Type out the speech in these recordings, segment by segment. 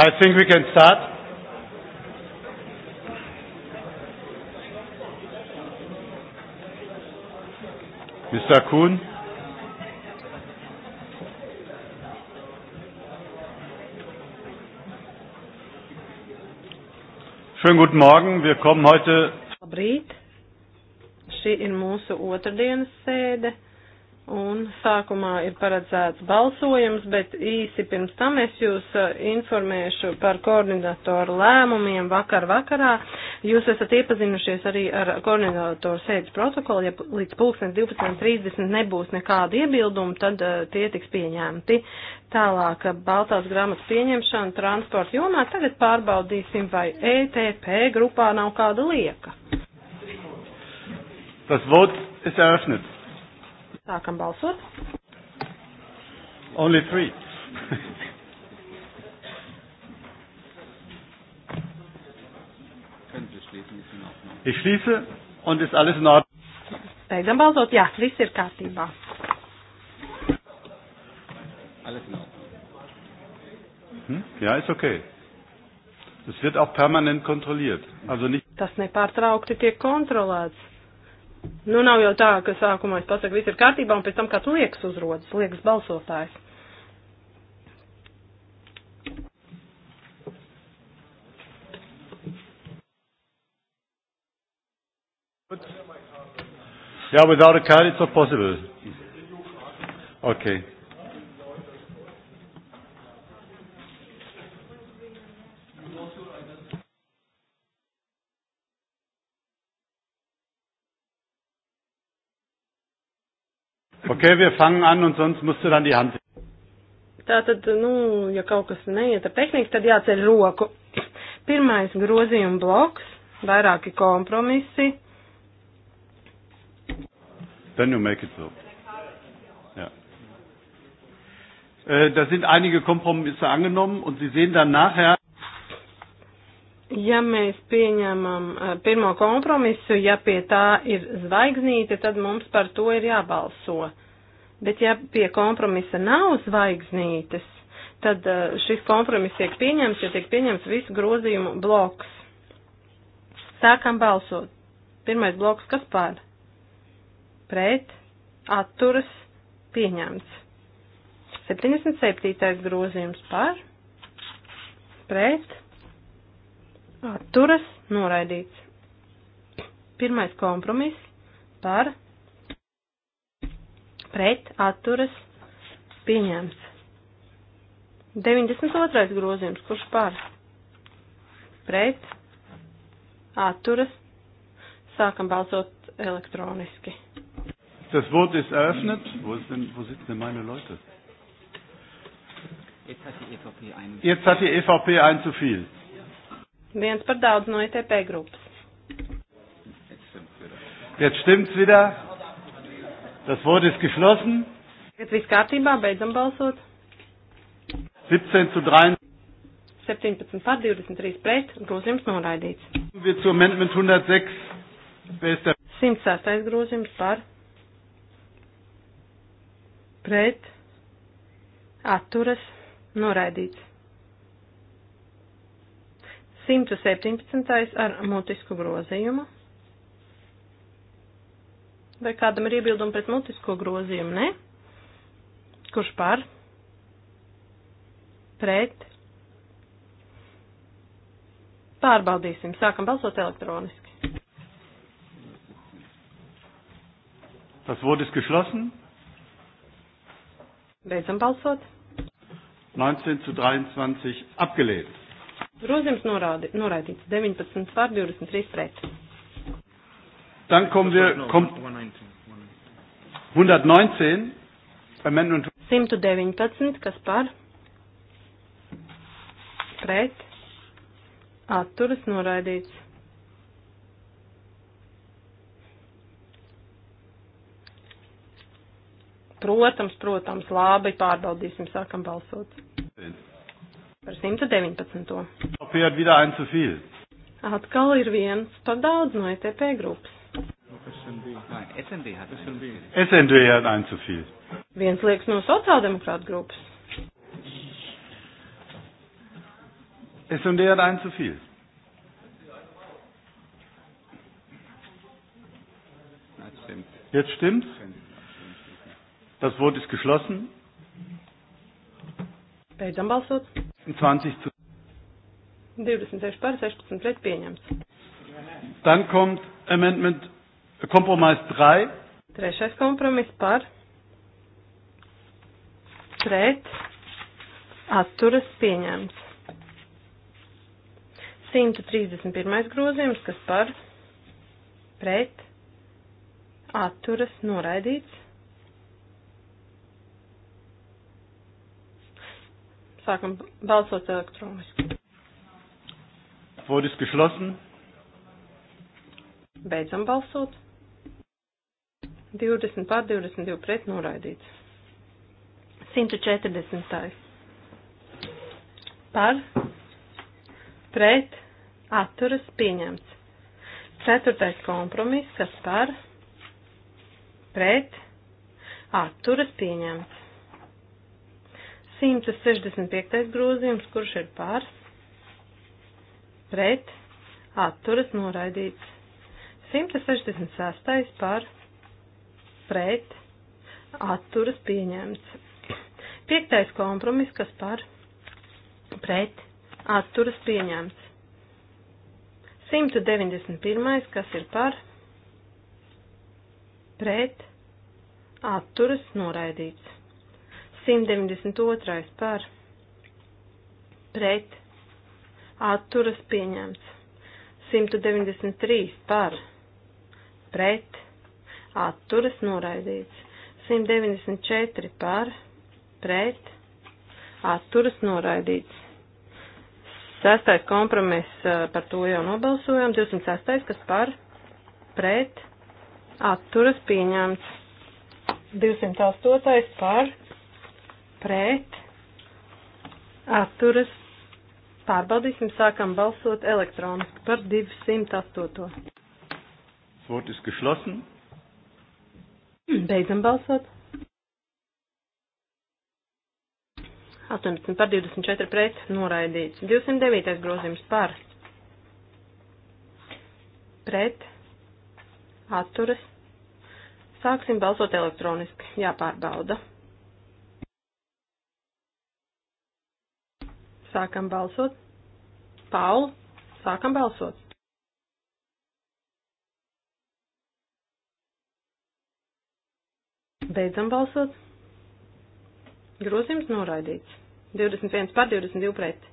I think we can start. Mr. Kuhn. Schönen guten Morgen. Wir kommen heute. Labrīt. Šī ir mūsu otrdienas sēde un sākumā ir paredzēts balsojums, bet īsi pirms tam es jūs uh, informēšu par koordinatoru lēmumiem vakar vakarā. Jūs esat iepazinušies arī ar koordinatoru sēdes protokolu, ja līdz pulksten 12.30 nebūs nekāda iebilduma, tad uh, tie tiks pieņemti. Tālāk, uh, Baltās grāmatas pieņemšana transporta jomā, tagad pārbaudīsim, vai ETP grupā nav kāda lieka. Tas vots ir eröffnet. Sākam balsot. Only three. ich schließe und ist alles in Ordnung. Beidzam balsot, jā, viss ir kārtībā. Alles in Ordnung. Hm? Ja, ist okay. Es wird auch permanent kontrolliert. Also nicht Tas nepārtraukti tiek kontrolēts. Nu, nav jau tā, ka sākumā es pasaku, viss ir kārtībā, un pēc tam kāds liekas uzrodas, liekas balsotājs. Yeah, without a card it's not possible. Okay. Okay, wir fangen an un sonst musst du dann die Hand. Tātad, nu, ja kaut kas neiet ar tehniku, tad jāceļ roku. Pirmais grozījuma bloks, vairāki kompromisi. Then you make it so. Ja. Äh, da sind einige Kompromisse angenommen und Sie sehen dann nachher. Ja mēs pieņemam äh, pirmo kompromisu, ja pie tā ir zvaigznīte, tad mums par to ir jābalso. Bet ja pie kompromisa nav zvaigznītes, tad uh, šis kompromiss tiek pieņemts, ja tiek pieņemts visu grozījumu bloks. Sākam balsot. Pirmais bloks, kas pār? Pret, atturas, pieņemts. 77. grozījums par, pret, atturas, noraidīts. Pirmais kompromiss par, pret atturas pieņemts. 92. grozījums, kurš par pret atturas sākam balsot elektroniski. Das Wort ist eröffnet. Wo, ist denn, wo sitzen denn meine Leute? Jetzt hat die EVP einen. Jetzt hat die EVP einen zu viel. Viens par daudz no ETP grupas. Jetzt stimmt's wieder. Das Wort ist geschlossen. Tagad viss kārtībā, beidzam balsot. 17 zu 3. 17 par 23 pret, grozījums noraidīts. 106. 106. grozījums par pret atturas noraidīts. 117. ar mutisku grozījumu. Vai kādam ir iebildumi pret mutisko grozījumu? Ne? Kurš par? Pret? Pārbaudīsim. Sākam balsot elektroniski. Das Wort ist geschlossen. Beidzam balsot. 19 zu 23 abgelehnt. Grozījums norādi, noraidīts 19 pār 23 pret. Dann kommen wir, kommt 119, Amendment 119, kas par, pret, atturas noraidīts. Protams, protams, labi pārbaudīsim, sākam balsot. Par 119. Atkal ir viens par daudz no ETP grupas. SND. Nein, SND hat SND. SND hat ein zu viel. Viens liekas no sociāldemokrāta grupas. SND hat ein zu viel. Jetzt stimmt's. Das Wort ist geschlossen. Beidzam balsot. 20 zu 26 par 16 pret pieņemts. Dann kommt Amendment Kompromiss 3. Trešais kompromiss par pret atturas pieņēmts. 131. grozījums, kas par pret atturas noraidīts. Sākam balsot elektroniski. Wurde es geschlossen? Beidzam balsot. 20 pār 22 pret noraidīts. 140. Par pret atturas pieņemts. Ceturtais kompromiss, kas par pret atturas pieņemts. 165. grozījums, kurš ir par pret atturas noraidīts. 166. par pret pret atturas pieņemts. Piektais kompromiss, kas par pret atturas pieņemts. 191. kas ir par pret atturas noraidīts. 192. par pret atturas pieņemts. 193 par pret atturas noraidīts. 194 par, pret, atturas noraidīts. Sestais kompromiss par to jau nobalsojām. 206, kas par, pret, atturas pieņemts. 208 par, pret, atturas pārbaudīsim, sākam balsot elektroniski par 208. Votis geschlossen. Beidzam balsot. 18 par 24 pret noraidīts. 209. grozījums par pret atturas. Sāksim balsot elektroniski. Jāpārbauda. Sākam balsot. Paul, sākam balsot. Beidzam balsot. Grozījums noraidīts. 21 par 22 pret.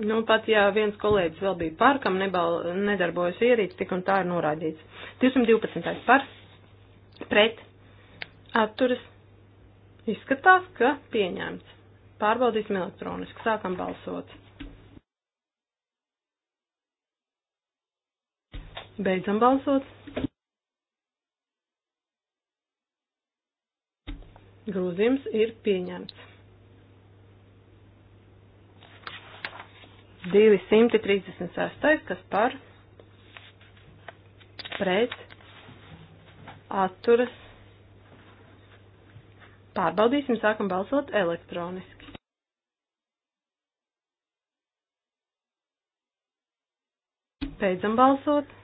Nu, pat ja viens kolēģis vēl bija par, kam nebal, nedarbojas ierīts, tik un tā ir noraidīts. 212 par, pret, atturas, izskatās, ka pieņemts. Pārbaudīsim elektroniski, sākam balsot. Beidzam balsot. Grozījums ir pieņemts. 236. kas par pret atturas. Pārbaudīsim, sākam balsot elektroniski. Beidzam balsot.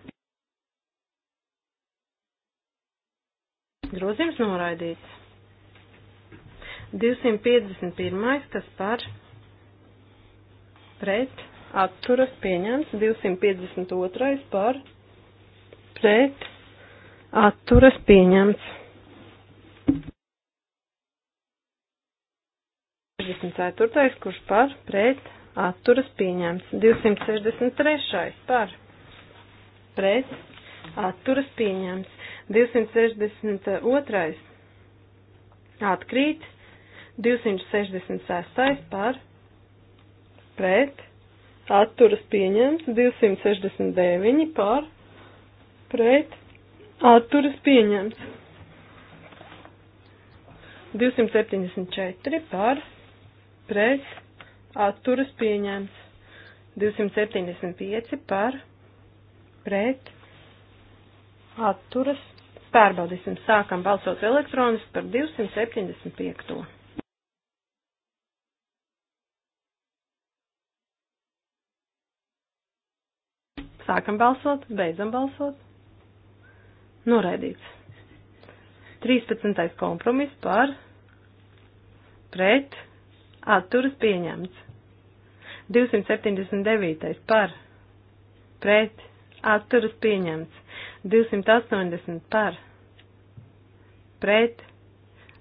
Grozījums noraidīts. 251. kas par pret atturas pieņemts. 252. par pret atturas pieņemts. 64. kurš par pret atturas pieņemts. 263. par pret atturas pieņemts. 262. atkrīt, 266. par pret, atturas pieņemts, 269 par pret, atturas pieņemts. 274 par pret, atturas pieņemts. 275 par pret, atturas pieņemts atturas pārbaudīsim. Sākam balsot elektroniski par 275. To. Sākam balsot, beidzam balsot. Noraidīts. 13. kompromis par pret atturas pieņemts. 279. par pret atturas pieņemts. 280 par pret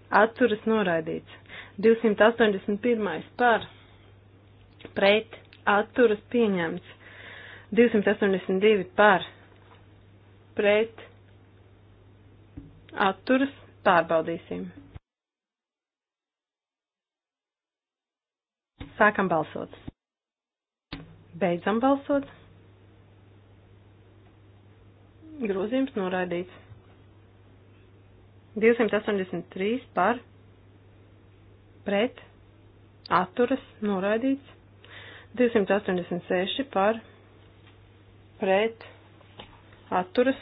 atturas noraidīts. 281. par pret atturas pieņemts. 282 par pret atturas pārbaudīsim. Sākam balsot. Beidzam balsot. Grozījums noraidīts. 283 par pret atturas noraidīts. 286 par pret atturas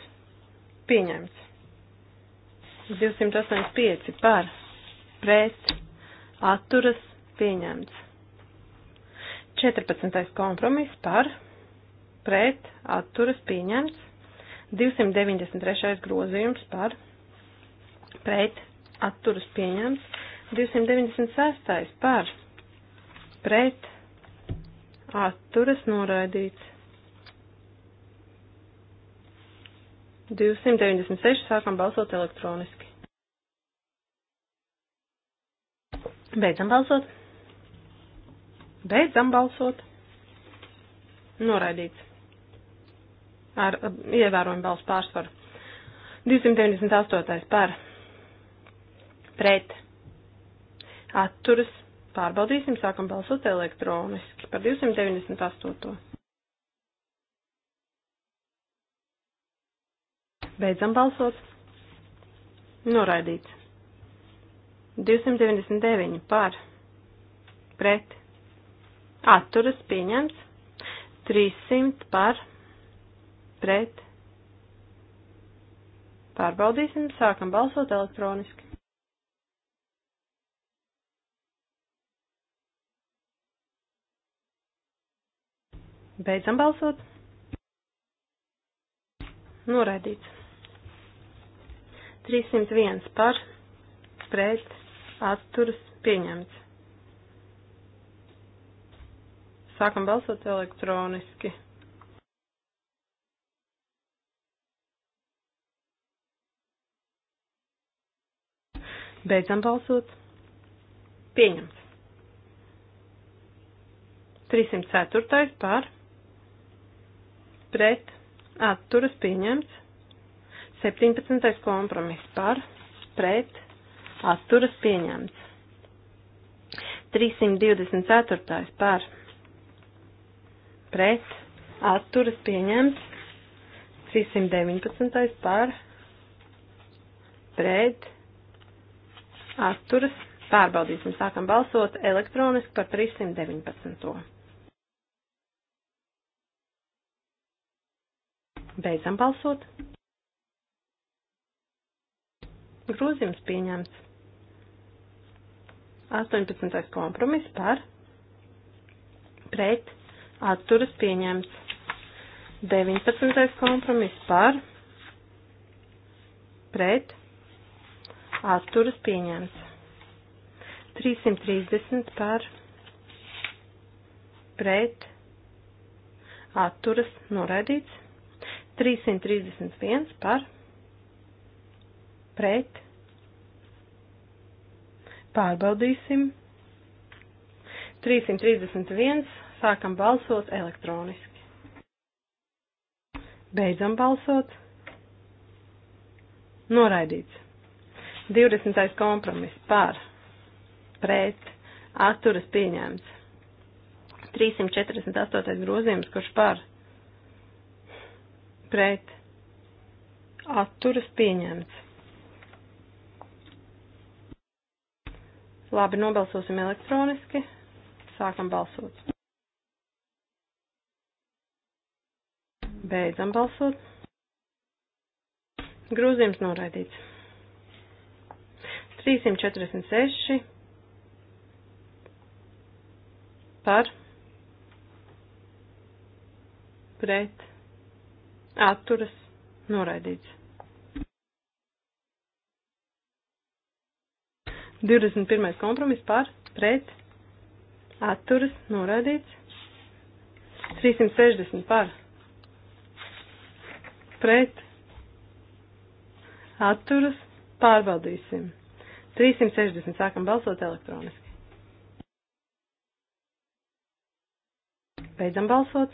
pieņemts. 285 par pret atturas pieņemts. 14. kompromiss par pret atturas pieņemts. 293. grozījums par pret pret atturas pieņemts. 296. par pret atturas noraidīts. 296 sākam balsot elektroniski. Beidzam balsot. Beidzam balsot. Noraidīts. Ar ievērojumu balsu pārsvaru. 298. par pret atturas pārbaudīsim, sākam balsot elektroniski par 298. Beidzam balsot. Noraidīts. 299 par pret atturas pieņemts. 300 par pret. Pārbaudīsim, sākam balsot elektroniski. Beidzam balsot. Noraidīts. 301 par, pret, atturas, pieņemts. Sākam balsot elektroniski. Beidzam balsot. Pieņemts. 304. par pret atturas pieņemts. 17. kompromiss par pret atturas pieņemts. 324. par pret atturas pieņemts. 319. par pret atturas pārbaudīsim. Sākam balsot elektroniski par 319. Beidzam balsot. Grūzījums pieņemts. 18. kompromiss par pret atturas pieņemts. 19. kompromiss par pret atturas pieņemts. 330 par pret atturas noraidīts. 331 par pret. Pārbaudīsim. 331 sākam balsot elektroniski. Beidzam balsot. Noraidīts. 20. kompromiss par pret atturas pieņēmts. 348. grozījums, kurš par pret atturas pieņemts. Labi, nobalsosim elektroniski. Sākam balsot. Beidzam balsot. Grūzījums noraidīts. 346 par pret atturas noraidīts. 21. kompromiss par pret atturas noraidīts. 360 par pret atturas pārbaudīsim. 360 sākam balsot elektroniski. Beidzam balsot.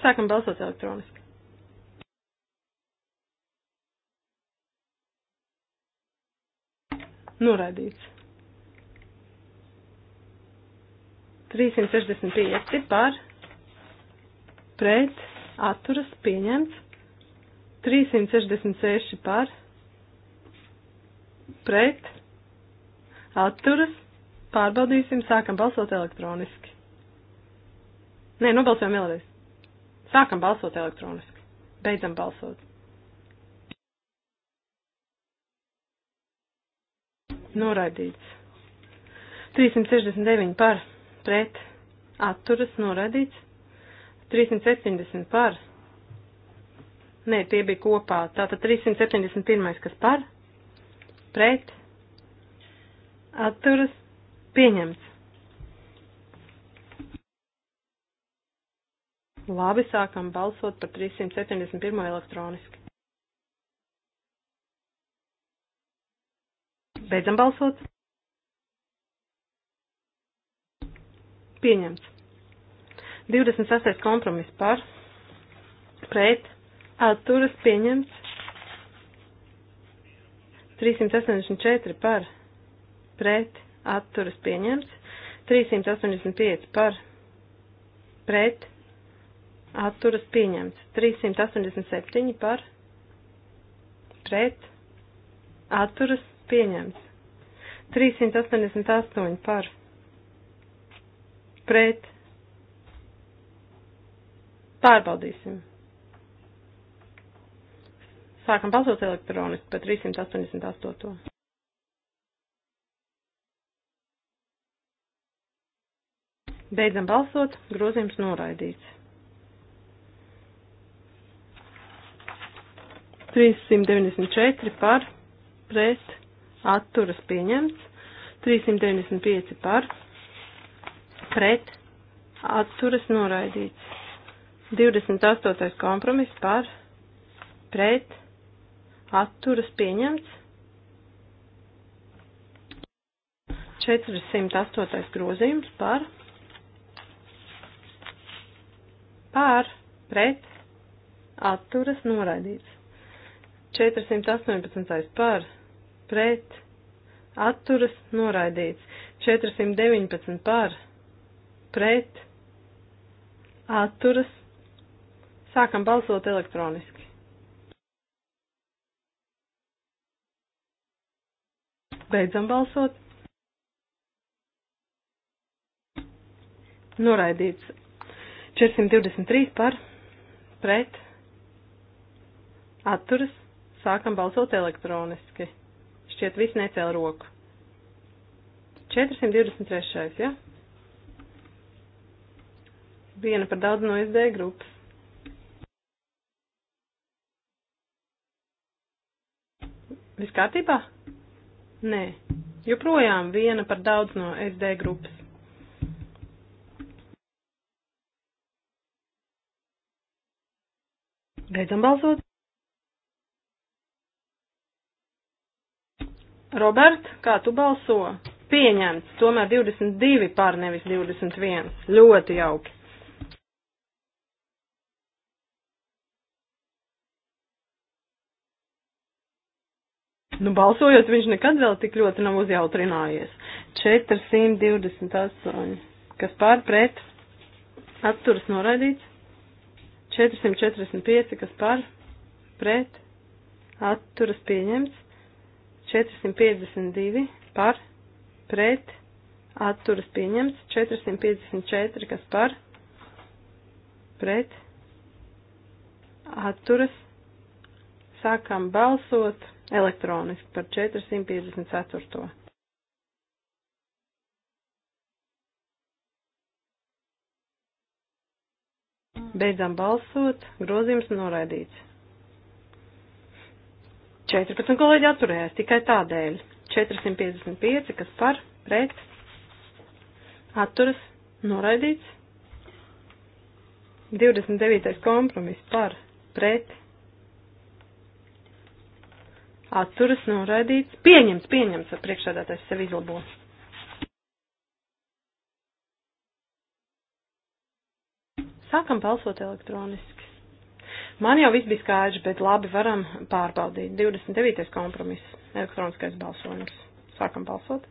Sākam balsot elektroniski. Noraidīts. 365 par pret atturas pieņemts. 366 par pret atturas pārbaudīsim, sākam balsot elektroniski. Nē, nobalsojam vēlreiz. Sākam balsot elektroniski. Beidzam balsot. Noraidīts. 369 par pret atturas noraidīts. 370 par. Nē, tie bija kopā. Tātad 371, kas par, pret, atturas, pieņemts. Labi, sākam balsot par 371 elektroniski. Beidzam balsot. Pieņemts. 26. kompromiss par, pret, atturas pieņemts. 384 par, pret, atturas pieņemts. 385 par, pret, atturas pieņemts. 387 par pret atturas pieņemts. 388 par pret pārbaudīsim. Sākam balsot elektroniski par 388. Beidzam balsot, grozījums noraidīts. 394 par pret atturas pieņemts, 395 par pret atturas noraidīts, 28. kompromiss par pret atturas pieņemts, 408. grozījums par par pret atturas noraidīts. 418. par, pret, atturas, noraidīts. 419 par, pret, atturas. Sākam balsot elektroniski. Beidzam balsot. Noraidīts. 423 par, pret, atturas. Sākam balsot elektroniski. Šķiet, viss necēla roku. 423. Ja? Viena par daudz no SD grupas. Viss kārtībā? Nē. Joprojām viena par daudz no SD grupas. Beidzam balsot. Robert, kā tu balso? Pieņemts, tomēr 22 pār nevis 21. Ļoti jauki. Nu, balsojot, viņš nekad vēl tik ļoti nav uzjautrinājies. 428. Kas pār pret? Atturas noraidīts. 445. Kas pār pret? Atturas pieņemts. 452 par pret atturas pieņemts, 454 kas par pret atturas. Sākam balsot elektroniski par 454. Beidzam balsot, grozījums noraidīts. 14 kolēģi atturējās tikai tādēļ. 455, kas par, pret, atturas, noraidīts. 29. kompromis par, pret, atturas, noraidīts. Pieņemts, pieņemts, priekšādātais sev izlabo. Sākam balsot elektroniski. Man jau viss bija skaidrs, bet labi varam pārbaudīt. 29. kompromiss. Elektroniskais balsojums. Sākam balsot.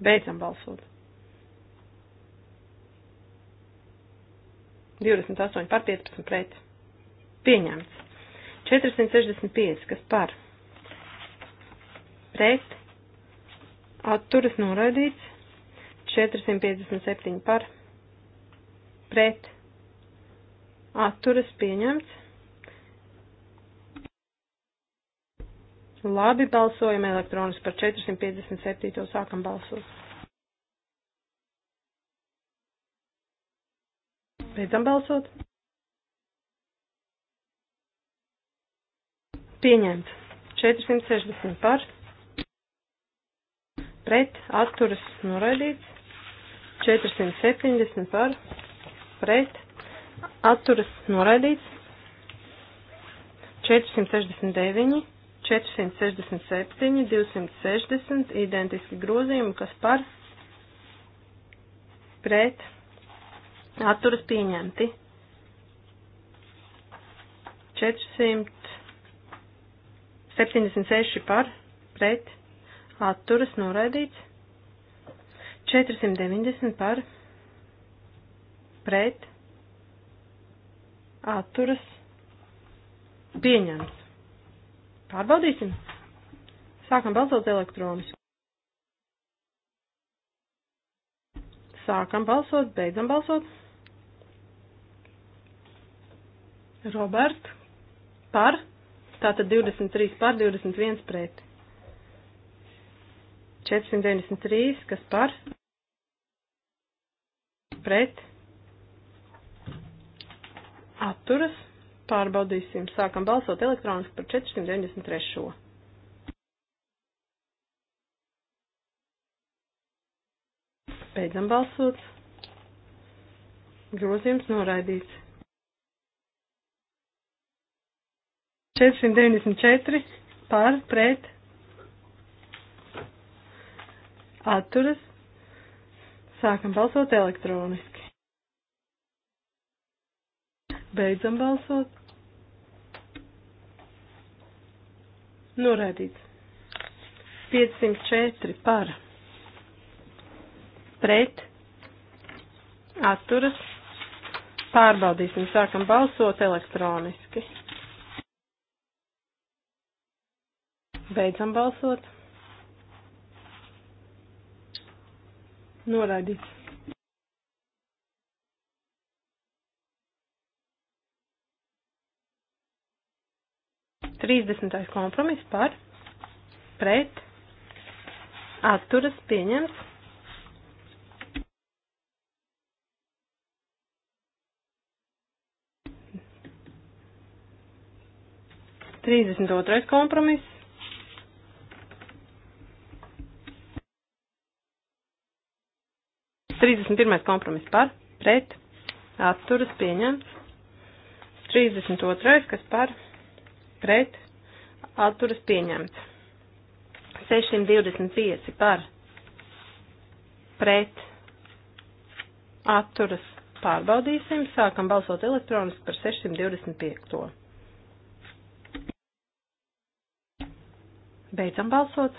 Beidzam balsot. 28 par 15 pret. Pieņemts. 465, kas par? Pret. Atturas noraidīts. 457 par. Pret atturas pieņemts. Labi, balsojam elektroniski par 457. sākam balsot. Beidzam balsot. Pieņemts. 460 par. Pret atturas noraidīts. 470 par. Pret atturas noraidīts. 469, 467, 260 identiski grozījumi, kas par pret atturas pieņemti. 476 par pret atturas noraidīts. 490 par pret atturas pieņemts. Pārbaudīsim. Sākam balsot elektronis. Sākam balsot, beidzam balsot. Robert, par, tātad 23 par, 21 pret. 493, kas par, pret, atturas pārbaudīsim. Sākam balsot elektroniski par 493. Beidzam balsot. Grozījums noraidīts. 494 par pret atturas. Sākam balsot elektroniski. Beidzam balsot. Norādīts. 504 par. Pret. Atturas. Pārbaudīsim, sākam balsot elektroniski. Beidzam balsot. Norādīts. 30. kompromiss par pret atturas pieņemts. Trīsdesmit otrais kompromiss. Trīsdesmit pirmais kompromiss par, pret, atturas pieņemts. Trīsdesmit otrais, kas par, pret pret atturas pieņemts. 625 par pret atturas pārbaudīsim. Sākam balsot elektroniski par 625. To. Beidzam balsot.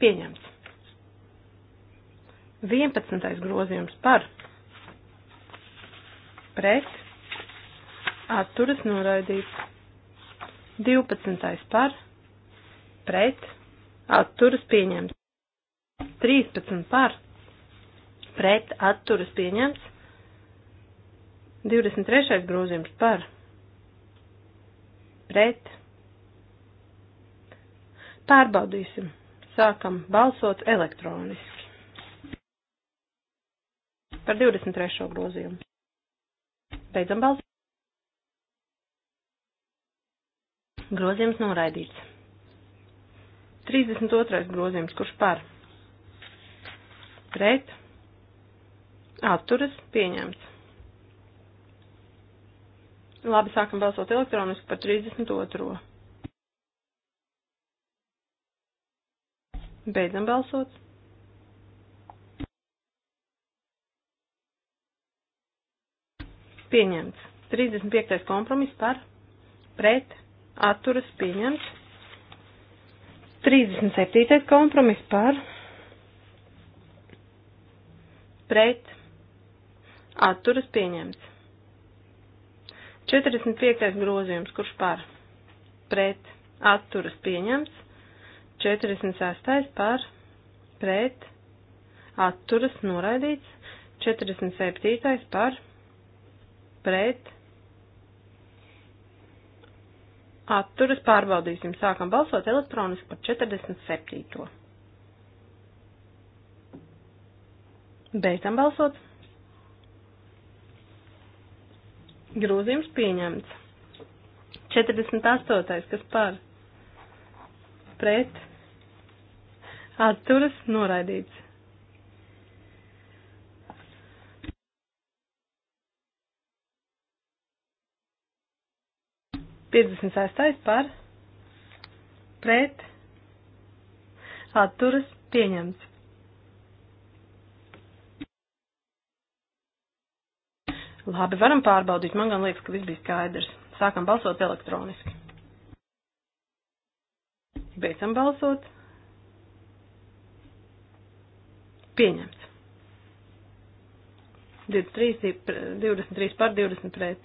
Pieņemts. 11. grozījums par pret atturas noraidīts. 12. par, pret, atturas pieņemts. 13 par, pret, atturas pieņemts. 23. grozījums par, pret. Pārbaudīsim. Sākam balsot elektroniski. Par 23. grozījumu. Beidzam balsot. Grozījums noraidīts. 32. grozījums, kurš par? Pret. Atturas pieņemts. Labi, sākam balsot elektroniski par 32. Beidzam balsot. Pieņemts. 35. kompromiss par pret atturas pieņemts. 37. kompromiss par pret atturas pieņemts. 45. grozījums, kurš par pret atturas pieņemts. 46. par pret atturas noraidīts. 47. par pret atturas pārbaudīsim. Sākam balsot elektroniski par 47. Beidzam balsot. Grūzījums pieņemts. 48. kas par pret atturas noraidīts. 56. par pret atturas pieņemts. Labi, varam pārbaudīt. Man gan liekas, ka viss bija skaidrs. Sākam balsot elektroniski. Beidzam balsot. Pieņemts. 23, 23 par 20 pret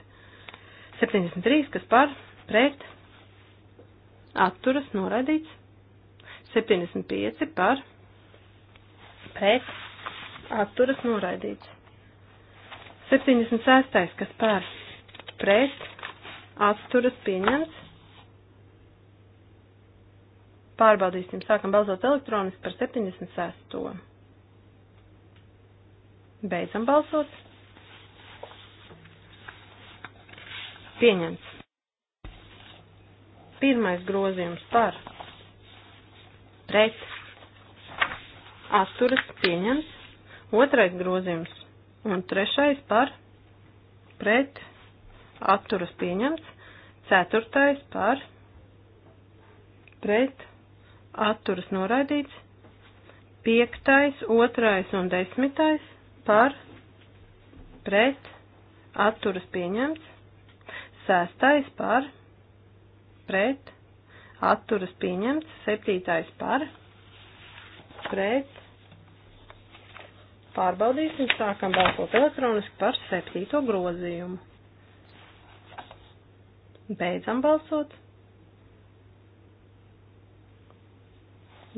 73, kas par pret, atturas noraidīts, 75 par, pret, atturas noraidīts, 76, kas par, pret, atturas pieņemts, pārbaudīsim, sākam balsot elektroniski par 76. Beidzam balsot. Pieņemts. Pirmais grozījums par pret atturas pieņems. Otrais grozījums un trešais par pret atturas pieņems. Ceturtais par pret atturas noraidīts. Piektais, otrais un desmitais par pret atturas pieņemts. Sēstais par pret pret, atturas pieņemts, septītais par, pret, pārbaudīsim, sākam balsot elektroniski par septīto grozījumu. Beidzam balsot.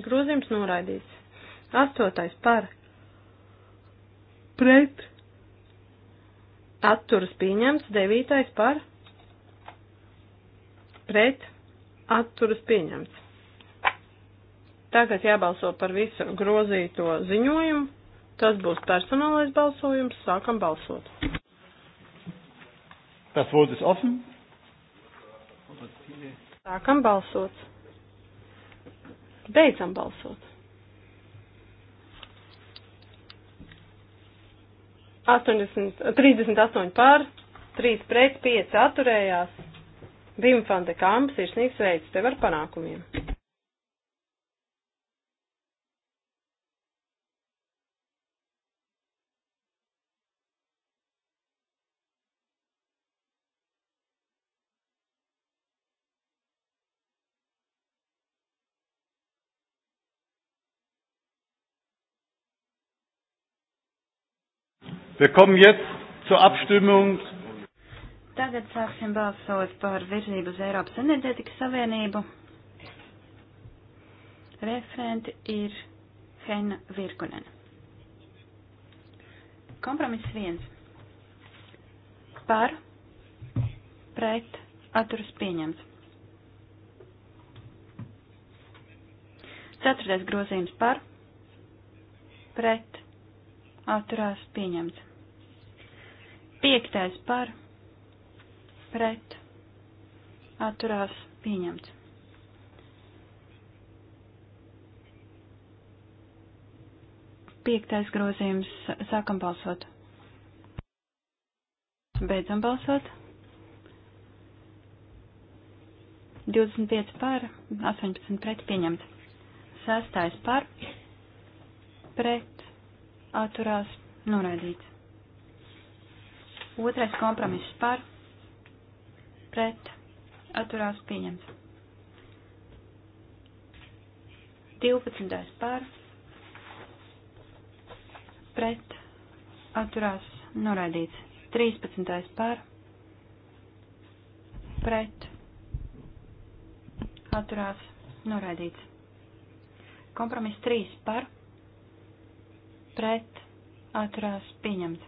Grozījums noraidīts. Astotais par, pret, atturas pieņemts, devītais par, pret pret atturas pieņemts. Tagad jābalso par visu grozīto ziņojumu. Tas būs personālais balsojums. Sākam balsot. Tas votes offen. Sākam balsot. Beidzam balsot. 80, 38 pār, 3 pret, 5 atturējās. Vim Fante Kamps ir sniegs veids tev ar panākumiem. Wir kommen jetzt zur Abstimmung Tagad sāksim balsot par virzību uz Eiropas enerģētikas savienību. Referenti ir Hena Virkunen. Kompromiss viens. Par, pret, atturas pieņemts. Ceturtais grozījums par, pret, atturās pieņemts. Piektais par, pret pret atturās pieņemts. Piektais grozījums. Sākam balsot. Beidzam balsot. 25 par, 18 pret pieņemts. Sastais par, pret, atturās, noraidīts. Otrais kompromiss par pret atturās pieņemts. 12. pār pret atturās noraidīts. 13. pār pret atturās noraidīts. Kompromiss 3 par pret atturās pieņemts.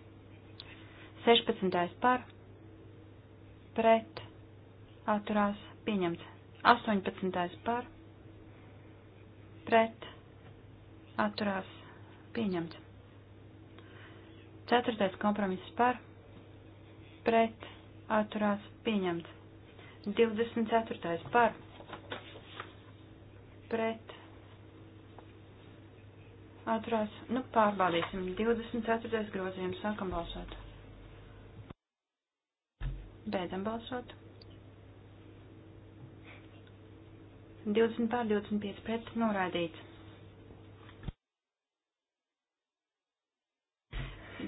16. par pret atturās pieņemts. 18. par pret atturās pieņemts. 4. kompromiss par pret atturās pieņemts. 24. par pret atturās, nu pārbaudīsim, 24. grozījums sākam balsot. Beidzam balsot. 20 pār 25 pret norādīts.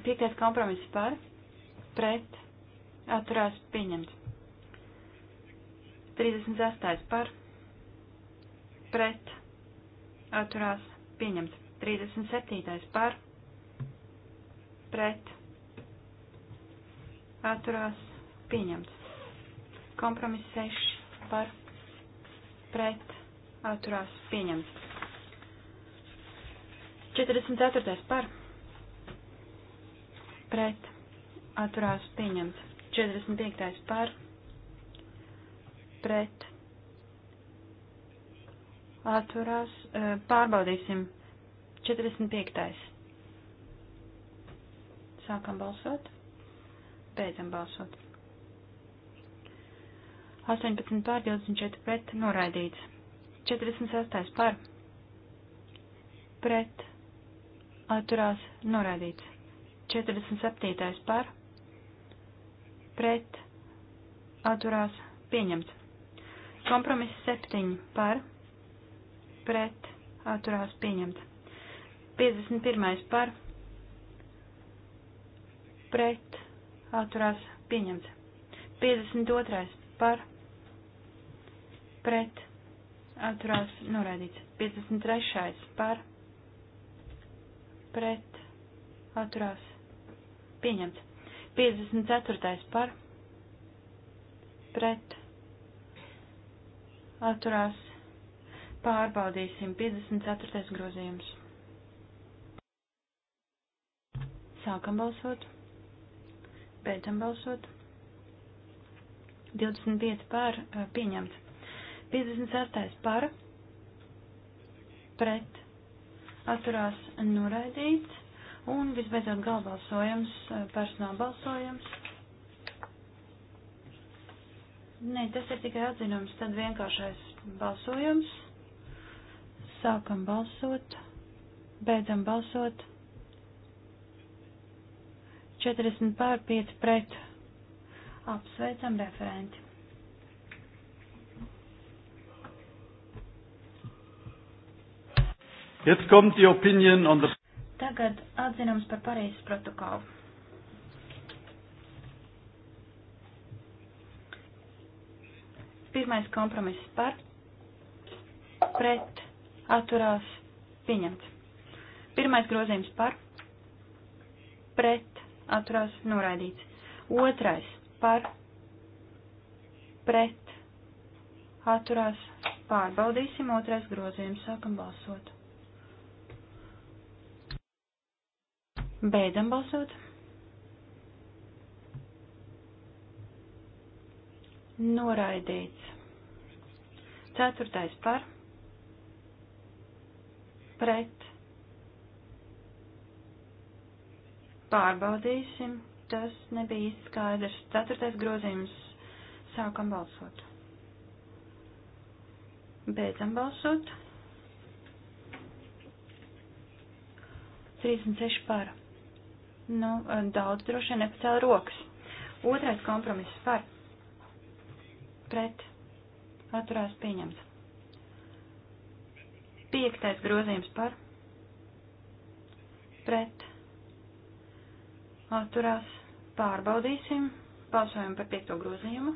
Piektais kompromiss par, pret, atturās pieņemts. 36 par, pret, atturās pieņemts. 37 par, pret, atturās pieņemts. Kompromiss 6 par, pret atturās pieņemts. 44. par pret atturās pieņemts. 45. par pret atturās e, pārbaudīsim. 45. Sākam balsot. Beidzam balsot. 18 pār 24 pret noraidīts. 46 par pret atturās noraidīts. 47 par pret atturās pieņemts. Kompromiss 7 par pret atturās pieņemts. 51 par pret atturās pieņemts. 52 par pret pret atturās norādīts. 53. par pret atturās pieņemts. 54. par pret atturās pārbaudīsim 54. grozījums. Sākam balsot. Beidzam balsot. 25 pār pieņemts. 56. par pret atturās noraidīts. Un visbeidzot galvbalsojums, eh, personāla balsojums. Nē, tas ir tikai atzinums, tad vienkāršais balsojums. Sākam balsot, beidzam balsot. 40 pār 5 pret. Apsveicam referenti. Jetzt kommt die opinion on the... Tagad atzinums par Parīzes protokolu. Pirmais kompromiss par, pret, atturās, pieņemts. Pirmais grozījums par, pret, atturās, noraidīts. Otrais par, pret, atturās, pārbaudīsim. Otrais grozījums, sākam balsot. Beidzam balsot. Noraidīts. Ceturtais par. Pret. Pārbaudīsim. Tas nebija skaidrs. Ceturtais grozījums. Sākam balsot. Beidzam balsot. 36 par nu, daudz droši vien nepacēla rokas. Otrais kompromiss par pret atturās pieņemts. Piektais grozījums par pret atturās pārbaudīsim. Balsojam par piekto grozījumu.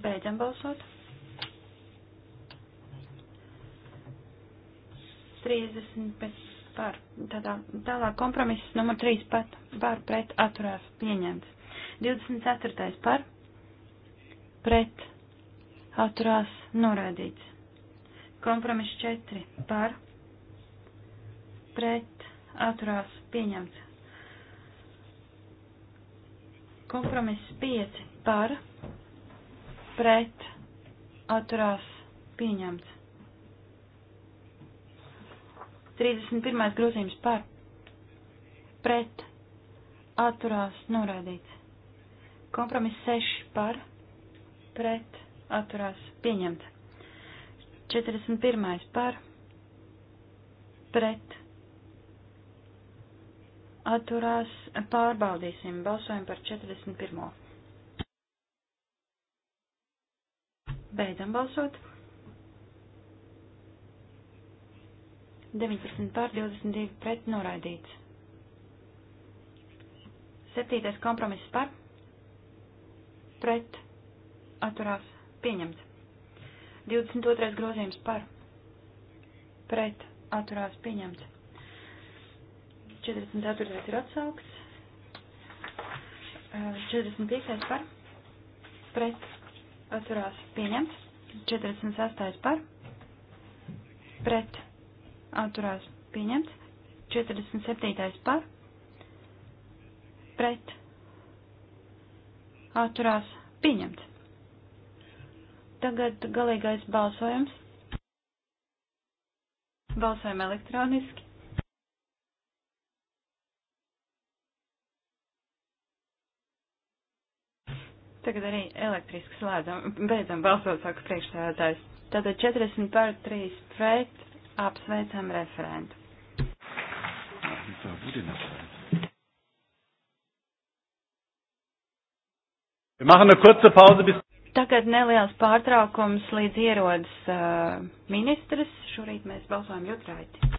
Beidzam balsot. 35 par. Tādā, tālāk kompromiss numur 3 pat par pret atturās pieņemts. 24. par pret atturās norādīts. Kompromiss 4 par pret atturās pieņemts. Kompromiss 5 par pret atturās pieņemts. 31. grozījums par pret atturās norādīts. Kompromiss 6 par pret atturās pieņemt. 41. par pret atturās pārbaudīsim. Balsojam par 41. Beidzam balsot. 19 pār 22 pret noraidīts. 7. kompromiss par pret atturās pieņemts. 22. grozījums par pret atturās pieņemts. 44. ir atsaukts. 45. par pret atturās pieņemts. 46. par pret atturās pieņemts, 47. par, pret, atturās pieņemts. Tagad galīgais balsojums. Balsojam elektroniski. Tagad arī elektriski slēdzam, beidzam balsot, saka priekšstādātājs. Tātad 40 pār 3 pret Apsveicam referentu. Tagad neliels pārtraukums līdz ierodas uh, ministrs. Šorīt mēs balsojam jutraiti.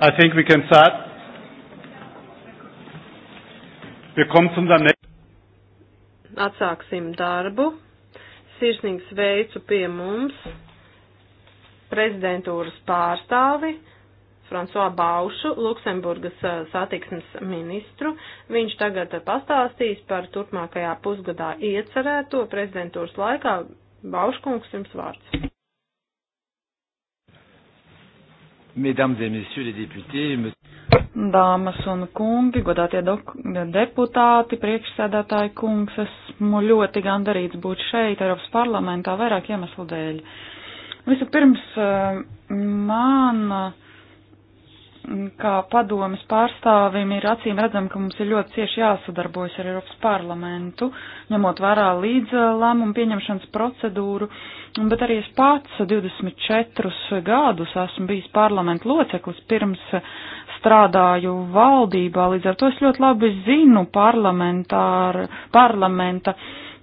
I think we can start. Wir kommen zu unserem nächsten. Atsāksim darbu. Sirsnīgs veicu pie mums prezidentūras pārstāvi Fransuā Baušu, Luksemburgas eh, satiksmes ministru. Viņš tagad pastāstīs par turpmākajā pusgadā iecerēto prezidentūras laikā. Bauškungs jums vārds. Mesdames et messieurs les députés, Dāmas un kungi, godātie deputāti, priekšsēdētāji kungs, esmu ļoti gandarīts būt šeit, Eiropas parlamentā, vairāk iemeslu dēļ. Vispirms, eh, man kā padomas pārstāvim ir acīm redzam, ka mums ir ļoti cieši jāsadarbojas ar Eiropas parlamentu, ņemot vērā līdz uh, lēmumu pieņemšanas procedūru, bet arī es pats 24 gadus esmu bijis parlamentu loceklis pirms strādāju valdībā, līdz ar to es ļoti labi zinu parlamentāra, parlamenta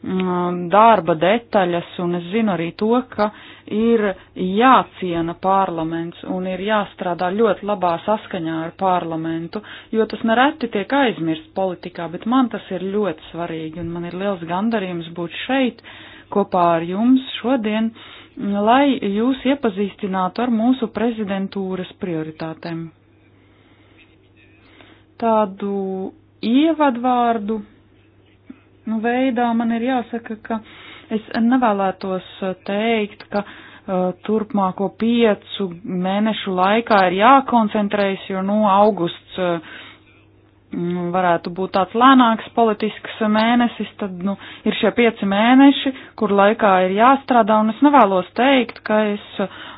Mm, darba detaļas, un es zinu arī to, ka ir jāciena parlaments un ir jāstrādā ļoti labā saskaņā ar parlamentu, jo tas nereti tiek aizmirst politikā, bet man tas ir ļoti svarīgi, un man ir liels gandarījums būt šeit kopā ar jums šodien, lai jūs iepazīstinātu ar mūsu prezidentūras prioritātēm. Tādu ievadvārdu Nu, veidā man ir jāsaka, ka es nevēlētos uh, teikt, ka uh, turpmāko piecu mēnešu laikā ir jākoncentrējas, jo, nu, augusts uh, Nu, varētu būt tāds lēnāks politisks mēnesis, tad nu, ir šie pieci mēneši, kur laikā ir jāstrādā, un es nevēlos teikt, ka es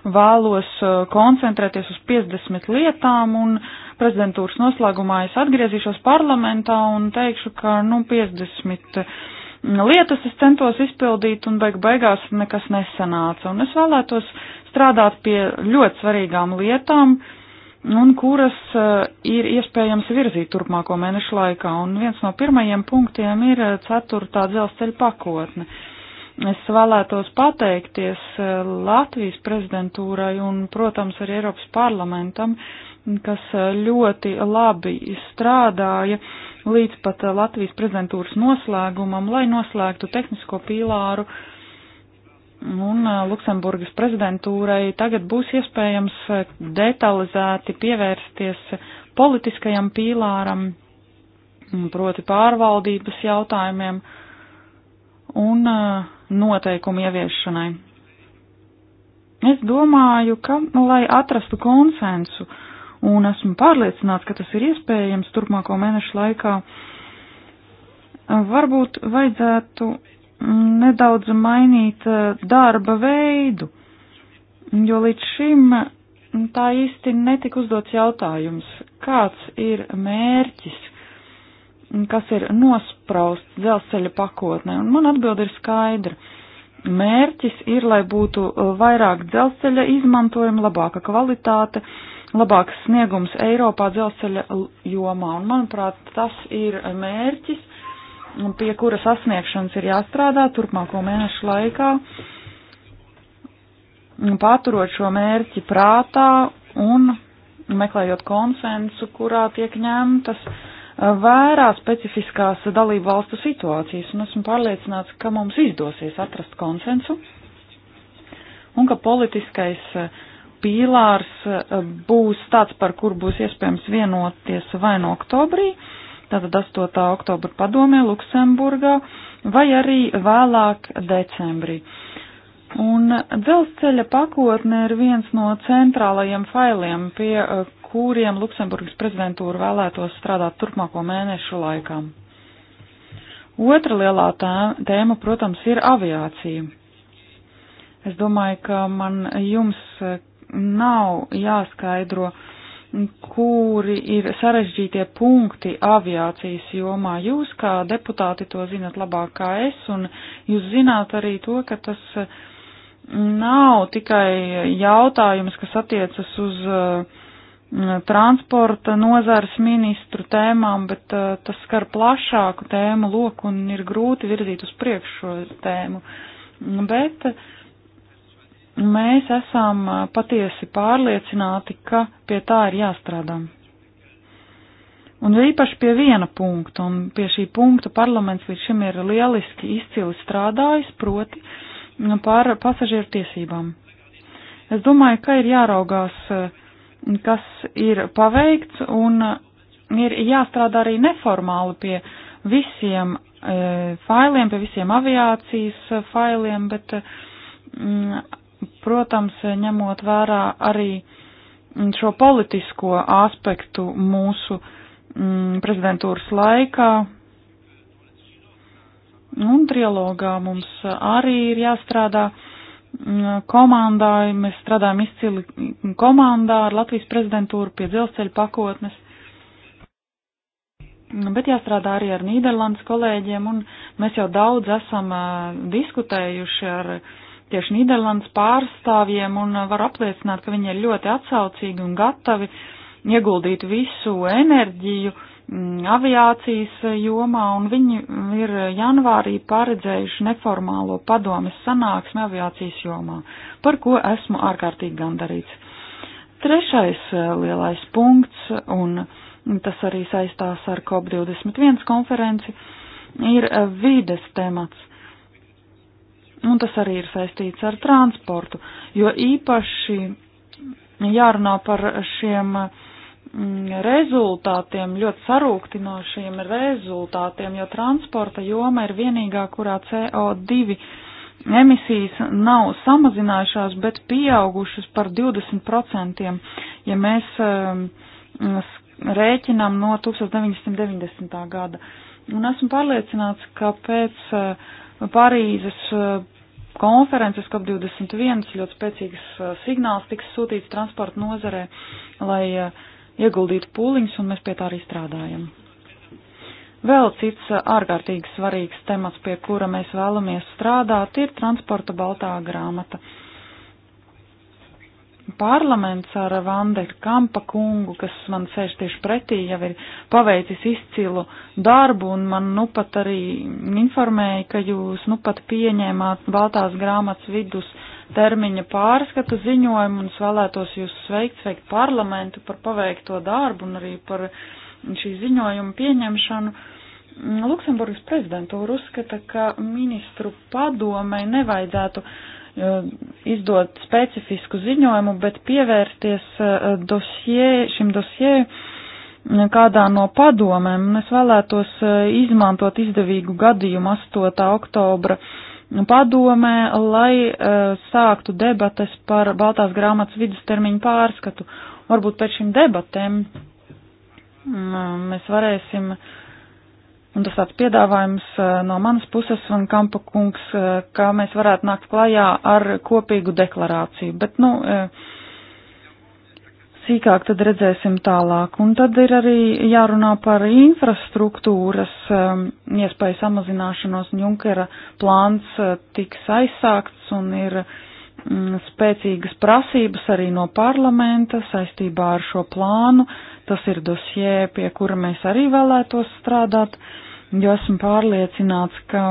vēlos uh, koncentrēties uz 50 lietām, un prezidentūras noslēgumā es atgriezīšos parlamentā un teikšu, ka nu, 50 mm, lietas es centos izpildīt, un beig beigās nekas nesanāca, un es vēlētos strādāt pie ļoti svarīgām lietām, uh, un kuras eh, ir iespējams virzīt turpmāko mēnešu laikā. Un viens no pirmajiem punktiem ir eh, ceturtā dzelzceļa pakotne. Es vēlētos pateikties eh, Latvijas prezidentūrai un, protams, arī Eiropas parlamentam, kas ļoti labi strādāja līdz pat Latvijas prezidentūras noslēgumam, lai noslēgtu tehnisko pīlāru uh, Un Luksemburgas prezidentūrai tagad būs iespējams detalizēti pievērsties politiskajam pīlāram, proti pārvaldības jautājumiem un noteikumu ieviešanai. Es domāju, ka, lai atrastu konsensu, un esmu pārliecināts, ka tas ir iespējams turpmāko mēnešu laikā, varbūt vajadzētu nedaudz mainīt eh, darba veidu, jo līdz šim tā īsti netika uzdots jautājums, kāds ir mērķis, kas ir nosprausts dzelzceļa pakotnē, un man atbildi ir skaidra. Mērķis ir, lai būtu eh, vairāk dzelzceļa izmantojuma, labāka kvalitāte, labāks sniegums Eiropā dzelzceļa jomā, un manuprāt, tas ir mērķis, pie kura sasniegšanas ir jāstrādā turpmāko mēnešu laikā, paturot šo mērķi prātā un meklējot konsensu, kurā tiek ņemtas vērā specifiskās dalību valstu situācijas, un esmu pārliecināts, ka mums izdosies atrast konsensu un ka politiskais pīlārs būs tāds, par kur būs iespējams vienoties vai no oktobrī, uh, tātad 8. oktobra padomē Luksemburgā vai arī vēlāk decembrī. Un dzelzceļa pakotne ir viens no centrālajiem failiem, pie eh, kuriem Luksemburgas prezidentūra vēlētos strādāt turpmāko mēnešu laikā. Otra lielā tēma, protams, ir aviācija. Es domāju, ka man jums eh, nav jāskaidro uh, kuri ir sarežģītie punkti aviācijas jomā. Jūs kā deputāti to zinat labāk kā es, un jūs zināt arī to, ka tas eh, nav tikai jautājums, kas attiecas uz eh, transporta nozars ministru tēmām, bet eh, tas skar plašāku tēmu loku un ir grūti virzīt uz priekšu šo tēmu. Bet uh, mēs esam patiesi pārliecināti, ka pie tā ir jāstrādā. Un īpaši pie viena punkta, un pie šī punkta parlaments līdz šim ir lieliski izcili strādājis, proti nu, par pasažieru tiesībām. Es domāju, ka ir jāraugās, kas ir paveikts, un ir jāstrādā arī neformāli pie visiem e, failiem, pie visiem aviācijas failiem, bet. E, protams, ņemot vērā arī šo politisko aspektu mūsu mm, prezidentūras laikā. Un trilogā mums arī ir jāstrādā mm, komandā, mēs strādājam izcili komandā ar Latvijas prezidentūru pie dzelzceļa pakotnes. Bet jāstrādā arī ar Nīderlandes kolēģiem, un mēs jau daudz esam diskutējuši ar uh, tieši Nīderlandes pārstāvjiem un eh, var apliecināt, ka viņi ir ļoti atsaucīgi un gatavi ieguldīt visu enerģiju mm, aviācijas eh, jomā, un viņi ir janvārī paredzējuši neformālo padomes sanāksmi aviācijas jomā, par ko esmu ārkārtīgi gandarīts. Trešais eh, lielais punkts, un tas arī saistās ar COP21 konferenci, ir vides temats un tas arī ir saistīts ar transportu, jo īpaši jārunā par šiem mm, rezultātiem, ļoti sarūktinošiem rezultātiem, jo transporta joma ir vienīgā, kurā CO2 emisijas nav samazinājušās, bet pieaugušas par 20%, ja mēs mm, rēķinām no 1990. gada. Un esmu pārliecināts, ka pēc mm, Parīzes konferences COP21 ļoti spēcīgs uh, signāls tiks sūtīts transporta nozarē, lai uh, ieguldītu pūliņus, un mēs pie tā arī strādājam. Vēl cits uh, ārkārtīgi svarīgs temats, pie kura mēs vēlamies strādāt, ir transporta baltā grāmata parlaments ar Vandeļa Kampa kungu, kas man sēž tieši pretī, jau ir paveicis izcilu darbu un man nu pat arī informēja, ka jūs nu pat pieņēmāt Baltās grāmatas vidus termiņa pārskatu ziņojumu un es vēlētos jūs sveikt, sveikt parlamentu par paveikto darbu un arī par šī ziņojuma pieņemšanu. Luksemburgas prezidentūra uzskata, ka ministru padomei nevajadzētu uh, Eh, izdot specifisku ziņojumu, bet pievērsties eh, dosie, šim dosieju eh, kādā no padomēm. Es vēlētos izmantot izdevīgu gadījumu 8. oktobra padomē, lai sāktu debates par Baltās grāmatas vidustermiņu pārskatu. Varbūt pēc šīm debatēm mm, mēs varēsim uh, Un tas tāds piedāvājums eh, no manas puses un Kampa kungs, eh, kā mēs varētu nākt klajā ar kopīgu deklarāciju. Bet, nu, eh, sīkāk tad redzēsim tālāk. Un tad ir arī jārunā par infrastruktūras iespēju samazināšanos. Junkera plāns tiks aizsākts un ir mm, spēcīgas prasības arī no parlamenta saistībā ar šo plānu. Tas ir dosie, pie kura mēs arī vēlētos strādāt. Uh, jo esmu pārliecināts, ka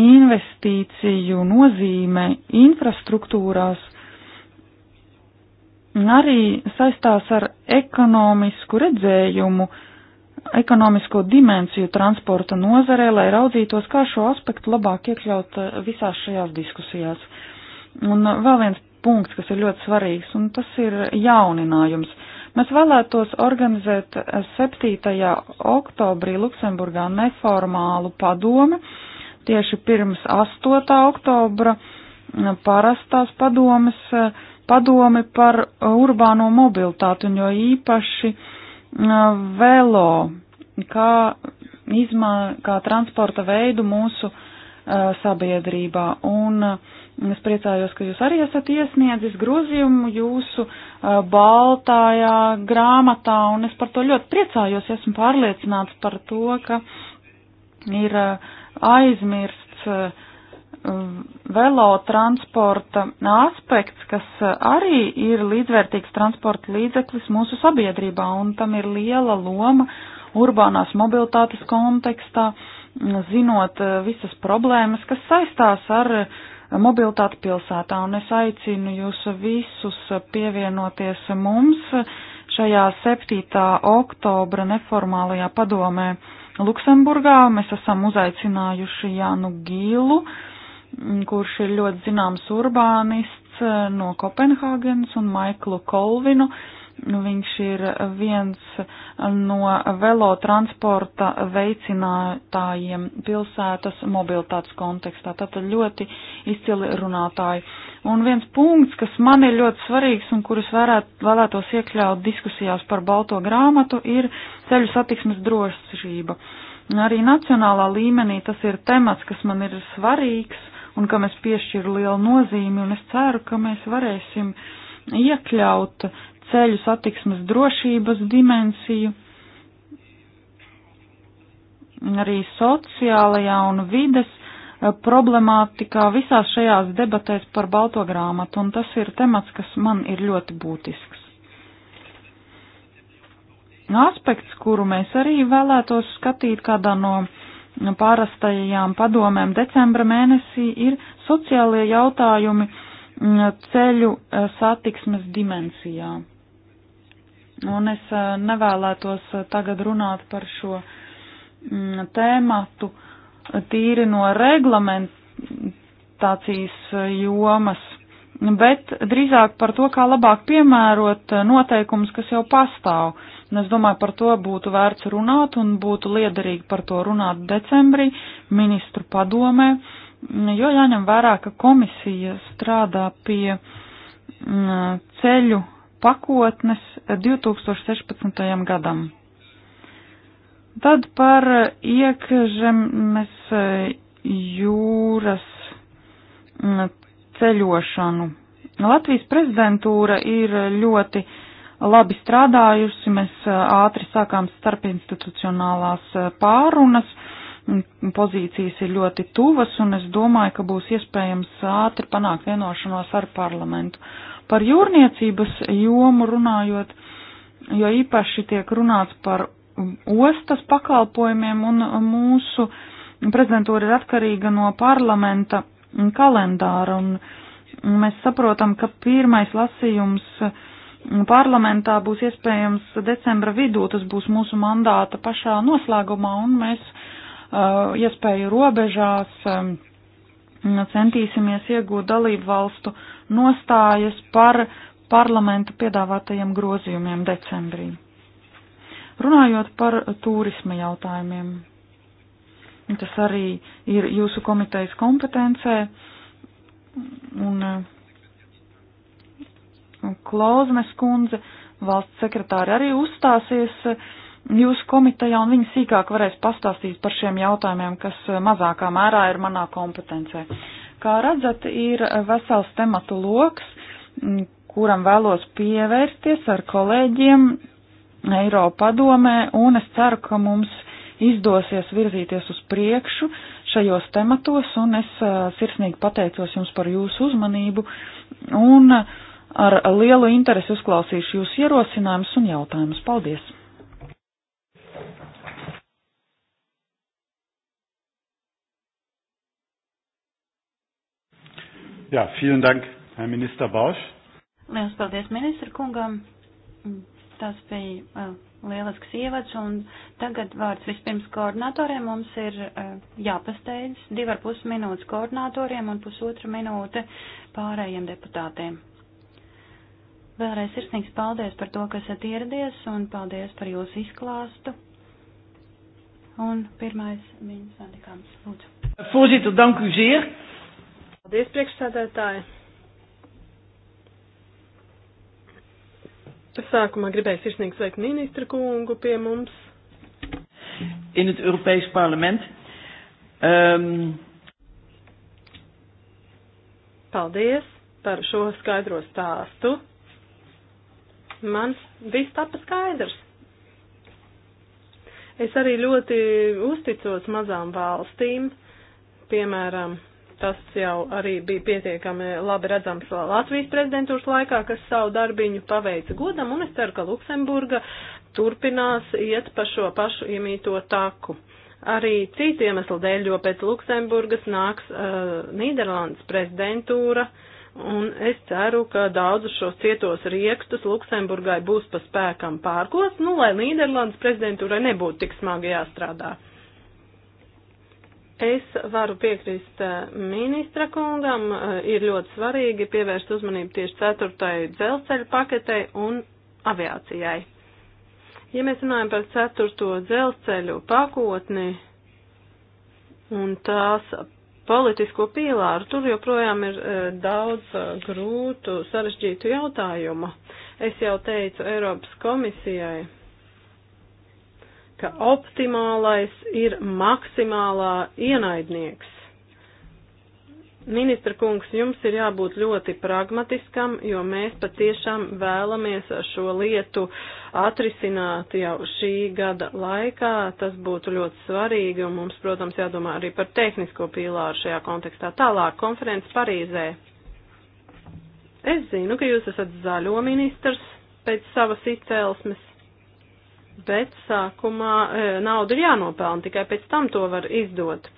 investīciju nozīme infrastruktūrās arī saistās ar ekonomisku redzējumu, ekonomisko dimensiju transporta nozarē, lai raudzītos, kā šo aspektu labāk iekļaut eh, visās šajās diskusijās. Un vēl viens punkts, kas ir ļoti svarīgs, un tas ir jauninājums. Mēs vēlētos organizēt 7. Eh, oktobrī Luksemburgā neformālu padomi tieši pirms 8. oktobra eh, parastās padomes, eh, padomi par urbāno mobilitāti un jo īpaši velo, kā, izmā, kā transporta veidu mūsu sabiedrībā. Un uh, Es priecājos, ka jūs arī esat iesniedzis grozījumu jūsu uh, baltājā grāmatā, un es par to ļoti priecājos, ja esmu pārliecināts par to, ka ir uh, aizmirsts uh, velotransporta aspekts, kas arī ir līdzvērtīgs transporta līdzeklis mūsu sabiedrībā, un tam ir liela loma urbānās mobilitātes kontekstā, zinot visas problēmas, kas saistās ar mobilitāti pilsētā, un es aicinu jūs visus pievienoties mums šajā 7. oktobra neformālajā padomē Luksemburgā. Mēs esam uzaicinājuši Jānu Gīlu, kurš ir ļoti zināms urbānists no Kopenhāgenes, un Maiklu Kolvinu, uh, Viņš ir viens no velotransporta veicinātājiem pilsētas mobilitātes kontekstā. Tātad ļoti izcili runātāji. Un viens punkts, kas man ir ļoti svarīgs un kurus varētu, vēlētos iekļaut diskusijās par balto grāmatu, ir ceļu satiksmes drošība. Arī nacionālā līmenī tas ir temats, kas man ir svarīgs un kam es piešķiru lielu nozīmi, un es ceru, ka mēs varēsim iekļaut ceļu satiksmes drošības dimensiju, arī sociālajā un vides eh, problemātikā visās šajās debatēs par balto grāmatu, un tas ir temats, kas man ir ļoti būtisks. Aspekts, kuru mēs arī vēlētos skatīt kādā no pārastajām padomēm decembra mēnesī, ir sociālie jautājumi mm, ceļu eh, satiksmes dimensijā. Un es eh, nevēlētos eh, tagad runāt par šo mm, tēmatu tīri no reglamentācijas eh, jomas, bet drīzāk par to, kā labāk piemērot noteikumus, kas jau pastāv. Un es domāju, par to būtu vērts runāt un būtu liederīgi par to runāt decembrī ministru padomē, mm, jo jāņem vērā, ka komisija strādā pie mm, ceļu pakotnes 2016. gadam. Tad par iekšzemes eh, jūras mm, ceļošanu. Latvijas prezidentūra ir ļoti labi strādājusi, mēs eh, ātri sākām starpinstitucionālās eh, pārunas, mm, pozīcijas ir ļoti tuvas un es domāju, ka būs iespējams ātri panākt vienošanos ar parlamentu. Uh, Par jūrniecības jomu runājot, jo īpaši tiek runāts par ostas pakalpojumiem un mūsu prezidentūra ir atkarīga no parlamenta kalendāra un mēs saprotam, ka pirmais lasījums parlamentā būs iespējams decembra vidū, tas būs mūsu mandāta pašā noslēgumā un mēs uh, iespēju robežās um, centīsimies iegūt dalību valstu nostājas par parlamenta piedāvātajiem grozījumiem decembrī. Runājot par turisma jautājumiem, tas arī ir jūsu komitejas kompetencē, un Klauzmes kundze, valsts sekretāri, arī uzstāsies jūsu komitejā, un viņi sīkāk varēs pastāstīt par šiem jautājumiem, kas mazākā mērā ir manā kompetencē. Kā redzat, ir vesels tematu loks, kuram vēlos pievērsties ar kolēģiem Eiropadomē, un es ceru, ka mums izdosies virzīties uz priekšu šajos tematos, un es sirsnīgi pateicos jums par jūsu uzmanību, un ar lielu interesi uzklausīšu jūsu ierosinājumus un jautājumus. Paldies! Jā, vielen dank, Herr Minister Bauš. Liels paldies ministra kungam. Tas bija uh, lielisks ievads, un tagad vārds vispirms koordinatoriem. Mums ir uh, jāpasteidz divi ar pus minūtes koordinatoriem un pusotra minūte pārējiem deputātiem. Vēlreiz sirsnīgs paldies par to, ka esat ieradies, un paldies par jūsu izklāstu. Un pirmais, Vins Vandikāns, lūdzu. Voorzitter, dank u zeer. Paldies, priekšsēdētāji! Sākumā gribēju sirsnīgi sveikt ministru kungu pie mums. In het Europees parlement. Um... Paldies par šo skaidro stāstu. Man viss tapa skaidrs. Es arī ļoti uzticos mazām valstīm, piemēram, Tas jau arī bija pietiekami labi redzams Latvijas prezidentūras laikā, kas savu darbiņu paveica godam, un es ceru, ka Luksemburga turpinās iet pa šo pašu iemīto taku arī citu iemeslu dēļ, jo pēc Luksemburgas nāks uh, Nīderlandes prezidentūra, un es ceru, ka daudzus šos cietos riekstus Luksemburgai būs pa spēkam pārkost, nu, lai Nīderlandes prezidentūrai nebūtu tik smagi jāstrādā. Es varu piekrist eh, ministra kungam, eh, ir ļoti svarīgi pievērst uzmanību tieši ceturtajai dzelzceļa paketei un aviācijai. Ja mēs runājam par ceturto dzelzceļu pakotni un tās politisko pīlāru, tur joprojām ir eh, daudz grūtu, sarežģītu jautājumu. Es jau teicu Eiropas komisijai ka optimālais ir maksimālā ienaidnieks. Ministra kungs, jums ir jābūt ļoti pragmatiskam, jo mēs patiešām vēlamies šo lietu atrisināt jau šī gada laikā. Tas būtu ļoti svarīgi, un mums, protams, jādomā arī par tehnisko pīlāru šajā kontekstā. Tālāk, konferences Parīzē. Es zinu, ka jūs esat zaļo ministrs pēc savas izcēlesmes, bet sākumā e, naudu ir jānopelna, tikai pēc tam to var izdot.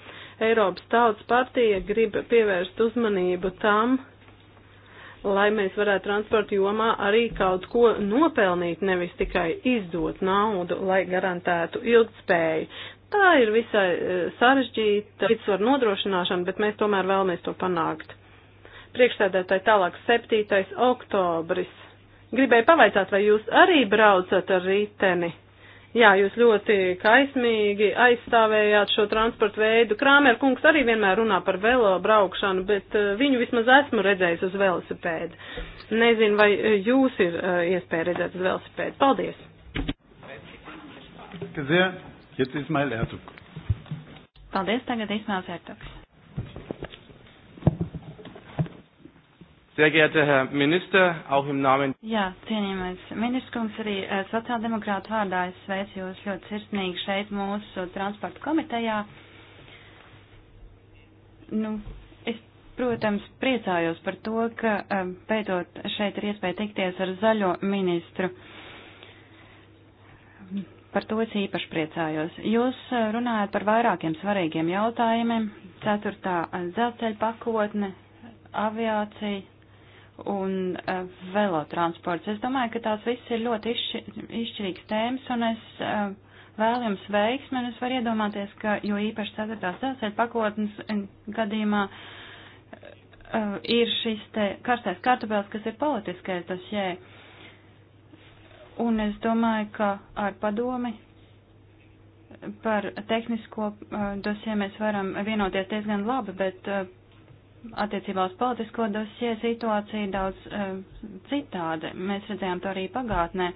Eiropas tautas partija grib pievērst uzmanību tam, lai mēs varētu transporta jomā arī kaut ko nopelnīt, nevis tikai izdot naudu, lai garantētu ilgspēju. Tā ir visai e, sarežģīta līdzsvaru nodrošināšana, bet mēs tomēr vēlamies to panākt. Priekšsēdētāji tālāk 7. oktobris. Gribēju pavaicāt, vai jūs arī braucat ar riteni? Jā, jūs ļoti kaismīgi aizstāvējāt šo transportu veidu. Krāmer kungs arī vienmēr runā par velo braukšanu, bet eh, viņu vismaz esmu redzējis uz velosipēdu. Nezinu, vai eh, jūs ir eh, iespēja redzēt uz velosipēdu. Paldies! Paldies, tagad Ismāls Ertuks. Sehr geehrter Herr Minister, auch im Namen. Jā, cienījamais ministrs, arī eh, sociāldemokrāta vārdā es sveicu jūs ļoti sirsnīgi šeit mūsu transporta komitejā. Nu, es, protams, priecājos par to, ka eh, beidzot šeit ir iespēja tikties ar zaļo ministru. Par to es īpaši priecājos. Jūs eh, runājat par vairākiem svarīgiem jautājumiem. Ceturtā dzelzceļa pakotne, aviācija, un uh, velotransports. Es domāju, ka tās viss ir ļoti izšķi, izšķirīgas tēmas, un es uh, vēl jums veiksmi, un es varu iedomāties, ka jo īpaši ceturtās dzelzceļa pakotnes gadījumā uh, ir šis te karstais kartupēls, kas ir politiskais dosjē. Un es domāju, ka ar padomi par tehnisko uh, dosjē mēs varam vienoties diezgan labi, bet uh, attiecībā uz politisko dosie situācija daudz uh, eh, citāda. Mēs redzējām to arī pagātnē,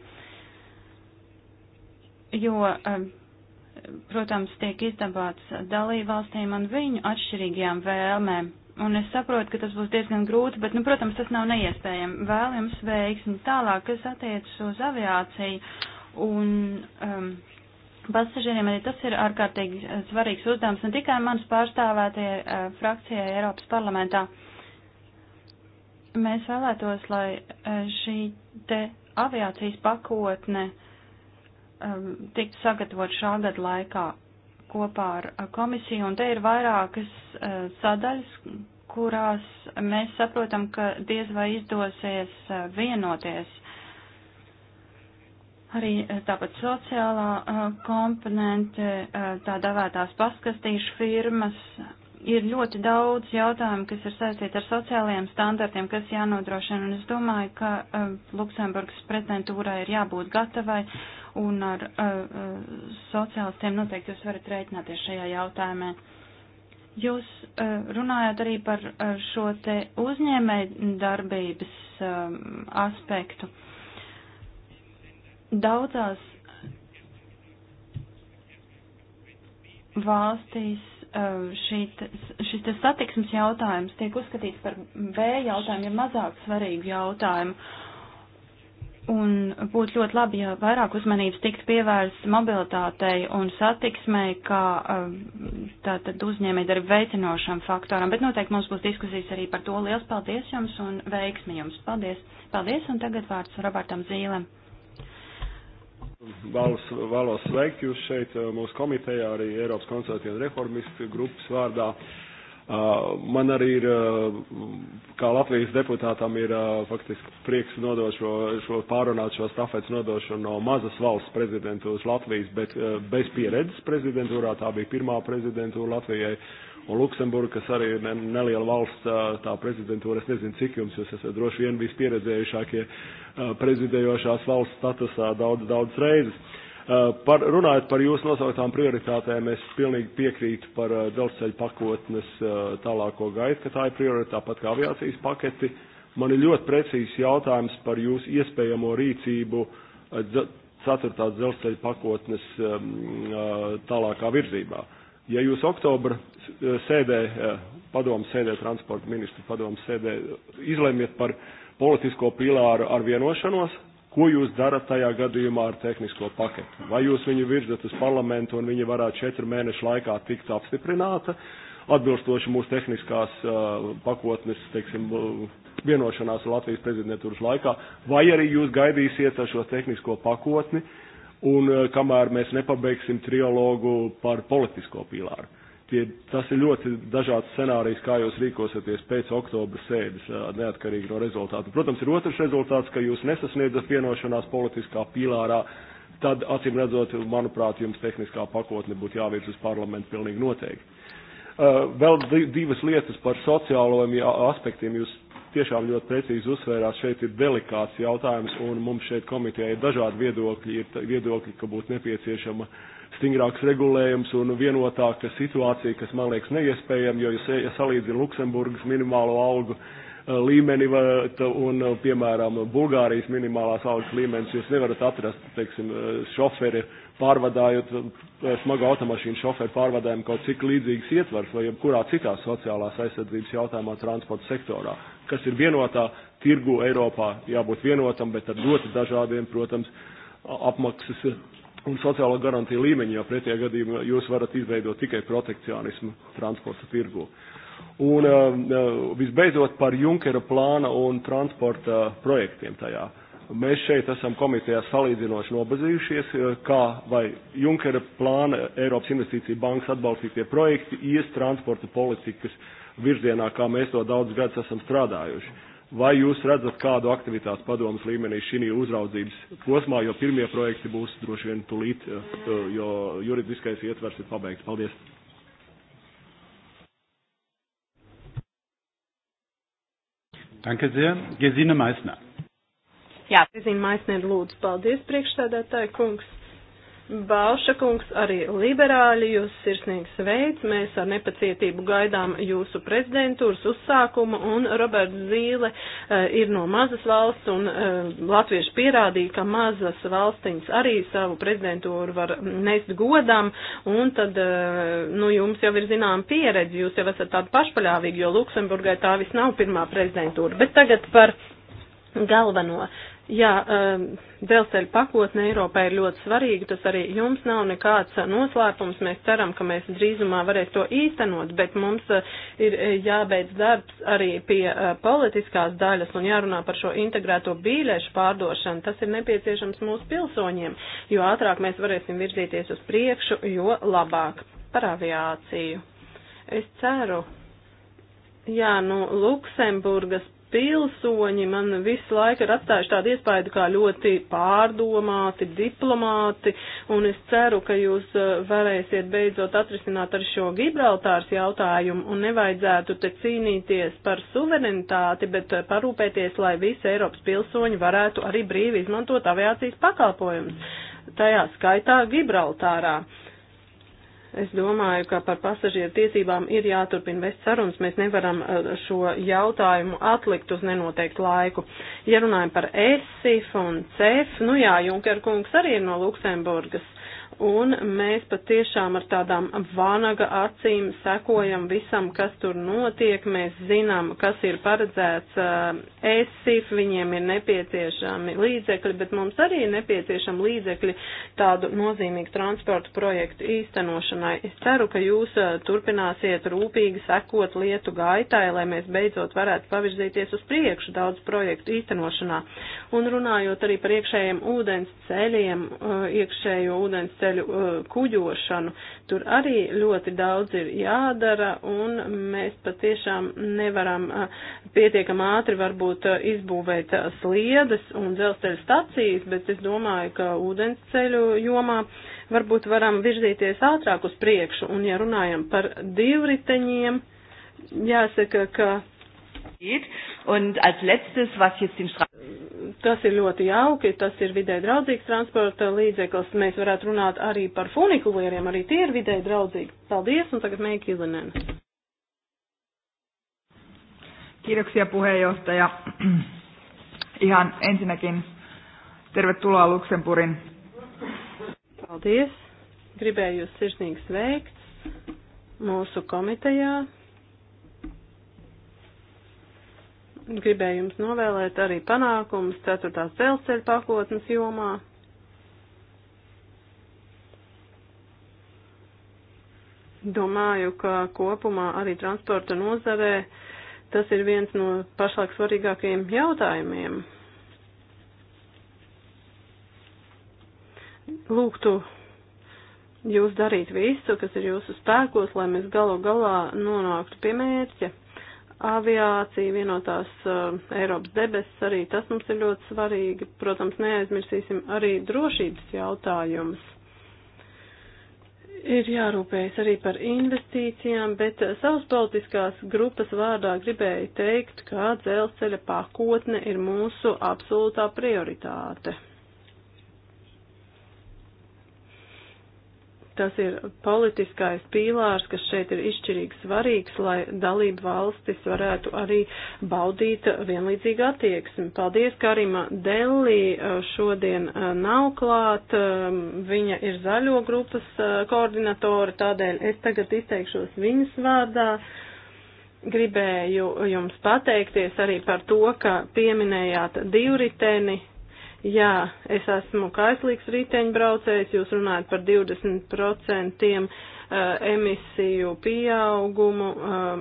jo, uh, protams, tiek izdabāts dalībvalstīm un viņu atšķirīgajām vēlmēm. Un es saprotu, ka tas būs diezgan grūti, bet, nu, protams, tas nav neiespējami. Vēl jums veiksmi tālāk, kas attiecas uz aviāciju un um, pasažieriem arī tas ir ārkārtīgi eh, svarīgs uzdevums ne tikai manas pārstāvētajai eh, frakcijai Eiropas parlamentā. Mēs vēlētos, lai eh, šī te aviācijas pakotne um, tiktu sagatavot šā gada laikā kopā ar komisiju, un te ir vairākas uh, sadaļas, kurās mēs saprotam, ka diez vai izdosies uh, vienoties Arī eh, tāpat sociālā uh, komponente, uh, tā davētās paskastīšu firmas, ir ļoti daudz jautājumu, kas ir saistīti ar sociālajiem standartiem, kas jānodrošina, un es domāju, ka uh, Luksemburgas prezidentūrai ir jābūt gatavai, un ar uh, sociālistiem noteikti jūs varat rēķināties šajā jautājumā. Jūs uh, runājat arī par uh, šo te uzņēmēju darbības uh, aspektu. Uh, Daudzās valstīs uh, šis te satiksmes jautājums tiek uzskatīts par B jautājumu, ja mazāk svarīgu jautājumu. Un būtu ļoti labi, ja vairāk uzmanības tiktu pievērsts mobilitātei un satiksmei, kā uh, tātad uzņēmēji darba veicinošam faktoram. Bet noteikti mums būs diskusijas arī par to. Liels paldies jums un veiksmi jums. Paldies. Paldies un tagad vārds Robertam Zīlem. Vēlos, vēlos sveikt jūs šeit eh, mūsu komitejā, arī Eiropas konservatīvu un reformistu grupas vārdā. Eh, man arī ir, eh, kā Latvijas deputātam, ir faktiski prieks nodot šo, šo pārunāt šo stafets nodošanu no mazas valsts prezidentūras Latvijas, bet bez pieredzes prezidentūrā. Tā bija pirmā prezidentūra Latvijai. Un Luksemburga, kas arī ir neliela valsts, tā prezidentūra, es nezinu, cik jums jūs esat droši vien vispieredzējušākie. Ja Uh, prezidējošās valsts statusā daudz, daudz reizes. Uh, par, runājot par jūsu nosauktām prioritātēm, es pilnīgi piekrītu par uh, dzelzceļa pakotnes tālāko gaitu, ka tā ir prioritāte, tāpat kā aviācijas paketi. Man ir ļoti precīzs jautājums par jūsu iespējamo rīcību ceturtās dzelzceļa pakotnes um, tālākā virzībā. Ja jūs oktobra sēdē, padomu sēdē, transporta ministru padomu sēdē, izlemiet par uh, politisko pīlāru ar vienošanos, ko jūs darat tajā gadījumā ar tehnisko paketu? Vai jūs viņu virzat uz parlamentu un viņa varētu četru mēnešu laikā tikt apstiprināta, atbilstoši mūsu tehniskās uh, pakotnes, teiksim, uh, vienošanās Latvijas prezidentūras laikā, vai arī jūs gaidīsiet ar šo tehnisko pakotni un uh, kamēr mēs nepabeigsim trialogu par politisko pīlāru? tie, tas ir ļoti dažāds scenārijs, kā jūs rīkosieties pēc oktobra sēdes, neatkarīgi no rezultātu. Protams, ir otrs rezultāts, ka jūs nesasniedzat vienošanās politiskā pīlārā, tad, acīm redzot, manuprāt, jums tehniskā pakotne būtu jāvirz uz parlamentu pilnīgi noteikti. Vēl divas lietas par sociālajiem aspektiem. Jūs tiešām ļoti precīzi uzsvērāt, šeit ir delikāts jautājums, un mums šeit komitejā ir dažādi viedokļi, ir viedokļi, ka būtu nepieciešama uh, stingrāks regulējums un vienotāka situācija, kas man liekas neiespējama, jo, ja, ja salīdzina Luksemburgas minimālo algu eh, līmeni un, eh, piemēram, Bulgārijas minimālās algas līmenis, jūs nevarat atrast, teiksim, eh, šoferi pārvadājot, smagu automašīnu šoferi pārvadājumu kaut cik līdzīgas ietvars vai jebkurā citā sociālās aizsardzības jautājumā transporta sektorā, kas ir vienotā tirgu Eiropā, jābūt vienotam, bet ar ļoti dažādiem, protams, apmaksas un sociālo garantiju līmeņi, jo pretējā gadījumā jūs varat izveidot tikai protekcionismu transporta tirgu. Un eh, eh, visbeidzot par Junkera plāna un transporta projektiem tajā. Mēs šeit esam komitejā salīdzinoši nobazījušies, eh, kā vai Junkera plāna Eiropas investīcija bankas atbalstītie projekti ies transporta politikas virzienā, kā mēs to daudz gadus esam strādājuši. Vai jūs redzat kādu aktivitāti padomas līmenī šī uzraudzības posmā, jo pirmie projekti būs droši vien tulīt, eh, eh, jo juridiskais ietvers ir pabeigts? Paldies! Danke sehr. Gesine Meissner. Jā, Gesine Meissner, lūdzu, paldies priekšstādātāji kungs. Bauša kungs, arī liberāļi jūs sirsnīgi sveic, mēs ar nepacietību gaidām jūsu prezidentūras uzsākumu, un Roberts Zīle eh, ir no mazas valsts, un eh, latvieši pierādīja, ka mazas valstiņas arī savu prezidentūru var nest godam, un tad, eh, nu, jums jau ir zinām pieredze, jūs jau esat tādi pašpaļāvīgi, jo Luksemburgai tā vis nav pirmā prezidentūra, bet tagad par galveno. Uh, Jā, ehm, dzelzceļa pakotne Eiropai ir ļoti svarīga, tas arī jums nav nekāds eh, noslēpums. Mēs ceram, ka mēs drīzumā varēs to īstenot, bet mums eh, ir eh, jābeidz darbs arī pie politiskās daļas un jārunā par šo integrēto bīļešu pārdošanu. Tas ir nepieciešams mūsu pilsoņiem, jo ātrāk mēs varēsim virzīties uz priekšu, jo labāk par aviāciju. Es ceru. Jā, nu, Luksemburgas pilsoņi man visu laiku ir atstājuši tādu iespēju kā ļoti pārdomāti, diplomāti, un es ceru, ka jūs uh, varēsiet beidzot atrisināt ar šo Gibraltārs jautājumu un nevajadzētu te cīnīties par suverenitāti, bet uh, parūpēties, lai visi Eiropas pilsoņi varētu arī brīvi izmantot aviācijas pakalpojumus, tajā skaitā Gibraltārā. Uh, Es domāju, ka par pasažieru tiesībām ir jāturpina vest sarunas. Mēs nevaram eh, šo jautājumu atlikt uz nenoteiktu laiku. Ja runājam par ESIF un CEF, nu jā, Junker kungs arī ir no Luksemburgas. Un mēs patiešām ar tādām vanaga acīm sekojam visam, kas tur notiek. Mēs zinām, kas ir paredzēts ESIF, eh, viņiem ir nepieciešami līdzekļi, bet mums arī ir nepieciešami līdzekļi tādu nozīmīgu transportu projektu īstenošanai. Es ceru, ka jūs eh, turpināsiet rūpīgi sekot lietu gaitai, lai mēs beidzot varētu pavirzīties uz priekšu daudz projektu īstenošanā. Un runājot arī par iekšējiem ūdens ceļiem, eh, iekšējo ūdens ceļu dzelzceļu uh, kuģošanu. Tur arī ļoti daudz ir jādara, un mēs patiešām nevaram uh, pietiekam ātri varbūt uh, izbūvēt sliedes un dzelzceļu stacijas, bet es domāju, ka ūdensceļu jomā varbūt varam virzīties ātrāk uz priekšu, un ja runājam par divriteņiem, jāsaka, ka. It. Und als letztes, was jetzt den Stra Tas ir ļoti jauki, tas ir vidē draudzīgs transporta līdzeklis. Mēs varētu runāt arī par funikulieriem, arī tie ir vidē draudzīgi. Paldies, un tagad Meija Kilinen. Kiitoksia puheenjohtaja. Ihan ensinnäkin tervetuloa Luxemburgin. Paldies. Gribēju jūs sirsnīgi sveikt mūsu komitejā. Gribēju jums novēlēt arī panākumus 4. dzelzceļa pakotnes jomā. Domāju, ka kopumā arī transporta nozarē tas ir viens no pašlaik svarīgākajiem jautājumiem. Lūgtu jūs darīt visu, kas ir jūsu spēkos, lai mēs galu galā nonāktu pie mērķa aviācija, vienotās uh, Eiropas debesis, arī tas mums ir ļoti svarīgi. Protams, neaizmirsīsim arī drošības jautājumus. Ir jārūpējas arī par investīcijām, bet savas politiskās grupas vārdā gribēju teikt, ka dzelzceļa pakotne ir mūsu absolūtā prioritāte. Tas ir politiskais pīlārs, kas šeit ir izšķirīgi svarīgs, lai dalību valstis varētu arī baudīt vienlīdzīgu attieksmi. Paldies, Karima Delli šodien eh, nav klāt, um, viņa ir zaļo grupas eh, koordinatora, tādēļ es tagad izteikšos viņas vārdā gribēju jums pateikties arī par to, ka pieminējāt divriteni. Jā, es esmu kaislīgs riteņbraucējs, jūs runājat par 20% uh, emisiju pieaugumu uh,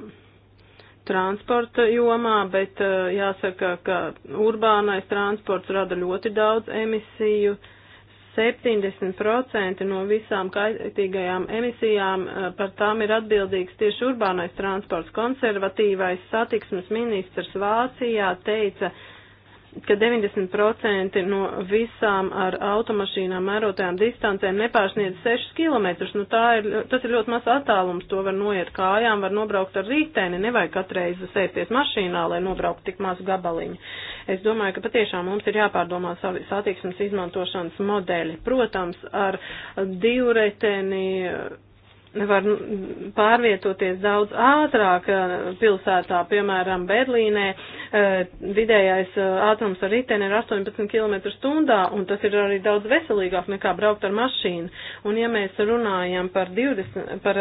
transporta jomā, bet uh, jāsaka, ka urbānais transports rada ļoti daudz emisiju. 70% no visām kaitīgajām emisijām par tām ir atbildīgs tieši urbānais transports. Konservatīvais satiksmes ministrs Vācijā teica, ka ka 90% no visām ar automašīnām mērotajām distancēm nepārsniedz 6 km. Nu, ir, tas ir ļoti mazs attālums, to var noiet kājām, var nobraukt ar rītēni, nevajag katreiz sēties mašīnā, lai nobrauktu tik mazu gabaliņu. Es domāju, ka patiešām mums ir jāpārdomā savi satiksmes izmantošanas modeļi. Protams, ar divreteni var pārvietoties daudz ātrāk eh, pilsētā, piemēram, Berlīnē eh, vidējais eh, ātrums ar riteni ir 18 km stundā, un tas ir arī daudz veselīgāk nekā braukt ar mašīnu. Un ja mēs runājam par, 20, par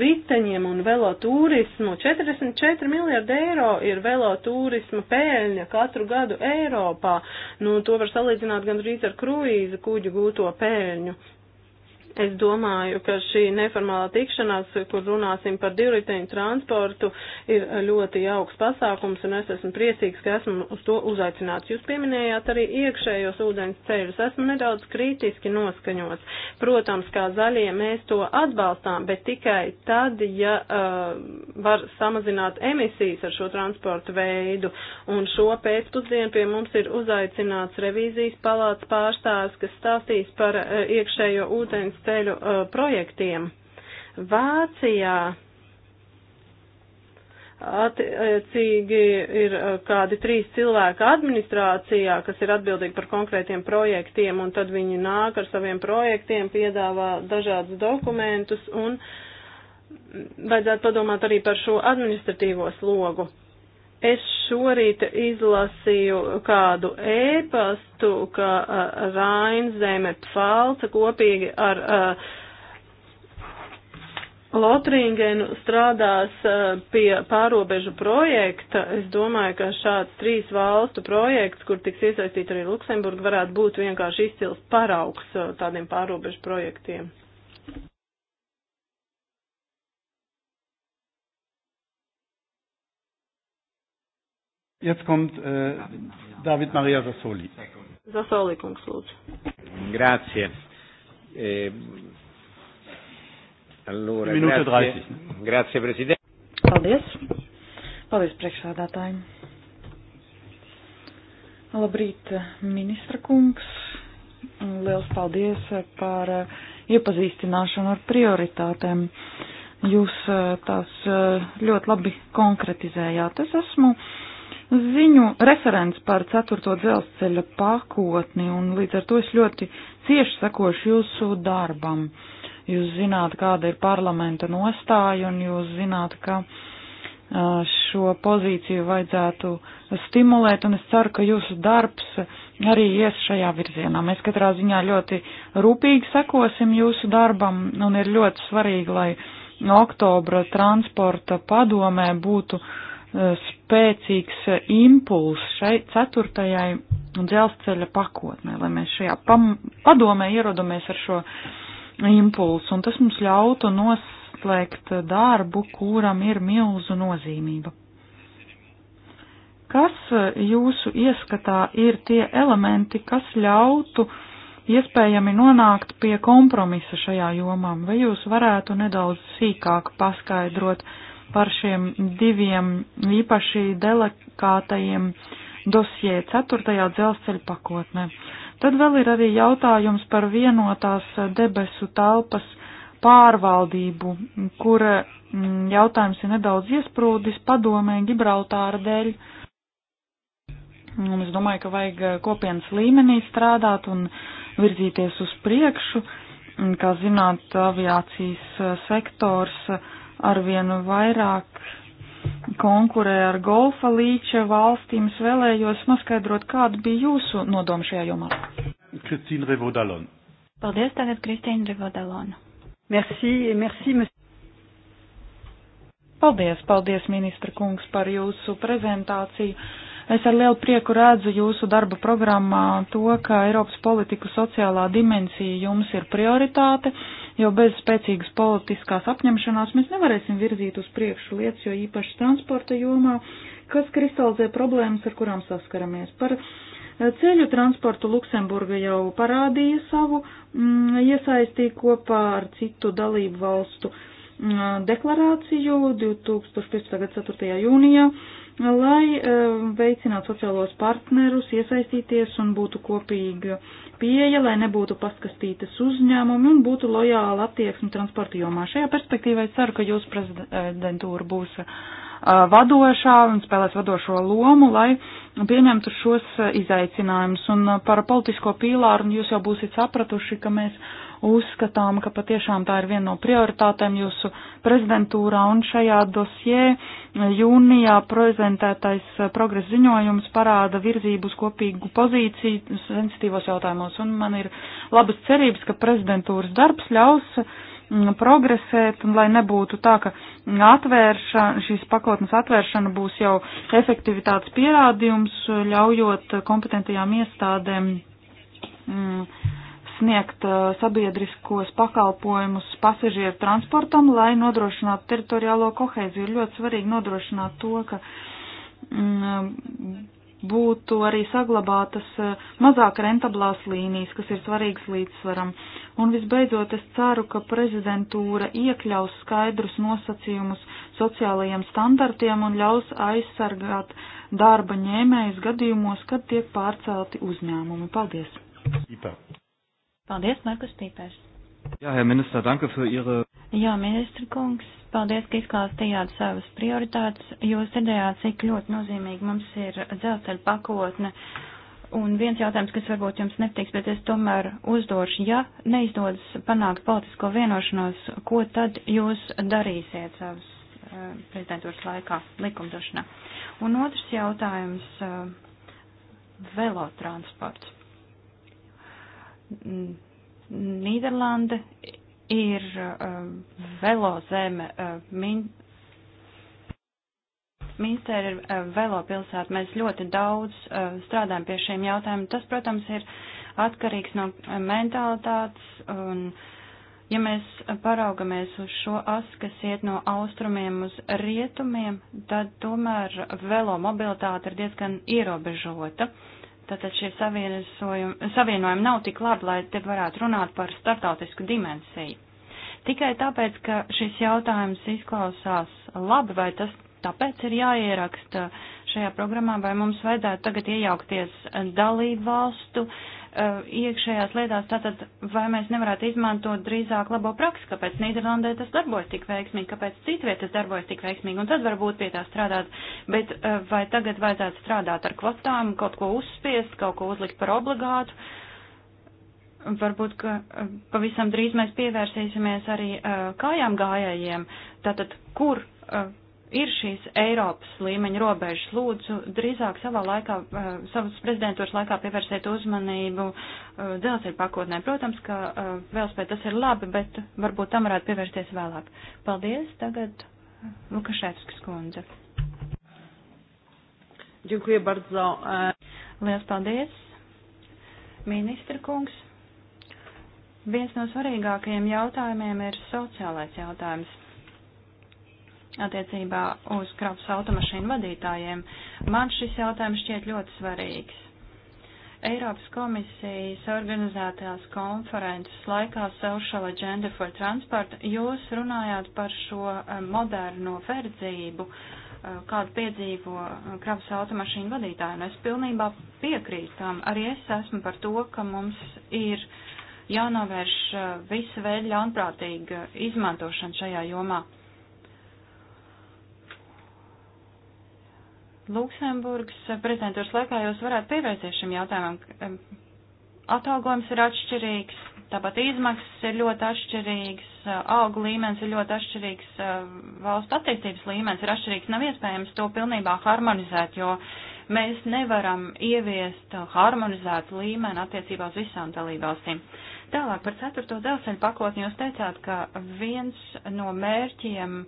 riteņiem un velotūrismu, 44 miljardi eiro ir velotūrisma pēļņa katru gadu Eiropā. Nu, to var salīdzināt gandrīz ar kruīza kuģu gūto pēļņu. Es domāju, ka šī neformālā tikšanās, kur runāsim par divriteņu transportu, ir ļoti jauks pasākums, un es esmu priecīgs, ka esmu uz to uzaicināts. Jūs pieminējāt arī iekšējos ūdens ceļus. Esmu nedaudz kritiski noskaņots. Protams, kā zaļie mēs to atbalstām, bet tikai tad, ja uh, var samazināt emisijas ar šo transportu veidu. Un šo pēcpusdienu pie mums ir uzaicināts revīzijas palāts pārstāvis, kas stāstīs par uh, iekšējo ūdens dzelzceļu uh, projektiem. Vācijā attiecīgi ir uh, kādi trīs cilvēki administrācijā, kas ir atbildīgi par konkrētiem projektiem, un tad viņi nāk ar saviem projektiem, piedāvā dažādus dokumentus, un vajadzētu padomāt arī par šo administratīvo slogu. Es šorīt izlasīju kādu ēpastu, ka uh, Rainzeme Pfalca kopīgi ar uh, Lotringenu strādās uh, pie pārobežu projekta. Es domāju, ka šāds trīs valstu projekts, kur tiks iesaistīta arī Luksemburga, varētu būt vienkārši izcils paraugs uh, tādiem pārobežu projektiem. Jetzt kommt äh, David Maria Sassoli. Sassoli kungs, lūdzu. Grazie. Eh, allora, Minūte 30. Grazie, Presidente. Paldies. Paldies priekšsādātājiem. Labrīt, ministra kungs. Liels paldies par iepazīstināšanu ar prioritātēm. Jūs eh, tās eh, ļoti labi konkretizējāt. Es esmu ziņu referents par ceturto dzelzceļa pakotni, un līdz ar to es ļoti cieši sakošu jūsu darbam. Jūs zināt, kāda ir parlamenta nostāja, un jūs zināt, ka šo pozīciju vajadzētu stimulēt, un es ceru, ka jūsu darbs arī ies šajā virzienā. Mēs katrā ziņā ļoti rūpīgi sekosim jūsu darbam, un ir ļoti svarīgi, lai oktobra transporta padomē būtu uh, spēcīgs impuls šai ceturtajai dzelzceļa pakotnē, lai mēs šajā padomē ierodamies ar šo impulsu, un tas mums ļautu noslēgt darbu, kuram ir milzu nozīmība. Kas jūsu ieskatā ir tie elementi, kas ļautu iespējami nonākt pie kompromisa šajā jomā, vai jūs varētu nedaudz sīkāk paskaidrot, uh, par šiem diviem īpaši delikātajiem dosjē ceturtajā dzelzceļa pakotnē. Tad vēl ir arī jautājums par vienotās debesu telpas pārvaldību, kur mm, jautājums ir nedaudz iesprūdis padomē Gibraltāra dēļ. Un es domāju, ka vajag kopienas līmenī strādāt un virzīties uz priekšu. Kā zināt, aviācijas sektors uh, arvien vairāk konkurē ar golfa līča valstīm. Es vēlējos noskaidrot, kāda bija jūsu nodoma šajā jomā. Kristīna Revodalon. Paldies, tagad Kristīna Revodalon. Merci, merci, monsieur. Paldies, paldies, ministra kungs, par jūsu prezentāciju. Es ar lielu prieku redzu jūsu darba programmā to, ka Eiropas politiku sociālā dimensija jums ir prioritāte. Uh, jo bez spēcīgas politiskās apņemšanās mēs nevarēsim virzīt uz priekšu lietas, jo īpaši transporta jomā, kas kristalizē problēmas, ar kurām saskaramies. Par eh, ceļu transportu Luksemburga jau parādīja savu mm, iesaistī kopā ar citu dalību valstu mm, deklarāciju 2015. gada 4. jūnijā lai eh, veicinātu sociālos partnerus, iesaistīties un būtu kopīga pieeja, lai nebūtu paskastītas uzņēmumi un būtu lojāla attieksme transporta jomā. Šajā perspektīvā es ceru, ka jūsu prezidentūra būs eh, vadošā un spēlēs vadošo lomu, lai pieņemtu šos eh, izaicinājumus. Un par politisko pīlāru jūs jau būsiet sapratuši, ka mēs uzskatām, ka patiešām tā ir viena no prioritātēm jūsu prezidentūrā un šajā dosjē jūnijā prezentētais eh, progresa ziņojums parāda virzību uz kopīgu pozīciju sensitīvos jautājumos un man ir labas cerības, ka prezidentūras darbs ļaus mm, progresēt un lai nebūtu tā, ka atvērša, šīs pakotnes atvēršana būs jau efektivitātes pierādījums, ļaujot kompetentajām iestādēm mm, sniegt uh, sabiedriskos pakalpojumus pasažieru transportam, lai nodrošinātu teritoriālo kohēziju. Ir ļoti svarīgi nodrošināt to, ka mm, uh, būtu arī saglabātas uh, mazāk rentablās līnijas, kas ir svarīgas līdzsvaram. Un visbeidzot, es ceru, ka prezidentūra iekļaus skaidrus nosacījumus sociālajiem standartiem un ļaus aizsargāt darba ņēmējus gadījumos, kad tiek pārcelti uzņēmumi. Paldies! Ipa. Paldies, Markus Pīpērs. Jā, Herr Minister, danke für Ihre. Jā, ministra kungs, paldies, ka izklāstījāt savas prioritātes. Jūs redzējāt, cik ļoti nozīmīgi mums ir dzelzceļa pakotne. Un viens jautājums, kas varbūt jums nepatiks, bet es tomēr uzdošu, ja neizdodas panākt politisko vienošanos, ko tad jūs darīsiet savas uh, prezidentūras laikā likumdošanā? Un otrs jautājums uh, - velotransports. Nīderlanda ir uh, velo zeme. Uh, min Minster ir uh, velo pilsēta. Mēs ļoti daudz uh, strādājam pie šiem jautājumiem. Tas, protams, ir atkarīgs no mentalitātes. Un, ja mēs paraugamies uz šo asu, kas iet no austrumiem uz rietumiem, tad tomēr velo mobilitāte ir diezgan ierobežota. Uh, Tātad šie savienojumi nav tik labi, lai te varētu runāt par startautisku dimensiju. Tikai tāpēc, ka šis jautājums izklausās labi, vai tas tāpēc ir jāieraksta šajā programmā, vai mums vajadzētu tagad iejaukties dalību valstu uh, Uh, iekšējās lietās, tātad vai mēs nevarētu izmantot drīzāk labo praksi, kāpēc Nīderlandē tas darbojas tik veiksmīgi, kāpēc citviet tas darbojas tik veiksmīgi, un tad varbūt pie tā strādāt, bet uh, vai tagad vajadzētu strādāt ar kvotām, kaut ko uzspiest, kaut ko uzlikt par obligātu, varbūt, ka uh, pavisam drīz mēs pievērsīsimies arī kājām gājējiem, tātad kur ir šīs Eiropas līmeņa robežas. Lūdzu, drīzāk savā laikā, eh, savas prezidentūras laikā pievērsiet uzmanību eh, dzelzceļa pakotnē. Protams, ka eh, vēlspēj tas ir labi, bet varbūt tam varētu pievērsties vēlāk. Paldies, tagad Lukašēvskis kundze. Dziękuję bardzo. Liels paldies, ministra kungs. Viens no svarīgākajiem jautājumiem ir sociālais jautājums attiecībā uz kravas automašīnu vadītājiem. Man šis jautājums šķiet ļoti svarīgs. Eiropas komisijas organizētās konferences laikā Social Agenda for Transport jūs runājāt par šo eh, moderno verdzību, eh, kādu piedzīvo eh, kravas automašīnu vadītāji. Un es pilnībā piekrītu tam. Arī es esmu par to, ka mums ir jānovērš visa veida ļaunprātīga izmantošana šajā jomā. Luksemburgas prezidentūras laikā jūs varētu pievērsties šim jautājumam. Atalgojums ir atšķirīgs, tāpat izmaksas ir ļoti atšķirīgs, auga līmenis ir ļoti atšķirīgs, valsts attīstības līmenis ir atšķirīgs. Nav iespējams to pilnībā harmonizēt, jo mēs nevaram ieviest harmonizētu līmeni attiecībā uz visām dalībvalstīm. Tālāk par ceturto dzelzceļu pakotni jūs teicāt, ka viens no mērķiem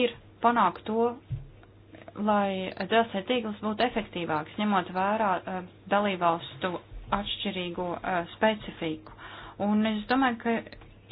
ir panākt to, lai dzelzceļa tīkls būtu efektīvāks, ņemot vērā eh, dalībvalstu atšķirīgo eh, specifiku. Un es domāju, ka,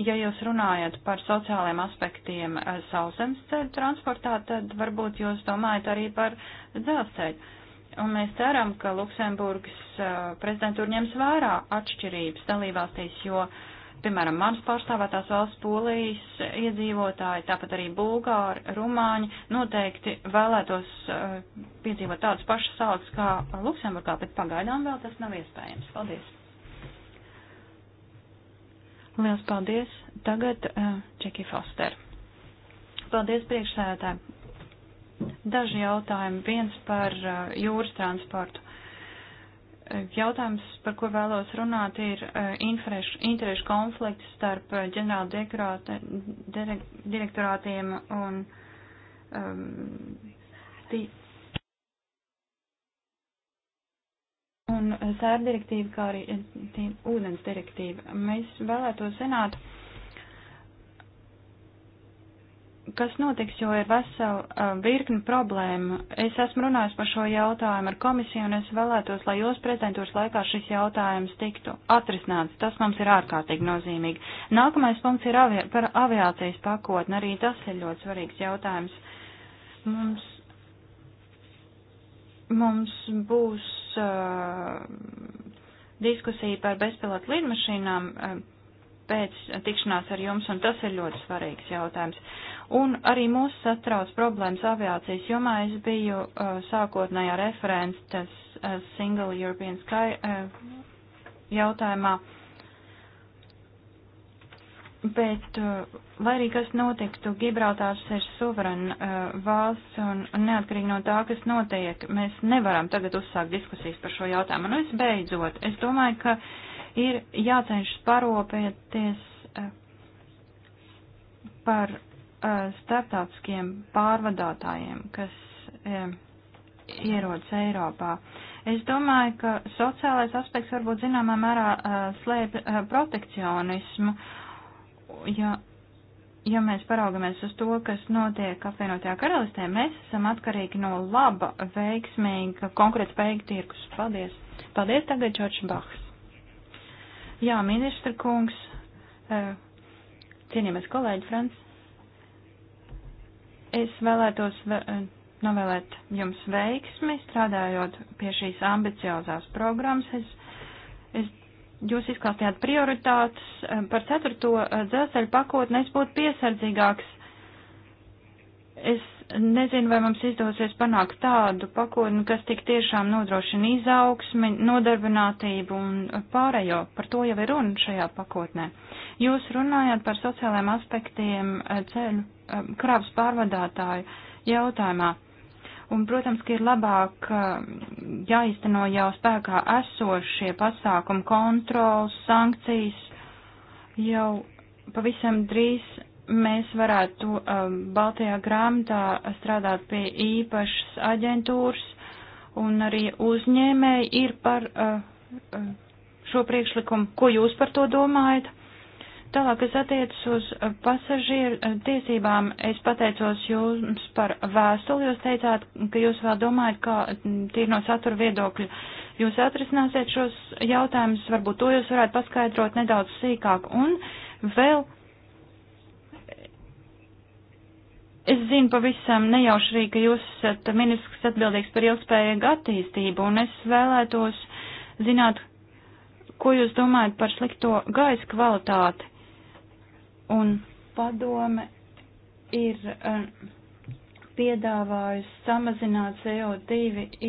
ja jūs runājat par sociāliem aspektiem eh, sauszemes ceļu transportā, tad varbūt jūs domājat arī par dzelzceļu. Un mēs ceram, ka Luksemburgas prezidentūra ņems vērā atšķirības dalībvalstīs, jo uh, piemēram, manas pārstāvētās valsts polijas iedzīvotāji, tāpat arī bulgāri, rumāņi noteikti vēlētos uh, piedzīvot tādas pašas algas kā Luksemburgā, bet pagaidām vēl tas nav iespējams. Paldies! Liels paldies! Tagad uh, Čeki Foster. Paldies priekšsēdētāji! Daži jautājumi. Viens par uh, jūras transportu. Jautājums, par ko vēlos runāt, ir eh, interešu konflikts starp eh, ģenerāla direktorātiem un um, tī, un sēra direktīva, kā arī eh, tī, ūdens direktīva. Mēs vēlētos zināt, uh, kas notiks, jo ir vesela virkni problēmu. Es esmu runājis par šo jautājumu ar komisiju, un es vēlētos, lai jūs prezidentūras laikā šis jautājums tiktu atrisināts. Tas mums ir ārkārtīgi nozīmīgi. Nākamais punkts ir avi par aviācijas pakotni. Arī tas ir ļoti svarīgs jautājums. Mums, mums būs uh, diskusija par bezpilotu lidmašīnām. Uh, pēc tikšanās ar jums, un tas ir ļoti svarīgs jautājums. Un arī mūs satrauc problēmas aviācijas jomā. Es biju uh, sākotnējā referents tas uh, Single European Sky uh, jautājumā. Bet, uh, lai arī kas notiktu, Gibraltārs ir suverēna uh, valsts un neatkarīgi no tā, kas notiek, mēs nevaram tagad uzsākt diskusijas par šo jautājumu. Un nu, es beidzot, es domāju, ka uh, ir jācenšas paropēties eh, par eh, starptautiskiem pārvadātājiem, kas eh, ierodas Eiropā. Es domāju, ka sociālais aspekts varbūt zināmā mērā slēp protekcionismu, ja, ja mēs paraugamies uz to, kas notiek apvienotajā karalistē, mēs esam atkarīgi no laba, veiksmīga, konkrēta spējīga tirkus. Paldies! Paldies tagad, Čorčs Bahs! Jā, ministra kungs, eh, cienījamies kolēģi Frans, es vēlētos eh, novēlēt jums veiksmi strādājot pie šīs ambiciozās programmas. Es, es, jūs izklāstījāt prioritātes eh, par ceturto dzelzceļu pakotni, es būtu piesardzīgāks Es nezinu, vai mums izdosies panākt tādu pakotni, kas tik tiešām nodrošina izaugsmi, nodarbinātību un pārējo. Par to jau ir runa šajā pakotnē. Jūs runājāt par sociālajiem aspektiem eh, ceļu eh, kravas pārvadātāju jautājumā. Un, protams, ka ir labāk eh, jāizteno jau spēkā esošie pasākumi, kontrols, sankcijas. Jau pavisam drīz mēs varētu um, Baltajā grāmatā strādāt pie īpašas aģentūras, un arī uzņēmēji ir par uh, uh šo priekšlikumu. Ko jūs par to domājat? Tālāk, kas attiecas uz pasažieru uh, tiesībām, es pateicos jums par vēstuli. Jūs teicāt, ka jūs vēl domājat, kā mm, tīri no satura viedokļa jūs atrisināsiet šos jautājumus. Varbūt to jūs varētu paskaidrot nedaudz sīkāk. Un vēl Es zinu pavisam nejauši arī, ka jūs esat ministrs, kas atbildīgs par ilgspējīgu attīstību, un es vēlētos zināt, ko jūs domājat par slikto gaisa kvalitāti. Un padome ir uh, piedāvājusi samazināt CO2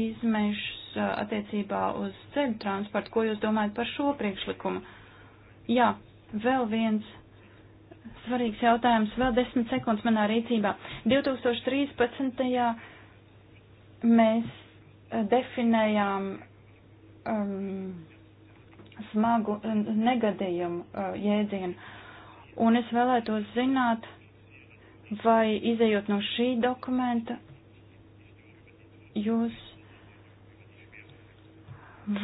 izmešus uh, attiecībā uz ceļu transportu. Ko jūs domājat par šo priekšlikumu? Jā, vēl viens svarīgs jautājums. Vēl desmit sekundes manā rīcībā. 2013. mēs eh, definējām um, smagu eh, negadījumu uh, jēdzienu. Un es vēlētos zināt, vai izējot no šī dokumenta, jūs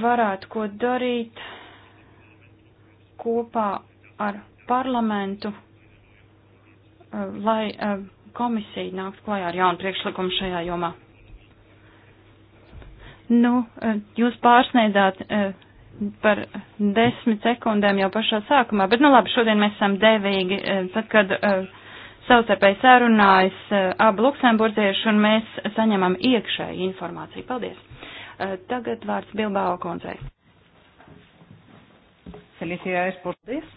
varētu ko darīt kopā ar parlamentu Uh, lai uh, komisija nāks klajā ar jaunu priekšlikumu šajā jomā. Nu, uh, jūs pārsniedzāt par desmit sekundēm jau pašā sākumā, bet nu labi, šodien mēs esam devīgi, tad, kad savstarpēji sarunājas abi luksemburdzieši un mēs saņemam iekšēju informāciju. Paldies! Tagad vārds Bilbao koncei. Felicidades por... Paldies!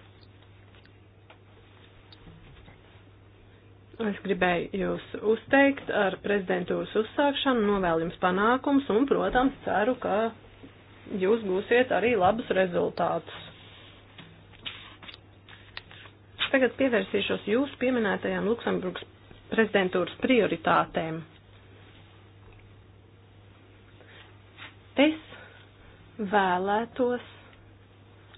Es gribēju jūs uzteikt ar prezidentūras uzsākšanu, novēlu jums panākums un, protams, ceru, ka jūs gūsiet arī labus rezultātus. Tagad pievērsīšos jūsu pieminētajām Luksemburgas prezidentūras prioritātēm. Es vēlētos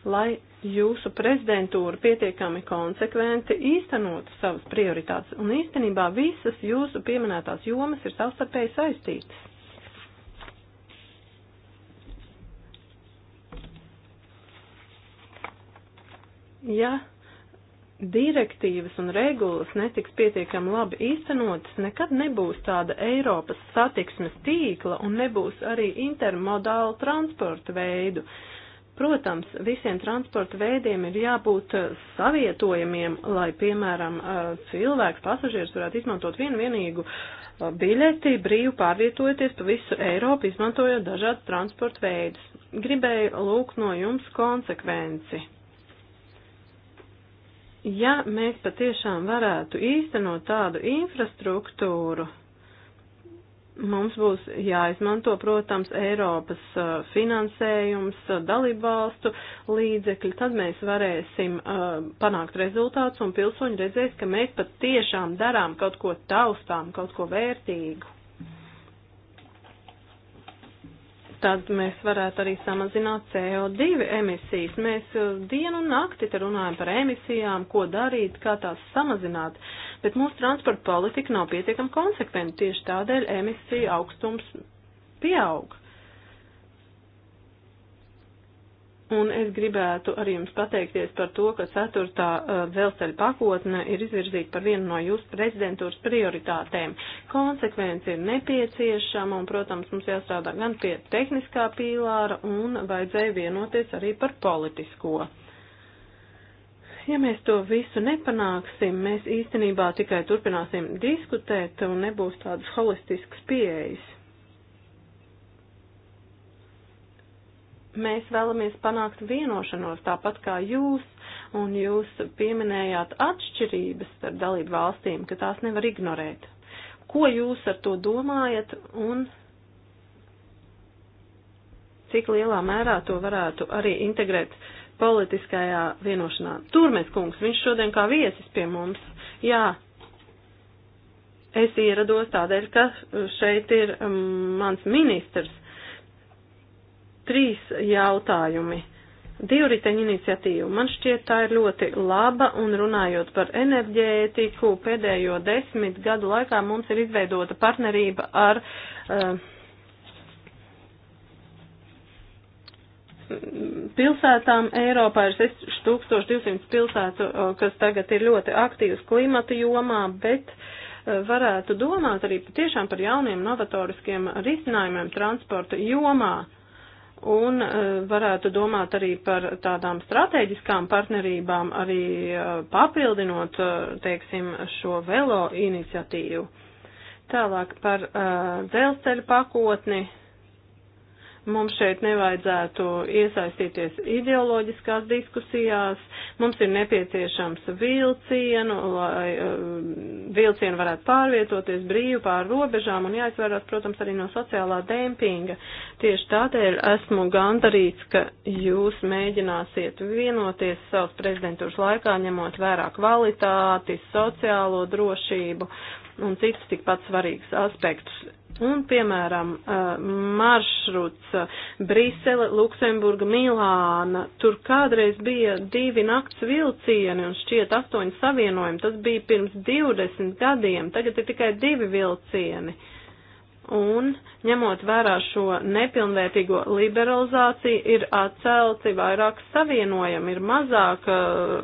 lai jūsu prezidentūra pietiekami konsekventi īstenot savas prioritātes, un īstenībā visas jūsu pieminētās jomas ir savstarpēji saistītas. Ja direktīvas un regulas netiks pietiekami labi īstenotas, nekad nebūs tāda Eiropas satiksmes tīkla un nebūs arī intermodālu transporta veidu. Uh, Protams, visiem transporta veidiem ir jābūt eh, savietojamiem, lai, piemēram, eh, cilvēks, pasažieris varētu izmantot vienu vienīgu eh, biļeti, brīvi pārvietojoties pa visu Eiropu, izmantojot dažādas transporta veidus. Gribēju lūgt no jums konsekvenci. Ja mēs patiešām varētu īstenot tādu infrastruktūru, Mums būs jāizmanto, protams, Eiropas uh, finansējums, uh, dalībvalstu līdzekļi, tad mēs varēsim uh, panākt rezultātus un pilsoņi redzēs, ka mēs pat tiešām darām kaut ko taustām, kaut ko vērtīgu. tad mēs varētu arī samazināt CO2 emisijas. Mēs uh, dienu un nakti te runājam par emisijām, ko darīt, kā tās samazināt, bet mūsu transporta politika nav pietiekam konsekventa, tieši tādēļ emisija augstums pieaug. Un es gribētu arī jums pateikties par to, ka ceturtā uh, dzelzceļa pakotne ir izvirzīta par vienu no jūsu prezidentūras prioritātēm. Konsekvence ir nepieciešama un, protams, mums jāstrādā gan pie tehniskā pīlāra un vajadzēja vienoties arī par politisko. Ja mēs to visu nepanāksim, mēs īstenībā tikai turpināsim diskutēt un nebūs tādas holistiskas pieejas. Mēs vēlamies panākt vienošanos tāpat kā jūs, un jūs pieminējāt atšķirības starp dalību valstīm, ka tās nevar ignorēt. Ko jūs ar to domājat un cik lielā mērā to varētu arī integrēt politiskajā vienošanā? Turmēs kungs, viņš šodien kā viesis pie mums. Jā, es ierados tādēļ, ka šeit ir um, mans ministrs Trīs jautājumi. Divriteņa iniciatīva. Man šķiet, tā ir ļoti laba, un runājot par enerģētiku, pēdējo desmit gadu laikā mums ir izveidota partnerība ar uh, pilsētām Eiropā ir 6200 pilsētu, eh, kas tagad ir ļoti aktīvas klimata jomā, bet eh, varētu domāt arī patiešām par jauniem novatoriskiem risinājumiem transporta jomā un e, varētu domāt arī par tādām strateģiskām partnerībām, arī e, papildinot, e, teiksim, šo velo iniciatīvu. Tālāk par dzelzceļa pakotni Mums šeit nevajadzētu iesaistīties ideoloģiskās diskusijās, mums ir nepieciešams vilcienu, lai eh, vilcienu varētu pārvietoties brīvi pār robežām un jāizvairās, protams, arī no sociālā dempinga. Tieši tādēļ esmu gandarīts, ka jūs mēģināsiet vienoties savas prezidentūras laikā, ņemot vērā kvalitāti, sociālo drošību. Uh, un citus tikpat svarīgus aspektus. Un, piemēram, maršruts Brisele, Luksemburga, Milāna. Tur kādreiz bija divi nakts vilcieni un šķiet astoņi savienojumi. Tas bija pirms 20 gadiem. Tagad ir tikai divi vilcieni. Un, ņemot vērā šo nepilnvērtīgo liberalizāciju, ir atcelti vairāk savienojumi, ir mazāk uh,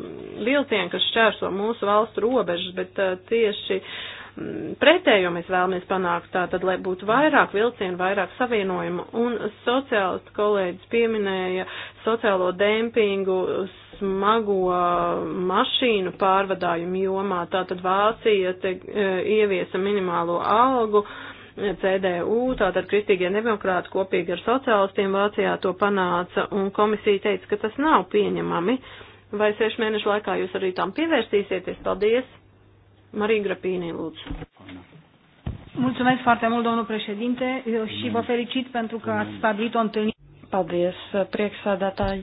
vilcieni, kas šķērso mūsu valstu robežas, bet uh, tieši uh, pretējo mēs vēlamies panākt, tātad, lai būtu vairāk vilcienu, vairāk savienojumu. Un sociālistu kolēģis pieminēja sociālo dempingu smago mašīnu pārvadājumu jomā, tātad Vācija te e, ieviesa minimālo algu. E, CDU, tātad kristīgie demokrāti kopīgi ar sociālistiem Vācijā to panāca, un komisija teica, ka tas nav pieņemami. Vai sešu mēnešu laikā jūs arī tam pievērsīsieties? Paldies! Marie Grapini, lūdzu. Mulțumesc foarte mult, domnul președinte, și vă felicit pentru că ați stabilit o întâlnire. Paldies, priekšsādātāji.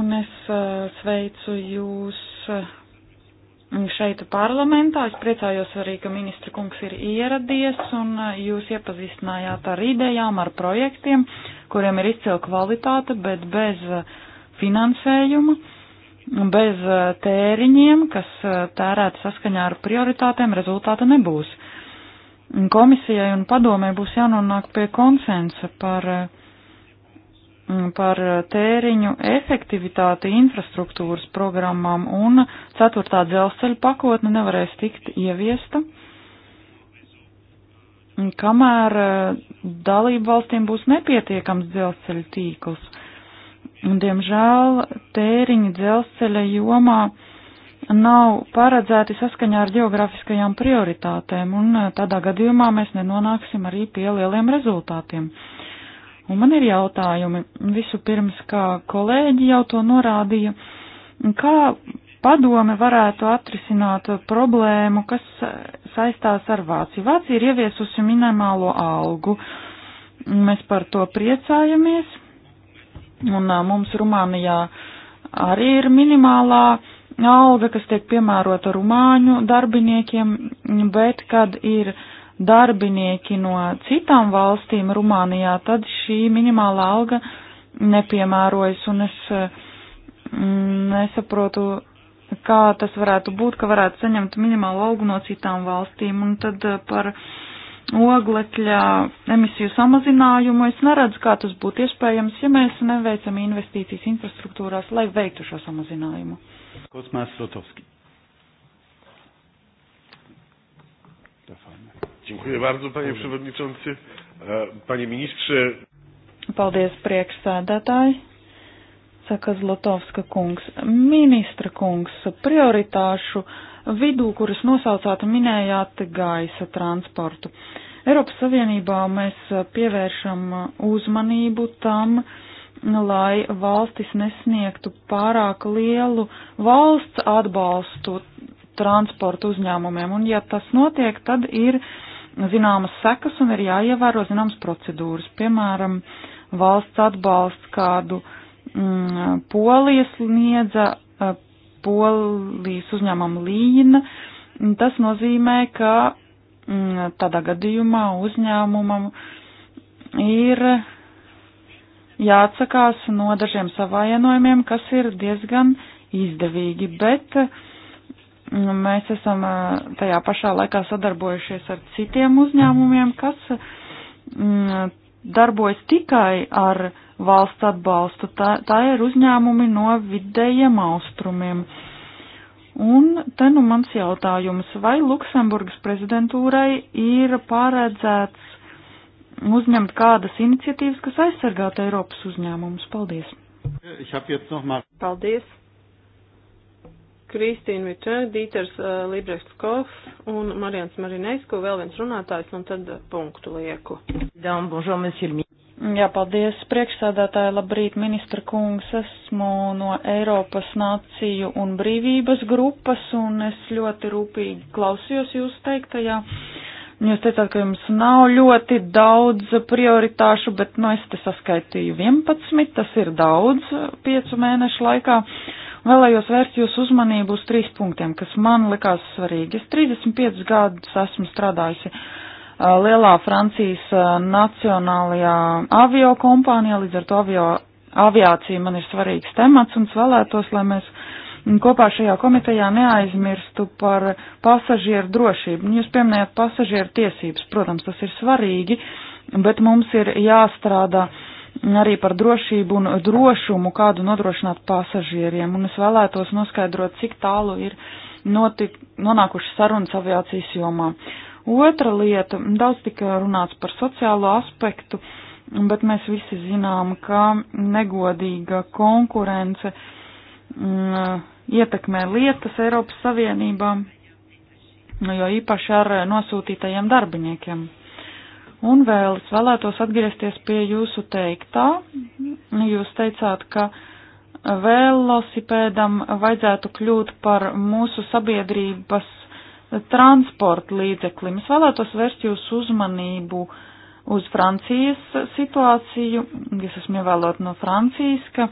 Un es eh, sveicu jūs eh, šeit parlamentā. Es priecājos arī, ka ministra kungs ir ieradies un eh, jūs iepazīstinājāt ar idejām, ar projektiem, kuriem ir izcila kvalitāte, bet bez finansējuma. Bez eh, tēriņiem, kas eh, tērēti saskaņā ar prioritātēm, rezultāta nebūs. Komisijai un padomē būs jānonāk pie konsensa par, eh, mm, par tēriņu efektivitāti infrastruktūras programmām un ceturtā dzelzceļa pakotne nevarēs tikt ieviesta kamēr dalību valstīm būs nepietiekams dzelzceļa tīkls. Un, diemžēl tēriņi dzelzceļa jomā nav paredzēti saskaņā ar geografiskajām prioritātēm, un eh, tādā gadījumā mēs nenonāksim arī pie lieliem rezultātiem. Un man ir jautājumi, visu pirms, kā kolēģi jau to norādīja, kā padome varētu atrisināt problēmu, kas saistās ar Vāciju. Vācija ir ieviesusi minimālo algu, mēs par to priecājamies, un eh, mums Rumānijā uh, arī ir minimālā alga, kas tiek piemērota rumāņu darbiniekiem, bet kad ir darbinieki no citām valstīm Rumānijā, tad šī minimālā alga nepiemērojas, un es mm, nesaprotu, kā tas varētu būt, ka varētu saņemt minimālu algu no citām valstīm, un tad eh, par uh, oglekļa emisiju samazinājumu. Es neredzu, kā tas būtu iespējams, ja mēs neveicam investīcijas infrastruktūrās, lai veiktu šo samazinājumu. Kosmēs Rotovski. Dziękuję bardzo, panie przewodniczący. E, panie ministrze. Paldies, priekšsēdētāji. Saka Zlotovska kungs. Ministra kungs, prioritāšu vidū, kuras nosaucāt un minējāt gaisa transportu. Eiropas Savienībā mēs pievēršam uzmanību tam, lai valstis nesniegtu pārāk lielu valsts atbalstu transporta uzņēmumiem, un ja tas notiek, tad ir zināmas sekas un ir jāievēro zināmas procedūras, piemēram, valsts atbalsts kādu mm, polijas sniedza polijas uzņēmumu līna. Tas nozīmē, ka mm, tādā gadījumā uzņēmumam ir jāatsakās no dažiem savainojumiem, kas ir diezgan izdevīgi, bet mm, mēs esam mm, tajā pašā laikā sadarbojušies ar citiem uzņēmumiem, kas mm, darbojas tikai ar valsts atbalstu. Tā, tā ir uzņēmumi no vidējiem austrumiem. Un te nu mans jautājums, vai Luksemburgas prezidentūrai ir paredzēts uzņemt kādas iniciatīvas, kas aizsargātu Eiropas uzņēmumus? Paldies! Paldies! Kristīna Vičer, Dīters uh, eh, Librechts Kof un Marians Marinesko, vēl viens runātājs, un tad eh, punktu lieku. Dāmas, bonjour, monsieur le ministre. Jā, paldies priekšsādātāji, labrīt ministra kungs, esmu no Eiropas nāciju un brīvības grupas un es ļoti rūpīgi klausījos jūs teiktajā. Jūs teicāt, ka jums nav ļoti daudz prioritāšu, bet nu es te saskaitīju 11, tas ir daudz piecu mēnešu laikā. Vēlējos vērst jūsu uzmanību uz trīs punktiem, kas man likās svarīgi. Es 35 gadus esmu strādājusi lielā Francijas nacionālajā avio kompānijā, līdz ar to avio, aviācija man ir svarīgs temats un es vēlētos, lai mēs kopā šajā komitejā neaizmirstu par pasažieru drošību. Nu, jūs pieminējat pasažieru tiesības, protams, tas ir svarīgi, bet mums ir jāstrādā arī par drošību un drošumu, kādu nodrošināt pasažieriem, un es vēlētos noskaidrot, cik tālu ir notik, nonākuši sarunas aviācijas jomā. Uh, Otra lieta, daudz tika runāts par sociālo aspektu, bet mēs visi zinām, ka negodīga konkurence m, mm, ietekmē lietas Eiropas Savienībā, jo īpaši ar nosūtītajiem darbiniekiem. Un vēl es vēlētos atgriezties pie jūsu teiktā. Jūs teicāt, ka velosipēdam vajadzētu kļūt par mūsu sabiedrības transporta līdzeklim. Es vēlētos vērst jūsu uzmanību uz Francijas situāciju. Es esmu ievēlot no Francijas, ka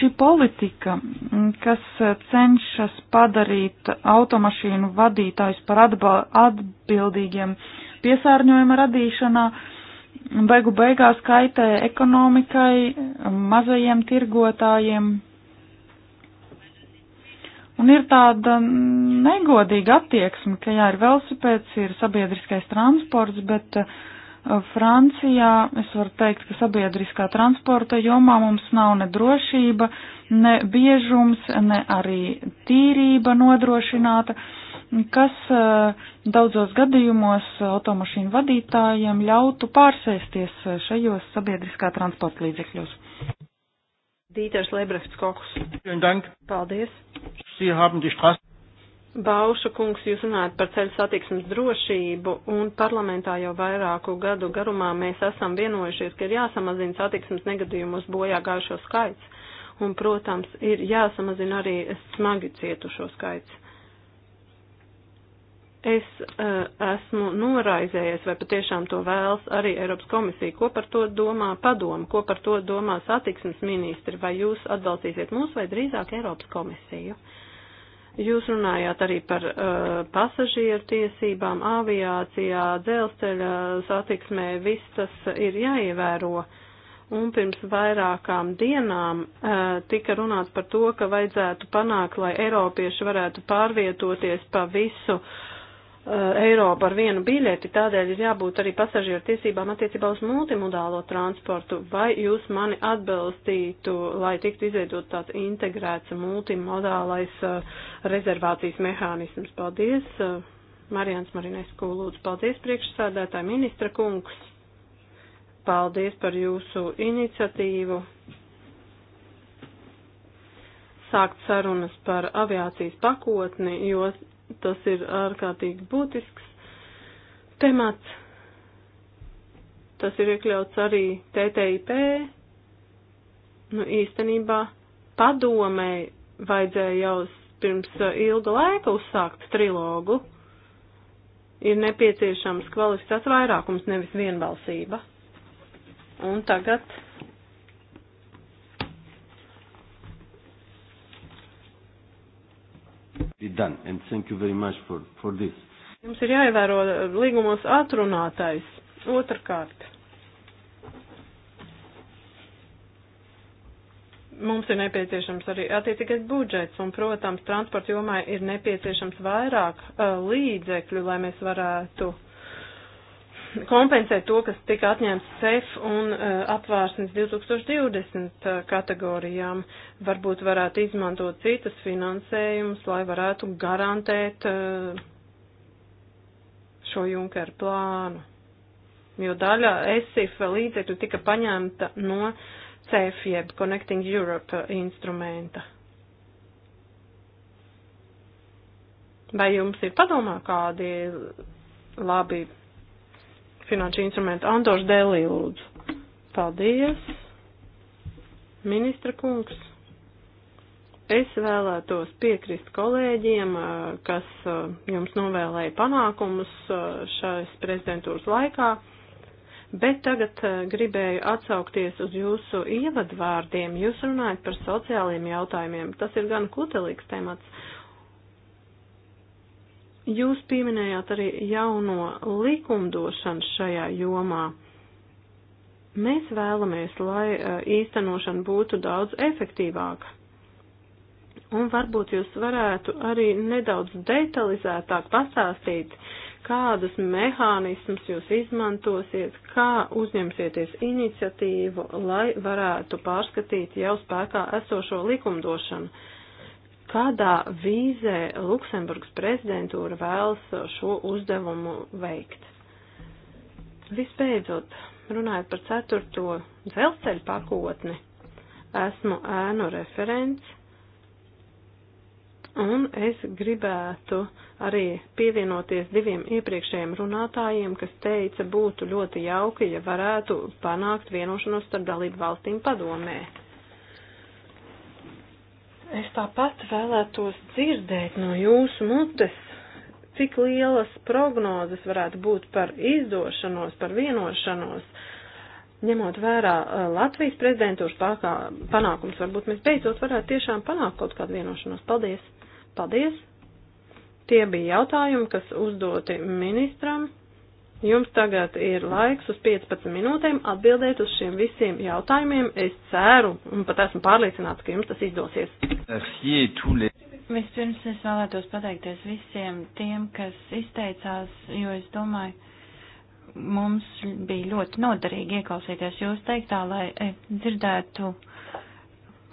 šī politika, kas cenšas padarīt automašīnu vadītājus par atbildīgiem piesārņojuma radīšanā, beigu beigās kaitē ekonomikai, mazajiem tirgotājiem Un ir tāda negodīga attieksme, ka jā, ir velosipēds, ir sabiedriskais transports, bet uh, Francijā es varu teikt, ka sabiedriskā transporta jomā mums nav ne drošība, ne biežums, ne arī tīrība nodrošināta, kas uh, daudzos gadījumos automašīnu vadītājiem ļautu pārsēsties eh, šajos sabiedriskā transporta līdzekļos. Dīters Lebrechts Koks. Paldies. Bauša kungs, jūs runājat par ceļu satiksmes drošību, un parlamentā jau vairāku gadu garumā mēs esam vienojušies, ka ir jāsamazina satiksmes negadījumus bojā gājušo skaits, un, protams, ir jāsamazina arī smagi cietušo skaits. Es uh, esmu noraizējies, vai patiešām to vēlas arī Eiropas komisija. Ko par to domā padoma, ko par to domā satiksmes ministri, vai jūs atbalstīsiet mūs vai drīzāk Eiropas komisiju? Jūs runājāt arī par uh, pasažieru tiesībām, aviācijā, dzelzceļa satiksmē, viss tas ir jāievēro. Uh, un pirms vairākām dienām uh, tika runāts par to, ka vajadzētu panākt, lai Eiropieši varētu pārvietoties pa visu uh, Eh, Eiropu ar vienu biļeti, tādēļ ir jābūt arī pasažieru tiesībām attiecībā uz multimodālo transportu. Vai jūs mani atbalstītu, lai tiktu izveidot tāds integrēts multimodālais eh, rezervācijas mehānisms? Paldies! Eh, Marijāns Marinesku lūdzu, paldies priekšsādātāji ministra kungs. Paldies par jūsu iniciatīvu sākt sarunas par aviācijas pakotni, jo Tas ir ārkārtīgi būtisks temats. Tas ir iekļauts arī TTIP. Nu, īstenībā padomēji vajadzēja jau pirms uh, ilga laika uzsākt trilogu. Ir nepieciešams kvalificēts vairākums, nevis vienbalsība. Un tagad For, for this. Jums ir jāievēro līgumos atrunātais. Otrakārt. Mums ir nepieciešams arī attiecīgais budžets, un, protams, transporta jomai ir nepieciešams vairāk uh, līdzekļu, lai mēs varētu uh, kompensēt to, kas tika atņemts CEF un e, apvārsnes 2020 e, kategorijām. Varbūt varētu izmantot citas finansējumus, lai varētu garantēt e, šo Junkeru plānu. Jo daļa ESIF līdzekļu tika paņemta no CEF jeb Connecting Europe instrumenta. Vai jums ir padomā kādi labi finanšu instrumentu. Antoš Delī, lūdzu. Paldies. Ministra kungs. Es vēlētos piekrist kolēģiem, kas jums novēlēja panākumus šais prezidentūras laikā, bet tagad gribēju atsaukties uz jūsu ievadvārdiem. Jūs runājat par sociālajiem jautājumiem. Tas ir gan kutelīgs temats Jūs pieminējāt arī jauno likumdošanu šajā jomā. Mēs vēlamies, lai e, īstenošana būtu daudz efektīvāka. Un varbūt jūs varētu arī nedaudz detalizētāk pastāstīt, kādus mehānismus jūs izmantosiet, kā uzņemsieties iniciatīvu, lai varētu pārskatīt jau spēkā esošo likumdošanu kādā vīzē Luksemburgas prezidentūra vēlas šo uzdevumu veikt. Vispēdzot, runājot par ceturto dzelzceļa pakotni, esmu ēnu referents, un es gribētu arī pievienoties diviem iepriekšējiem runātājiem, kas teica, būtu ļoti jauki, ja varētu panākt vienošanos starp dalību valstīm padomē. Es tāpat vēlētos dzirdēt no jūsu mutes, cik lielas prognozes varētu būt par izdošanos, par vienošanos, ņemot vērā uh, Latvijas prezidentūras pārkā, panākums. Varbūt mēs beidzot varētu tiešām panākt kaut kādu vienošanos. Paldies! Paldies! Tie bija jautājumi, kas uzdoti ministram. Jums tagad ir laiks uz 15 minūtēm atbildēt uz šiem visiem jautājumiem. Es ceru un pat esmu pārliecināts, ka jums tas izdosies. Vispirms es vēlētos pateikties visiem tiem, kas izteicās, jo es domāju, mums bija ļoti noderīgi ieklausīties jūs teiktā, lai e, dzirdētu,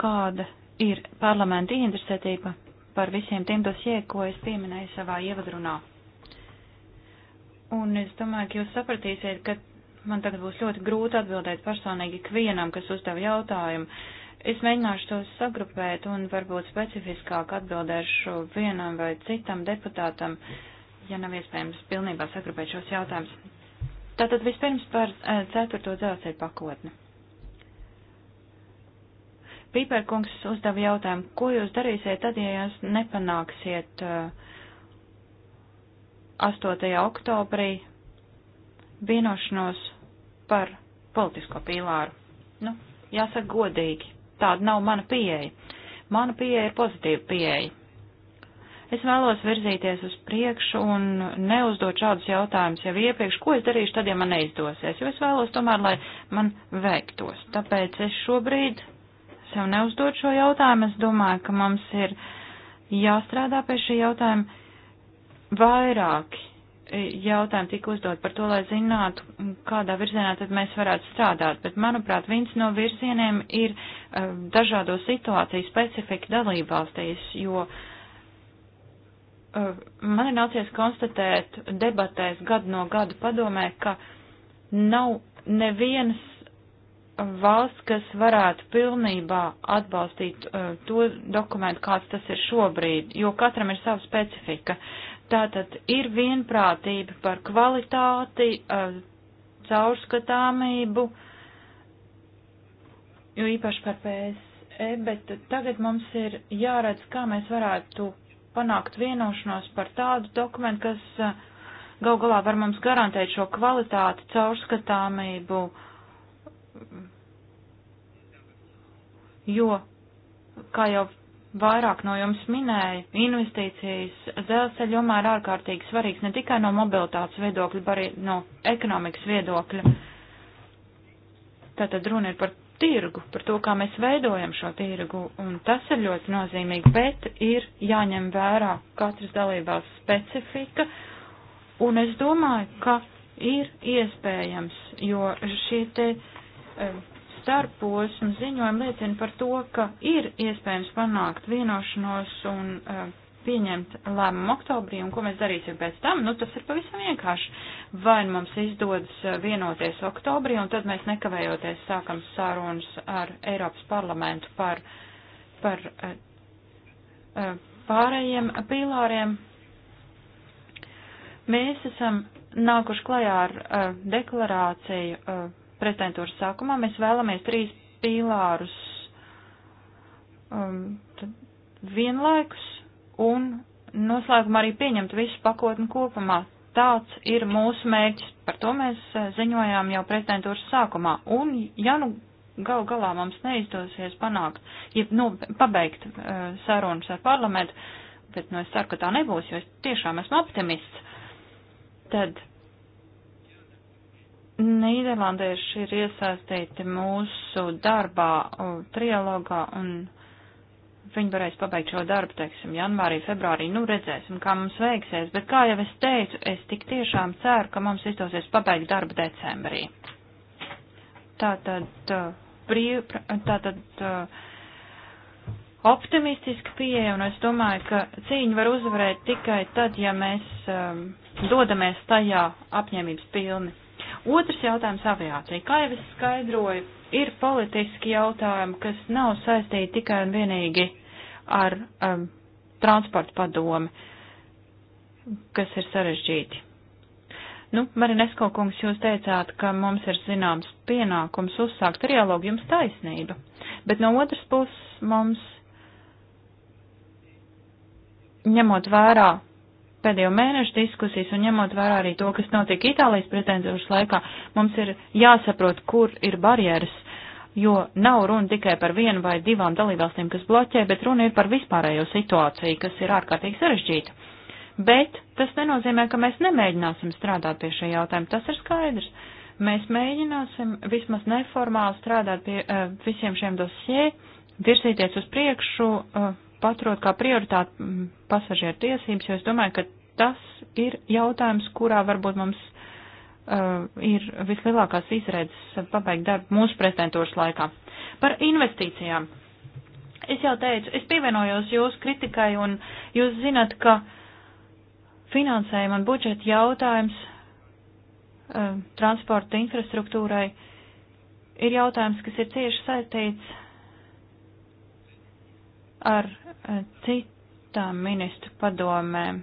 kāda ir parlamenta interesētība par visiem tiem dosie, ko es pieminēju savā ievadrunā. Un es domāju, ka jūs sapratīsiet, ka man tagad būs ļoti grūti atbildēt personīgi ikvienam, kas uzdev jautājumu. Es mēģināšu tos sagrupēt un varbūt specifiskāk atbildēšu vienam vai citam deputātam, ja nav iespējams pilnībā sagrupēt šos jautājumus. Tātad vispirms par eh, ceturto dzelzceļa pakotni. Pīpērkungs uzdeva jautājumu, ko jūs darīsiet tad, ja jūs nepanāksiet uh, 8. oktobrī vienošanos par politisko pīlāru. Nu, jāsaka godīgi, tāda nav mana pieeja. Mana pieeja ir pozitīva pieeja. Es vēlos virzīties uz priekšu un neuzdot šādus jautājumus jau iepriekš, ko es darīšu tad, ja man neizdosies, jo es vēlos tomēr, lai man veiktos. Tāpēc es šobrīd sev neuzdot šo jautājumu. Es domāju, ka mums ir jāstrādā pie šī jautājuma Vairāki e, jautājumi tika uzdot par to, lai zinātu, kādā virzienā tad mēs varētu strādāt, bet manuprāt, viens no virzieniem ir uh, dažādo situāciju specifika dalībvalstīs, jo uh, man ir nācies konstatēt debatēs gadu no gada padomē, ka nav nevienas valsts, kas varētu pilnībā atbalstīt uh, to dokumentu, kāds tas ir šobrīd, jo katram ir sava specifika. Uh, Tātad ir vienprātība par kvalitāti, eh, caurskatāmību, jo īpaši par PSE, bet tagad mums ir jāredz, kā mēs varētu panākt vienošanos par tādu dokumentu, kas eh, gal galā var mums garantēt šo kvalitāti, caurskatāmību, jo, kā jau vairāk no jums minēja, investīcijas dzelzceļa jomā ir ārkārtīgi svarīgs ne tikai no mobilitātes viedokļa, bet arī no ekonomikas viedokļa. Tātad runa ir par tirgu, par to, kā mēs veidojam šo tirgu, un tas ir ļoti nozīmīgi, bet ir jāņem vērā katras dalībās specifika, un es domāju, ka ir iespējams, jo šie te. Uh, starposmu ziņojumi liecina par to, ka ir iespējams panākt vienošanos un uh, pieņemt lēmumu oktobrī, un ko mēs darīsim pēc tam, nu tas ir pavisam vienkārši. Vai nu mums izdodas eh, vienoties oktobrī, un tad mēs nekavējoties sākam sarunas ar Eiropas parlamentu par, par uh, pārējiem pīlāriem. Mēs esam nākuši klajā ar uh, deklarāciju. Uh, prezidentūras sākumā mēs vēlamies trīs pīlārus um, vienlaikus un noslēgumā arī pieņemt visu pakotni kopumā. Tāds ir mūsu mērķis. Par to mēs eh, ziņojām jau prezidentūras sākumā. Un, ja nu gal galā mums neizdosies panākt, ja nu, pabeigt uh, sarunas ar parlamentu, bet nu es ceru, ka tā nebūs, jo es tiešām esmu optimists, tad Nīderlandieši ir iesaistīti mūsu darbā, trialogā, un viņi varēs pabeigt šo darbu, teiksim, janvārī, februārī. Nu, redzēsim, kā mums veiksies, bet kā jau es teicu, es tik tiešām ceru, ka mums izdosies pabeigt darbu decembrī. Tātad, uh, brīv, tātad uh, optimistiski pieeja, un es domāju, ka cīņu var uzvarēt tikai tad, ja mēs um, dodamies tajā apņēmības pilni. Otrs jautājums - aviācija. Kā jau es skaidroju, ir politiski jautājumi, kas nav saistīti tikai un vienīgi ar um, transporta padomi, kas ir sarežģīti. Nu, Marinesko kungs, jūs teicāt, ka mums ir zināms pienākums uzsākt trialogu, jums taisnība, bet no otras puses mums, ņemot vērā pēdējo mēnešu diskusijas un ņemot vērā arī to, kas notiek Itālijas pretendējušas laikā, mums ir jāsaprot, kur ir barjeras, jo nav runa tikai par vienu vai divām dalībvalstīm, kas bloķē, bet runa ir par vispārējo situāciju, kas ir ārkārtīgi sarežģīta. Bet tas nenozīmē, ka mēs nemēģināsim strādāt pie šī jautājuma, tas ir skaidrs. Mēs mēģināsim vismaz neformāli strādāt pie uh, visiem šiem dosjē, virzīties uz priekšu. Uh, paturot kā prioritāti mm, pasažieru tiesības, jo es domāju, ka tas ir jautājums, kurā varbūt mums uh, ir vislielākās izredzes pabeigt darbu mūsu prezidentūras laikā. Par investīcijām. Es jau teicu, es pievienojos jūsu kritikai un jūs zinat, ka finansējuma un budžeta jautājums uh, transporta infrastruktūrai ir jautājums, kas ir cieši saistīts ar citām ministru padomēm,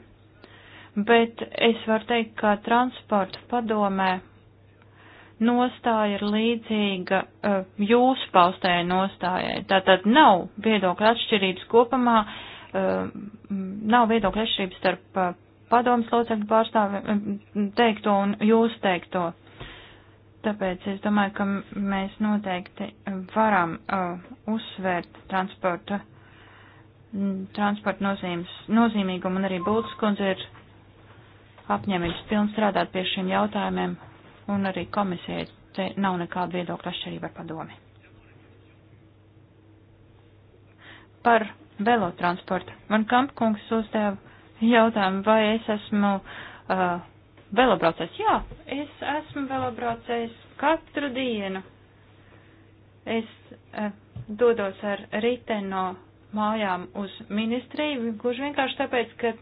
bet es varu teikt, ka transporta padomē nostāja ir līdzīga uh, jūsu paustajai nostājai. Tātad nav viedokļa atšķirības kopumā, uh, nav viedokļa atšķirības starp uh, padomas locekļu pārstāvju teikto un jūsu teikto. Tāpēc es domāju, ka mēs noteikti varam uh, uzsvērt transporta Mm, transporta nozīmes, nozīmīgumu un arī Bultas kundze ir apņēmības pilni strādāt pie šiem jautājumiem un arī komisijai te nav nekāda viedokļa atšķirība ar padomi. Par velotransportu. Man Kampkungs uzdeva jautājumu, vai es esmu uh, velobraucējs. Jā, es esmu velobraucējs katru dienu. Es uh, dodos ar riteni no mājām uz ministriju, gluži vienkārši tāpēc, ka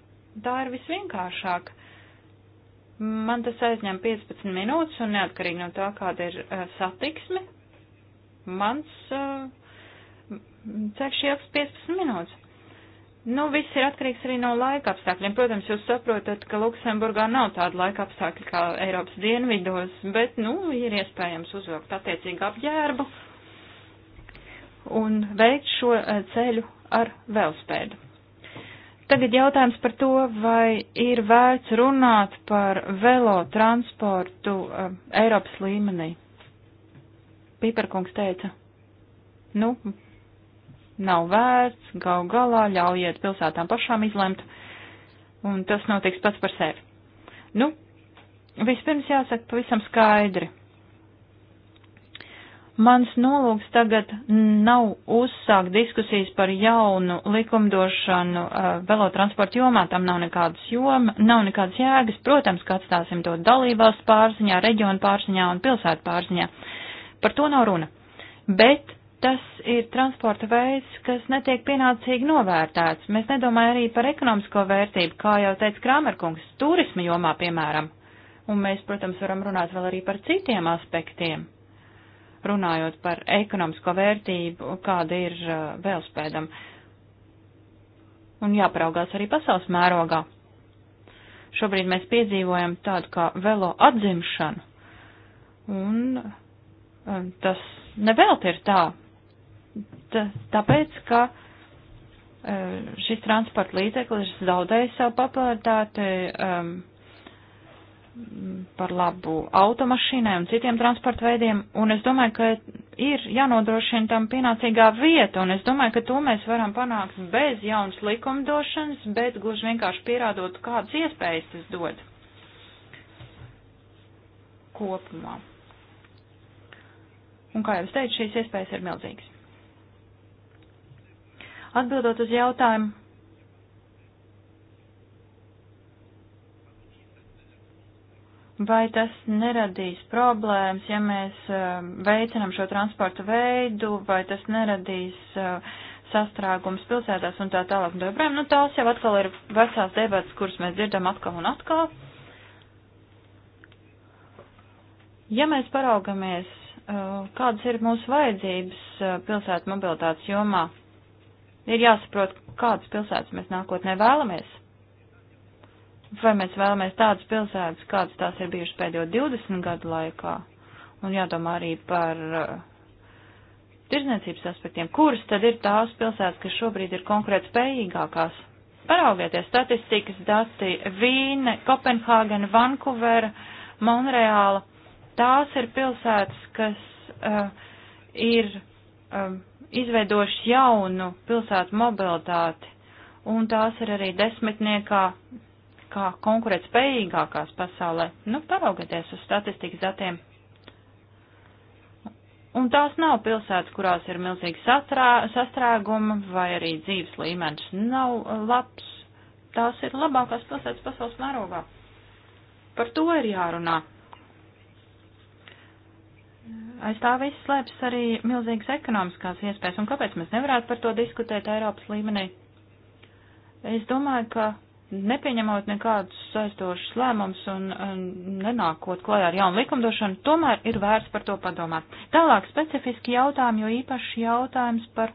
tā ir visvienkāršāk. Man tas aizņem 15 minūtes un neatkarīgi no tā, kāda ir uh, satiksme, mans uh, ceļš ilgs 15 minūtes. Nu, viss ir atkarīgs arī no laika apstākļiem. Protams, jūs saprotat, ka Luksemburgā nav tāda laika apstākļa kā Eiropas dienvidos, bet, nu, ir iespējams uzvilkt attiecīgu apģērbu un veikt šo eh, ceļu ar velospēdu. Tagad jautājums par to, vai ir vērts runāt par velotransportu uh, Eiropas līmenī. Piperkungs teica, nu, nav vērts, gau galā ļaujiet pilsētām pašām izlemt, un tas notiks pats par sevi. Nu, vispirms jāsaka pavisam skaidri. Mans nolūks tagad nav uzsākt diskusijas par jaunu likumdošanu uh, velotransporta jomā, tam nav nekādas joma, nav nekādas jēgas, protams, ka atstāsim to dalībvalstu pārziņā, reģionu pārziņā un pilsētu pārziņā. Par to nav runa. Bet tas ir transporta veids, kas netiek pienācīgi novērtēts. Mēs nedomājam arī par ekonomisko vērtību, kā jau teica Krāmerkungs, turisma jomā, piemēram. Un mēs, protams, varam runāt vēl arī par citiem aspektiem runājot par ekonomisko vērtību, kāda ir uh, vēlspēdam. Un jāpraugās arī pasaules mērogā. Šobrīd mēs piedzīvojam tādu kā velo atzimšanu, un um, tas nevēlti ir tā, T tāpēc, ka uh, šis transporta līdzeklis zaudēja savu popularitāti, um, par labu automašīnai un citiem transporta veidiem, un es domāju, ka ir jānodrošina tam pienācīgā vieta, un es domāju, ka to mēs varam panākt bez jaunas likumdošanas, bet gluži vienkārši pierādot, kādas iespējas tas dod kopumā. Un kā jau es teicu, šīs iespējas ir milzīgas. Atbildot uz jautājumu Vai tas neradīs problēmas, ja mēs um, veicinām šo transportu veidu, vai tas neradīs uh, sastrēgums pilsētās un tā tālāk un tā joprojām? Nu, tās jau atkal ir vecās debatas, kuras mēs dzirdam atkal un atkal. Ja mēs paraugamies, uh, kādas ir mūsu vajadzības uh, pilsētu mobilitātes jomā, ir jāsaprot, kādas pilsētas mēs nākotnē vēlamies vai mēs vēlamies tādas pilsētas, kādas tās ir bijušas pēdējo 20 gadu laikā, un jādomā arī par uh, tirzniecības aspektiem, kuras tad ir tās pilsētas, kas šobrīd ir konkrēti spējīgākās. Paraugieties statistikas dati Vīne, Kopenhāgena, Vankuvera, Monreāla. Tās ir pilsētas, kas uh, ir uh, um, izveidojuši jaunu pilsētu mobilitāti, un tās ir arī desmitniekā kā konkurēt spējīgākās pasaulē. Nu, paraugieties uz statistikas datiem. Un tās nav pilsētas, kurās ir milzīgi sastrēgumi vai arī dzīves līmenis nav uh, labs. Tās ir labākās pilsētas pasaules mērogā. Par to ir jārunā. Aiz tā viss slēpjas arī milzīgas ekonomiskās iespējas, un kāpēc mēs nevarētu par to diskutēt Eiropas līmenī? Es domāju, ka nepieņemot nekādus saistošus lēmumus un, un nenākot klajā ar jaunu likumdošanu, tomēr ir vērts par to padomāt. Tālāk specifiski jautājumi, jo īpaši jautājums par,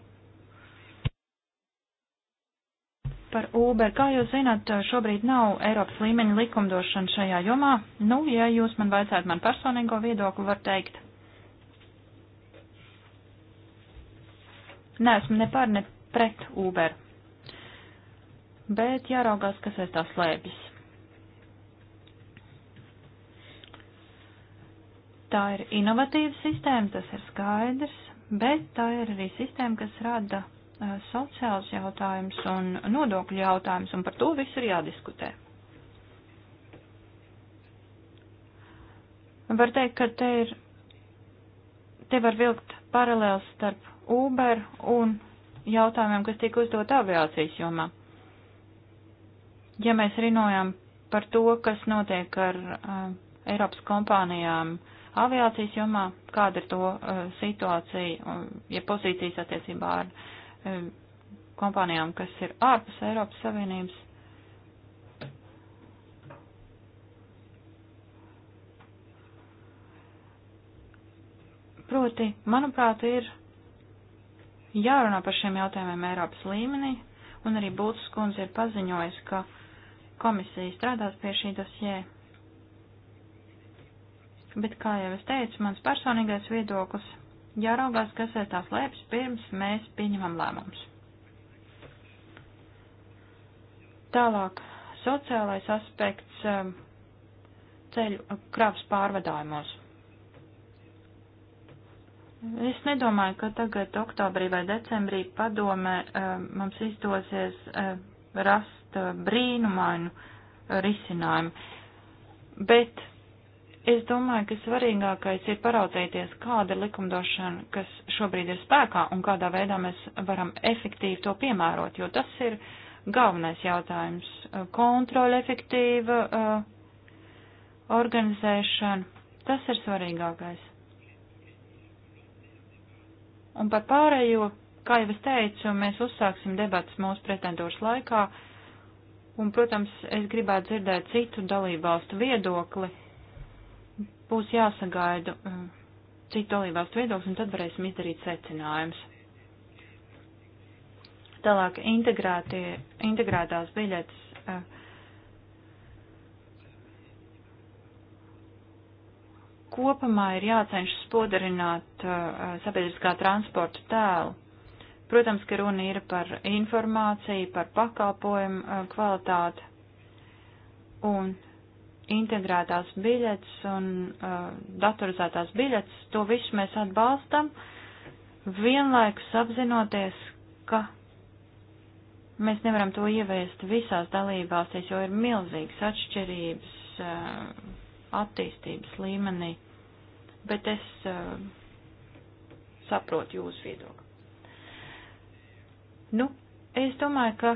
par Uber. Kā jūs zināt, šobrīd nav Eiropas līmeņa likumdošana šajā jomā. Nu, ja jūs man vajadzētu man personīgo viedokli, var teikt. Neesmu ne par, ne pret Uber bet jāraugās, kas aiz tā slēpjas. Tā ir inovatīva sistēma, tas ir skaidrs, bet tā ir arī sistēma, kas rada uh, sociāls jautājums un nodokļu jautājums, un par to visu ir jādiskutē. Var teikt, ka te ir, te var vilkt paralēls starp Uber un jautājumiem, kas tika uzdot aviācijas jomā. Uh, Ja mēs runājam par to, kas notiek ar uh, Eiropas kompānijām aviācijas jomā, kāda ir to uh, situācija, um, ja pozīcijas attiecībā ar uh, kompānijām, kas ir ārpus Eiropas Savienības. Proti, manuprāt, ir jārunā par šiem jautājumiem Eiropas līmenī, un arī Būtas kundze ir paziņojusi, ka uh, komisija strādās pie šī dosjē. Bet, kā jau es teicu, mans personīgais viedoklis jāraugās, kas aiz tās lēpjas pirms mēs pieņemam lēmumus. Tālāk, sociālais aspekts um, ceļu uh, kravas pārvadājumos. Es nedomāju, ka tagad oktobrī vai decembrī padomē um, mums izdosies uh, rast brīnumainu risinājumu. Bet es domāju, ka svarīgākais ir paraudzīties, kāda ir likumdošana, kas šobrīd ir spēkā un kādā veidā mēs varam efektīvi to piemērot, jo tas ir galvenais jautājums - kontrola efektīva uh, organizēšana. Tas ir svarīgākais. Un par pārējo, kā jau es teicu, mēs uzsāksim debats mūsu prezidentūras laikā. Uh, Un, protams, es gribētu dzirdēt citu dalībvalstu viedokli. Būs jāsagaida eh, citu dalībvalstu viedoklis, un tad varēsim izdarīt secinājumus. Tālāk integrētās biļetes. Eh, kopumā ir jācenšas podarināt eh, sabiedriskā transporta tēlu Protams, ka runa ir par informāciju, par pakalpojumu eh, kvalitāti un integrētās biļetes un uh, datorizētās biļetes. To visu mēs atbalstam, vienlaikus apzinoties, ka mēs nevaram to ieviest visās dalībvalstīs, jo ir milzīgas atšķirības uh, attīstības līmenī. Bet es uh, saprotu jūsu viedokli. Nu, es domāju, ka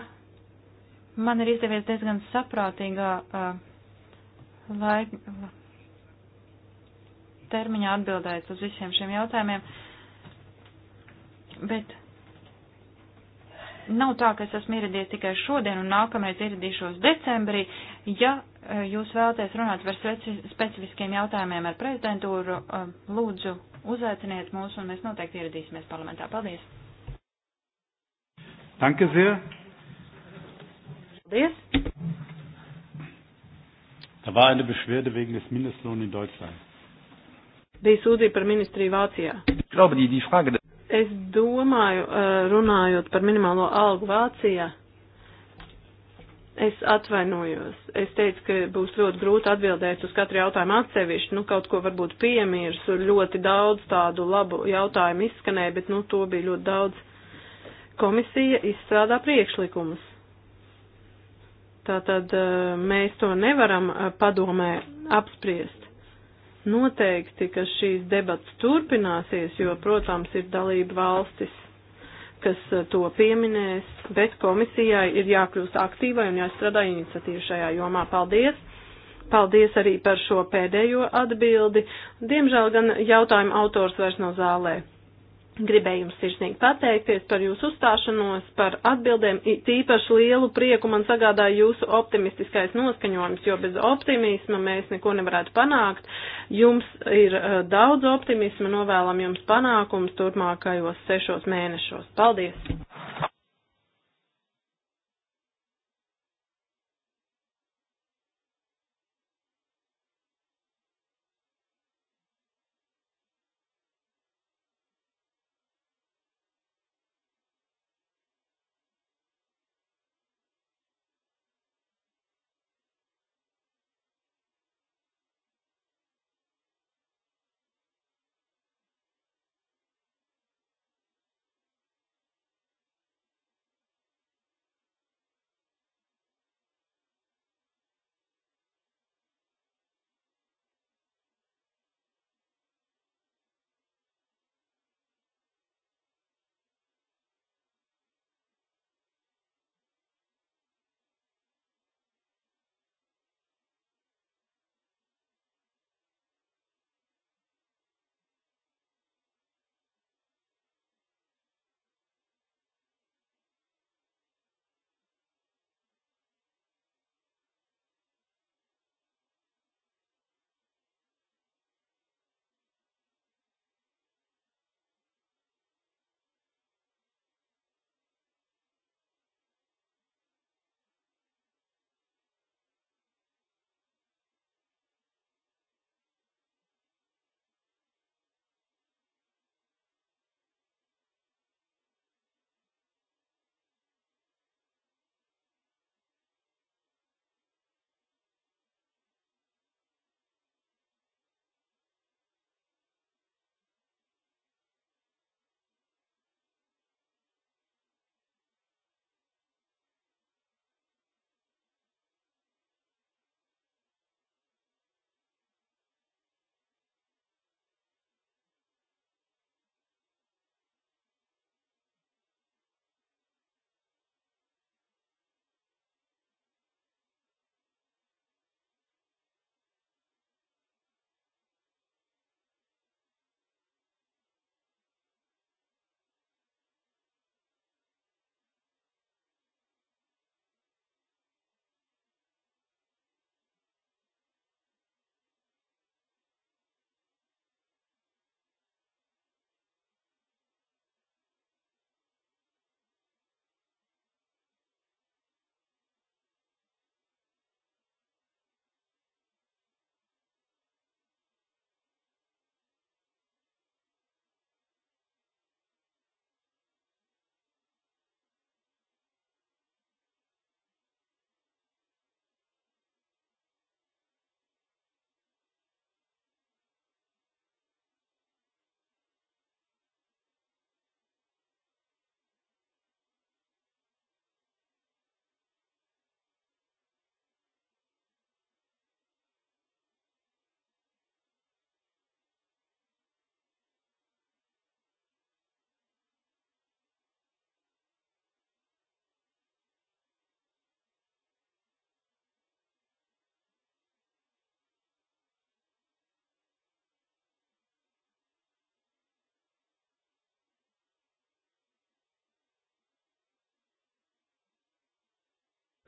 man ir izdevies diezgan saprātīgā uh, laika termiņā atbildēt uz visiem šiem jautājumiem, bet nav tā, ka es esmu ieradies tikai šodien un nākamreiz ieradīšos decembrī. Ja jūs vēlaties runāt par specifiskiem jautājumiem ar prezidentūru, lūdzu uzaiciniet mūs un mēs noteikti ieradīsimies parlamentā. Paldies! Danke sehr. Paldies. Da war eine Beschwerde wegen des Mindestlohns in Deutschland. Bija sūdzība par ministriju Vācijā. Ich glaube, die, die Frage Es domāju, runājot par minimālo algu Vācijā, es atvainojos. Es teicu, ka būs ļoti grūti atbildēt uz katru jautājumu atsevišķi, nu kaut ko varbūt piemīrs, ļoti daudz tādu labu jautājumu izskanēja, bet nu to bija ļoti daudz komisija izstrādā priekšlikumus. Tātad eh, mēs to nevaram eh, padomē apspriest. Noteikti, ka šīs debats turpināsies, jo, protams, ir dalība valstis, kas eh, to pieminēs, bet komisijai ir jākļūst aktīvai un jāstrādā iniciatīva šajā jomā. Paldies! Paldies arī par šo pēdējo atbildi. Diemžēl gan jautājuma autors vairs nav no zālē. Gribēju jums sirsnīgi pateikties par jūsu uzstāšanos, par atbildēm. Tīpaši lielu prieku man sagādāja jūsu optimistiskais noskaņojums, jo bez optimisma mēs neko nevarētu panākt. Jums ir eh, daudz optimisma, novēlam jums panākums turpmākajos sešos mēnešos. Paldies!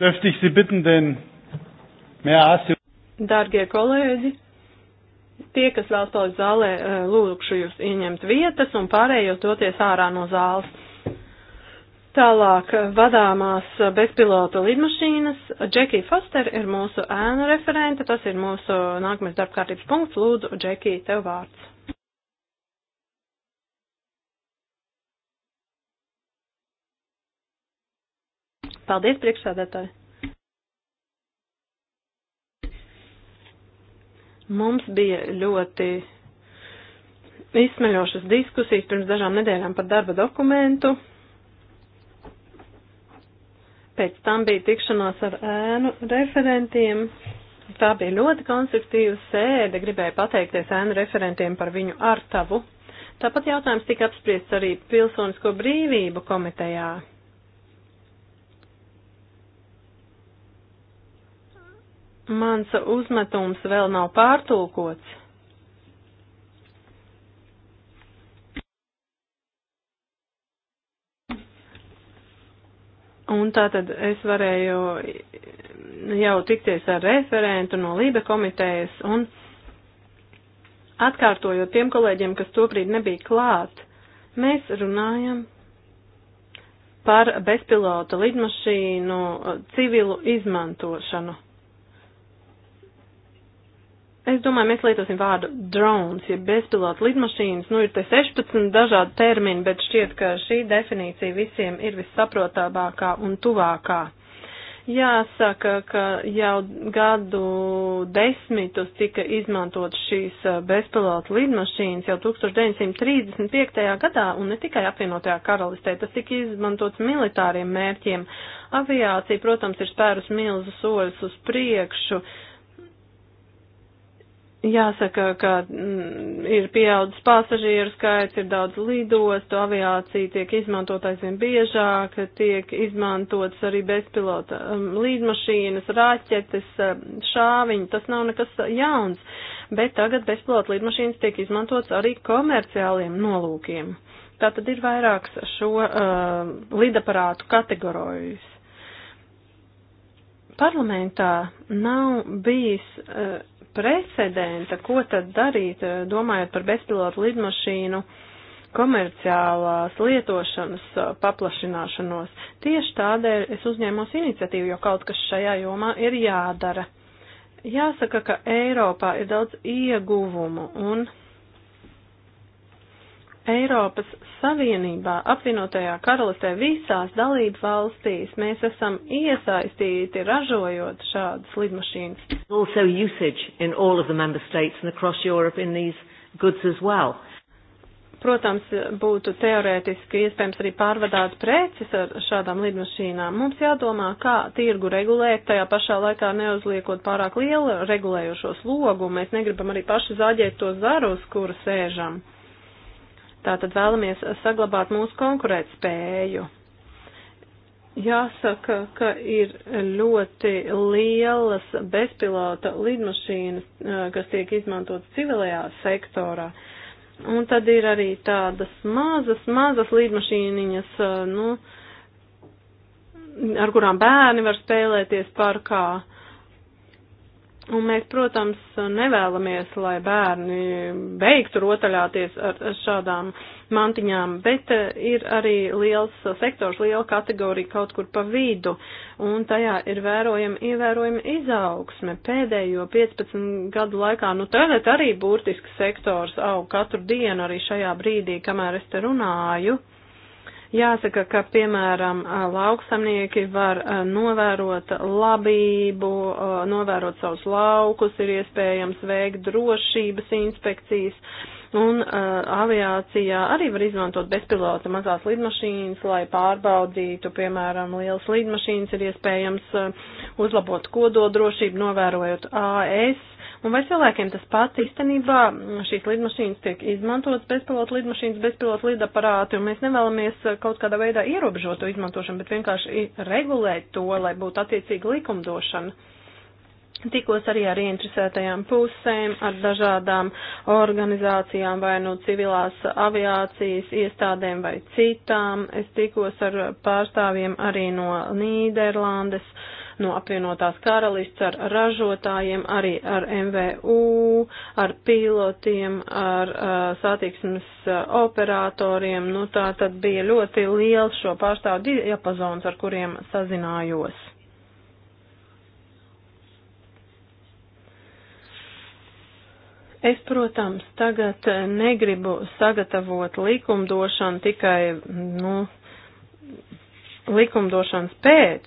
Dürfte ich Sie bitten, den Mehasi. Dārgie kolēģi, tie, kas vēl paliek zālē, eh, lūkšu jūs ieņemt vietas un pārējos doties ārā no zāles. Tālāk eh, vadāmās eh, bezpilota lidmašīnas. Džekija Foster ir mūsu ēna referente, tas ir mūsu nākamais darbkārtības punkts. Lūdzu, Džekija, tev vārds. Paldies, priekšsādātāji! Mums bija ļoti izsmeļošas diskusijas pirms dažām nedēļām par darba dokumentu. Pēc tam bija tikšanās ar ēnu referentiem. Tā bija ļoti konstruktīva sēde. Gribēju pateikties ēnu referentiem par viņu artavu. Tāpat jautājums tika apspriests arī Pilsonisko brīvību komitejā. Mans uzmetums vēl nav pārtulkots. Un tātad es varēju jau tikties ar referentu no Lība komitejas un atkārtojot tiem kolēģiem, kas tobrīd nebija klāt, mēs runājam par bezpilota lidmašīnu civilu izmantošanu. Es domāju, mēs lietosim vārdu drones, ja bezpilota lidmašīnas, nu ir te 16 dažādi termini, bet šķiet, ka šī definīcija visiem ir vissaprotamākā un tuvākā. Jāsaka, ka jau gadu desmitus tika izmantot šīs eh, bezpilota lidmašīnas jau 1935. gadā un ne tikai apvienotajā karalistē, tas tika izmantots militāriem mērķiem. Aviācija, protams, ir spērus milzu soļus uz priekšu. Uh, Jāsaka, ka mm, ir pieaudzis pasažieru skaits, ir daudz lidostu, aviācija tiek izmantot aizvien biežāk, tiek izmantotas arī bezpilota mm, līdmašīnas, raķetes, mm, šāviņi, tas nav nekas jauns, bet tagad bezpilota līdmašīnas tiek izmantotas arī komerciāliem nolūkiem. Tātad ir vairāks šo uh, lidaparātu kategorijas. Parlamentā nav bijis. Uh, precedenta, ko tad darīt, eh, domājot par bezpilotu lidmašīnu komerciālās lietošanas eh, paplašināšanos. Tieši tādēļ es uzņēmos iniciatīvu, jo kaut kas šajā jomā ir jādara. Jāsaka, ka Eiropā ir daudz ieguvumu un Eiropas Savienībā, apvienotajā karalistē, visās dalību valstīs mēs esam iesaistīti ražojot šādas lidmašīnas. Also usage in all of the member states and across Europe in these goods as well. Protams, būtu teorētiski iespējams arī pārvadāt preces ar šādām lidmašīnām. Mums jādomā, kā tirgu regulēt, tajā pašā laikā neuzliekot pārāk lielu regulējošo slogu. Mēs negribam arī paši zaģēt to zarus, kuru sēžam. Tātad vēlamies saglabāt mūsu konkurētspēju. Jāsaka, ka ir ļoti lielas bezpilota lidmašīnas, kas tiek izmantotas civilajā sektorā. Un tad ir arī tādas mazas, mazas lidmašīniņas, nu, ar kurām bērni var spēlēties parkā. Un mēs, protams, nevēlamies, lai bērni beigtu rotaļāties ar šādām mantiņām, bet eh, ir arī liels sektors, liela kategorija kaut kur pa vidu, un tajā ir vērojama ievērojama izaugsme. Pēdējo 15 gadu laikā, nu tagad arī burtiski sektors aug katru dienu arī šajā brīdī, kamēr es te runāju. Jāsaka, ka, piemēram, lauksamnieki var novērot labību, novērot savus laukus, ir iespējams veikt drošības inspekcijas, un aviācijā arī var izmantot bezpilota mazās lidmašīnas, lai pārbaudītu, piemēram, lielas lidmašīnas, ir iespējams uzlabot kododrošību, novērojot AS Un vai cilvēkiem tas pats īstenībā šīs lidmašīnas tiek izmantotas, bezpilota lidmašīnas, bezpilota lidaparāti, un mēs nevēlamies eh, kaut kādā veidā ierobežot to izmantošanu, bet vienkārši regulēt to, lai būtu attiecīga likumdošana tikos arī ar ieinteresētajām pusēm, ar dažādām organizācijām vai no nu civilās aviācijas iestādēm vai citām. Es tikos ar pārstāvjiem arī no Nīderlandes. Uh, no apvienotās karalists ar ražotājiem, arī ar MVU, ar pilotiem, ar uh, satiksmes uh, operatoriem. Nu, tā tad bija ļoti liels šo pārstāvu diapazons, ar kuriem sazinājos. Es, protams, tagad negribu sagatavot likumdošanu tikai, nu, likumdošanas pēc,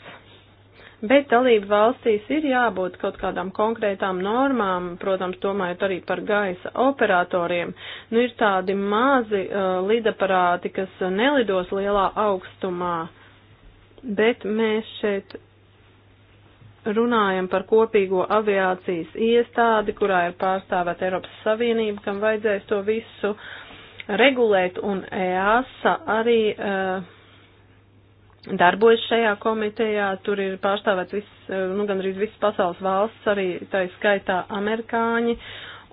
Bet dalību valstīs ir jābūt kaut kādām konkrētām normām, protams, domājot arī par gaisa operatoriem. Nu, ir tādi mazi uh, lidaparāti, kas nelidos lielā augstumā, bet mēs šeit runājam par kopīgo aviācijas iestādi, kurā ir pārstāvēt Eiropas Savienība, kam vajadzēs to visu regulēt, un EASA arī. Uh, darbojas šajā komitejā. Tur ir pārstāvēts viss, eh, nu, gandrīz visas pasaules valsts, arī tā skaitā amerikāņi.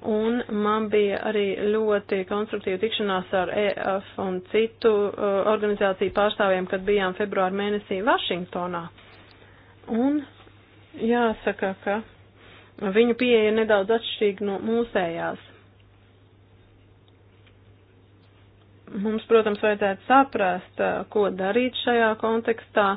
Un man bija arī ļoti konstruktīva tikšanās ar EF un citu uh, organizāciju pārstāvjiem, kad bijām februāra mēnesī Vašingtonā. Un jāsaka, ka viņu pieeja ir nedaudz atšķirīga no mūsējās. Mums, protams, vajadzētu saprast, ko darīt šajā kontekstā,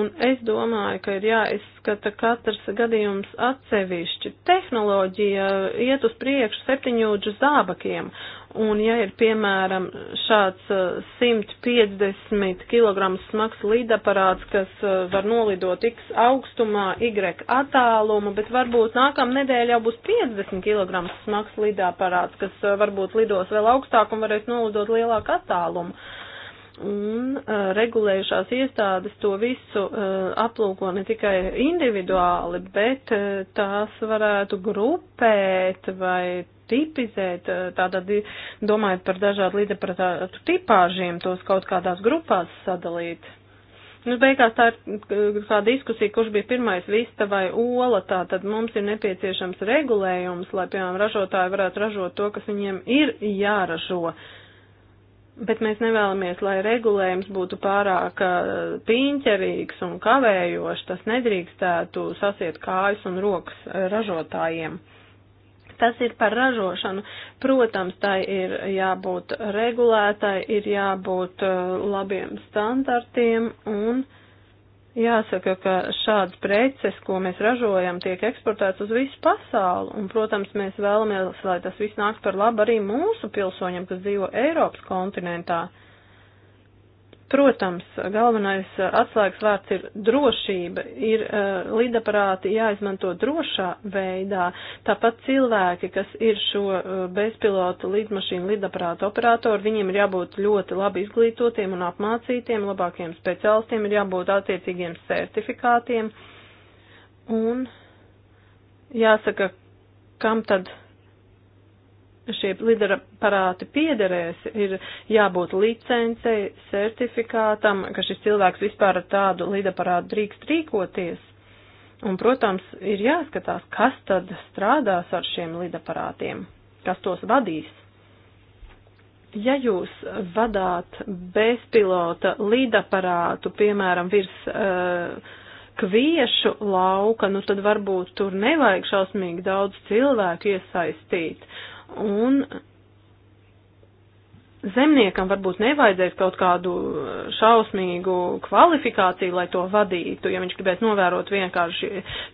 un es domāju, ka ir jāizskata katrs gadījums atsevišķi. Tehnoloģija iet uz priekšu septiņūdžu zābakiem, Un ja ir, piemēram, šāds 150 uh, kg smags lidaparāts, kas uh, var nolidot x augstumā, y attālumu, bet varbūt nākamā nedēļa jau būs 50 kg smags lidaparāts, kas uh, varbūt lidos vēl augstāk un varēs nolidot lielāku attālumu un uh, regulējušās iestādes to visu uh, aplūko ne tikai individuāli, bet uh, tās varētu grupēt vai tipizēt, eh, tātad domājot par dažādu līdzekļu tipāžiem, tos kaut kādās grupās sadalīt. Nu, beigās tā ir kā eh, diskusija, kurš bija pirmais vista vai ola, tā tad mums ir nepieciešams regulējums, lai, piemēram, ražotāji varētu ražot to, kas viņiem ir jāražo. Bet mēs nevēlamies, lai regulējums būtu pārāk eh, piņķerīgs un kavējošs, tas nedrīkstētu sasiet kājas un rokas ražotājiem. Tas ir par ražošanu. Protams, tai ir jābūt regulētai, ir jābūt uh, labiem standartiem un jāsaka, ka šādas preces, ko mēs ražojam, tiek eksportētas uz visu pasauli. Un, protams, mēs vēlamies, lai tas viss nāk par labu arī mūsu pilsoņiem, kas dzīvo Eiropas kontinentā. Protams, galvenais eh, atslēgas vārds ir drošība, ir uh, lidaparāti jāizmanto drošā veidā, tāpat cilvēki, kas ir šo uh, bezpilotu lidmašīnu lidaparātu operatori, viņiem ir jābūt ļoti labi izglītotiem un apmācītiem, labākiem speciālistiem, ir jābūt attiecīgiem certifikātiem un jāsaka, kam tad šie lidaparāti piederēs, ir jābūt licencei, certifikātam, ka šis cilvēks vispār ar tādu lidaparātu drīkst rīkoties. Un, protams, ir jāskatās, kas tad strādās ar šiem lidaparātiem, kas tos vadīs. Ja jūs vadāt bezpilota lidaparātu, piemēram, virs uh, kviešu lauka, nu tad varbūt tur nevajag šausmīgi daudz cilvēku iesaistīt. Uh, Un zemniekam varbūt nevajadzēs kaut kādu šausmīgu kvalifikāciju, lai to vadītu, ja viņš gribētu novērot vienkārši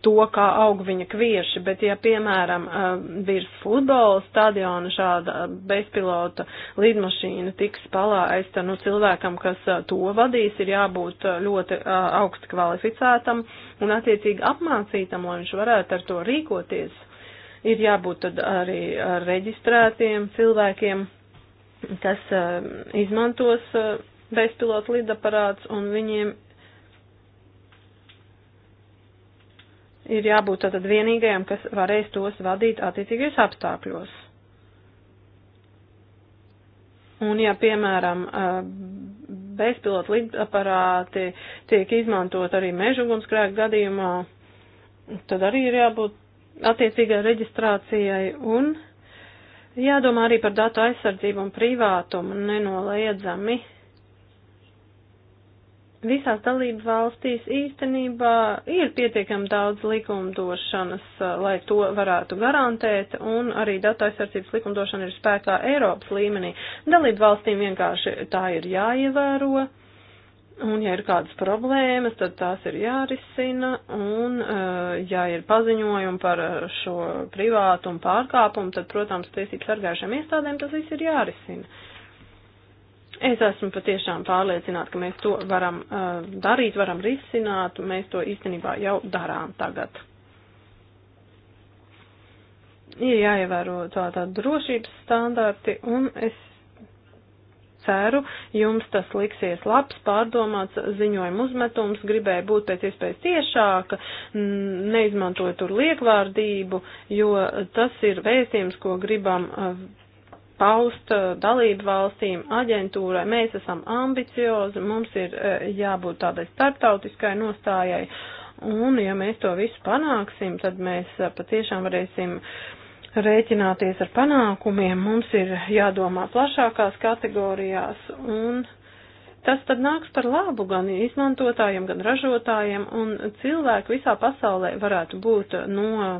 to, kā aug viņa kvieši, bet ja, piemēram, eh, virs futbola stadiona šāda bezpilota lidmašīna tiks palaista, nu, cilvēkam, kas eh, to vadīs, ir jābūt eh, ļoti augsti kvalificētam un attiecīgi apmācītam, lai viņš varētu ar to rīkoties. Ir jābūt tad arī ar reģistrētiem cilvēkiem, kas uh, izmantos uh, bezpilotu lidaparāts, un viņiem ir jābūt tad vienīgajam, kas varēs tos vadīt attiecīgajos apstākļos. Un, ja, piemēram, bezpilota lidaparāti tiek izmantot arī mežugunskrēku gadījumā, tad arī ir jābūt attiecīgai reģistrācijai un jādomā arī par datu aizsardzību un privātumu nenoliedzami. Visās dalību valstīs īstenībā ir pietiekami daudz likumdošanas, eh, lai to varētu garantēt, un arī datu aizsardzības likumdošana ir spēkā Eiropas līmenī. Dalību valstīm vienkārši tā ir jāievēro. Un, ja ir kādas problēmas, tad tās ir jārisina, un, eh, ja ir paziņojumi par eh, šo privātumu pārkāpumu, tad, protams, tiesību sargājušiem iestādēm tas viss ir jārisina. Es esmu patiešām pārliecināta, ka mēs to varam eh, darīt, varam risināt, mēs to īstenībā jau darām tagad. Ir jāievēro tā, tā drošības standarti, un es ceru, jums tas liksies labs, pārdomāts ziņojuma uzmetums, gribēju būt pēc iespējas tiešāka, neizmantoju tur liekvārdību, jo tas ir vēstījums, ko gribam uh, paust uh, dalību valstīm, aģentūrai. Mēs esam ambiciozi, mums ir uh, jābūt tādai starptautiskai nostājai, un ja mēs to visu panāksim, tad mēs patiešām varēsim uh, rēķināties ar panākumiem, mums ir jādomā plašākās kategorijās, un tas tad nāks par labu gan izmantotājiem, gan ražotājiem, un cilvēki visā pasaulē varētu būt no nu,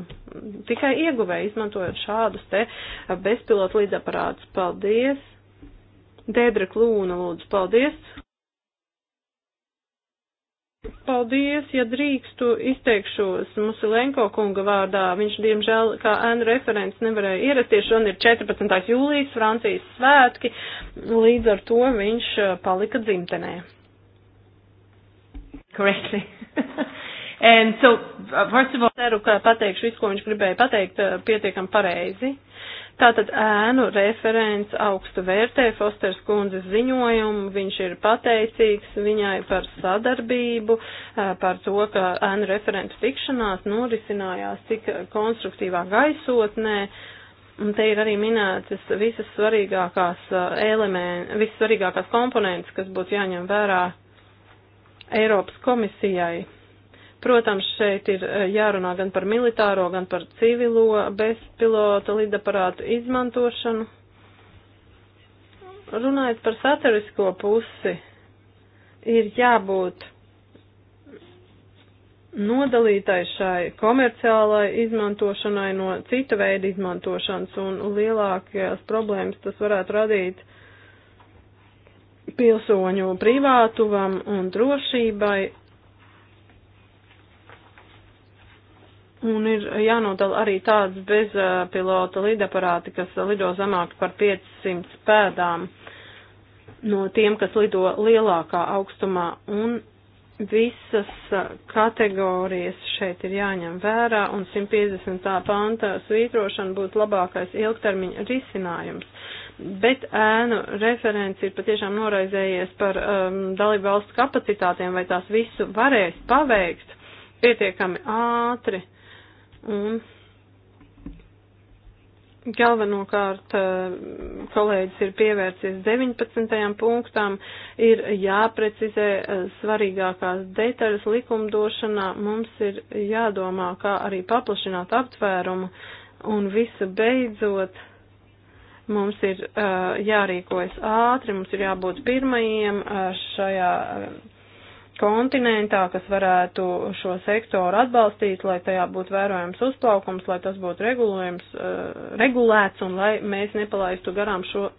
tikai ieguvēji izmantojot šādus te bezpilotu līdzaparātus. Paldies! Dēdra Klūna, lūdzu, paldies! Paldies, ja drīkstu izteikšos Musilenko kunga vārdā. Viņš, diemžēl, kā ēnu referents nevarēja ierasties. Šodien ir 14. jūlijas Francijas svētki, līdz ar to viņš eh, palika dzimtenē. Correctly. And so, uh, first of all, ceru, ka pateikšu visu, ko viņš gribēja pateikt, eh, pietiekam pareizi. Uh, Tātad ēnu referents augstu vērtē Fosters kundzes ziņojumu, viņš ir pateicīgs viņai par sadarbību, par to, ka ēnu referents tikšanās norisinājās tik konstruktīvā gaisotnē. Un te ir arī minētas visas svarīgākās elementi, visas svarīgākās komponentes, kas būtu jāņem vērā Eiropas komisijai Protams, šeit ir eh, jārunā gan par militāro, gan par civilo bezpilota lidaparātu izmantošanu. Runājot par satirisko pusi, ir jābūt nodalītai šai komerciālai izmantošanai no cita veida izmantošanas, un lielākajās problēmas tas varētu radīt pilsoņu privātuvam un drošībai, Un ir jānodala arī tāds bezpilota lidaparāti, kas lido zemāk par 500 pēdām no tiem, kas lido lielākā augstumā. Un visas kategorijas šeit ir jāņem vērā, un 150. panta svītrošana būtu labākais ilgtermiņa risinājums. Bet ēnu referents ir patiešām noraizējies par um, dalību valstu kapacitātiem, vai tās visu varēs paveikt pietiekami ātri. Un galvenokārt eh, kolēģis ir pievērsies 19. punktām, ir jāprecizē eh, svarīgākās detaļas likumdošanā, mums ir jādomā, kā arī paplašināt aptvērumu un visu beidzot. Mums ir uh, jārīkojas ātri, mums ir jābūt pirmajiem uh, šajā kontinentā, kas varētu šo sektoru atbalstīt, lai tajā būtu vērojams uzplaukums, lai tas būtu regulējums, eh, regulēts un lai mēs nepalaistu garām šo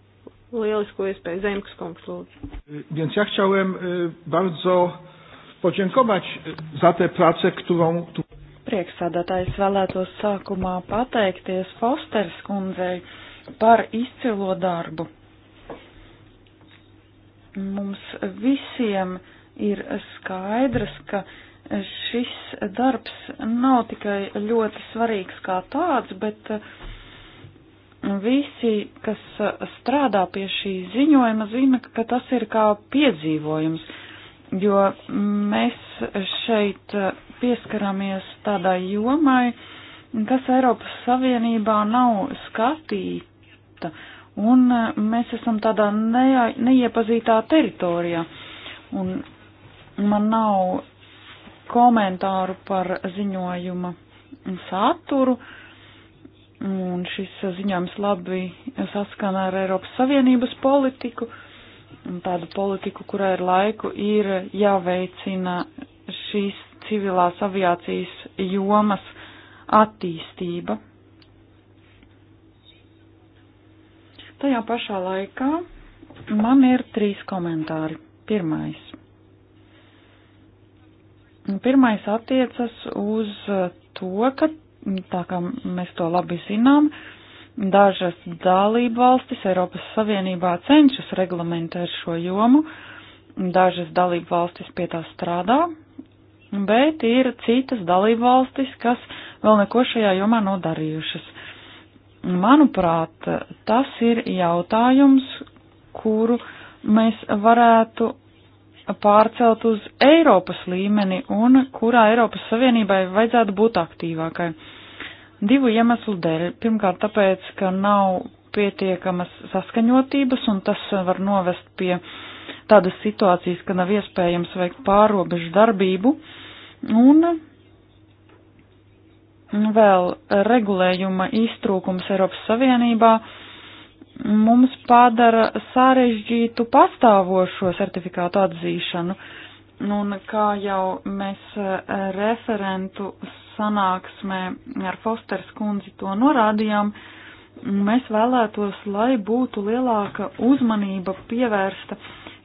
lielisko iespēju. Zemkas kungs, lūdzu. E, więc ja chciałem e, bardzo podziękować e, za tę pracę, którą tu. Priekšsādātājs vēlētos sākumā pateikties Fosters kundzei par izcilo darbu. Mums visiem uh, ir skaidrs, ka šis darbs nav tikai ļoti svarīgs kā tāds, bet uh, visi, kas uh, strādā pie šī ziņojuma, zina, ka tas ir kā piedzīvojums, jo mēs šeit uh, pieskaramies tādai jomai, kas Eiropas Savienībā nav skatīta, un mēs esam tādā neiepazītā teritorijā. Un Man nav komentāru par ziņojuma saturu. Un šis ziņojums labi saskana ar Eiropas Savienības politiku, tādu politiku, kurai ar laiku ir jāveicina šīs civilās aviācijas jomas attīstība. Tajā pašā laikā man ir trīs komentāri. Pirmais. Pirmais attiecas uz to, ka, tā kā mēs to labi zinām, dažas dalību valstis Eiropas Savienībā cenšas reglamentēt šo jomu, dažas dalību valstis pie tā strādā, bet ir citas dalību valstis, kas vēl neko šajā jomā nodarījušas. Manuprāt, tas ir jautājums, kuru mēs varētu pārcelt uz Eiropas līmeni un kurā Eiropas Savienībai vajadzētu būt aktīvākai. Divu iemeslu dēļ. Pirmkārt, tāpēc, ka nav pietiekamas saskaņotības un tas var novest pie tādas situācijas, ka nav iespējams veikt pārobežu darbību. Un vēl regulējuma iztrūkums Eiropas Savienībā uh, mums padara sarežģītu pastāvošo certifikātu atzīšanu. Nu, un kā jau mēs eh, referentu sanāksmē ar Fosters kundzi to norādījām, mēs vēlētos, lai būtu lielāka uzmanība pievērsta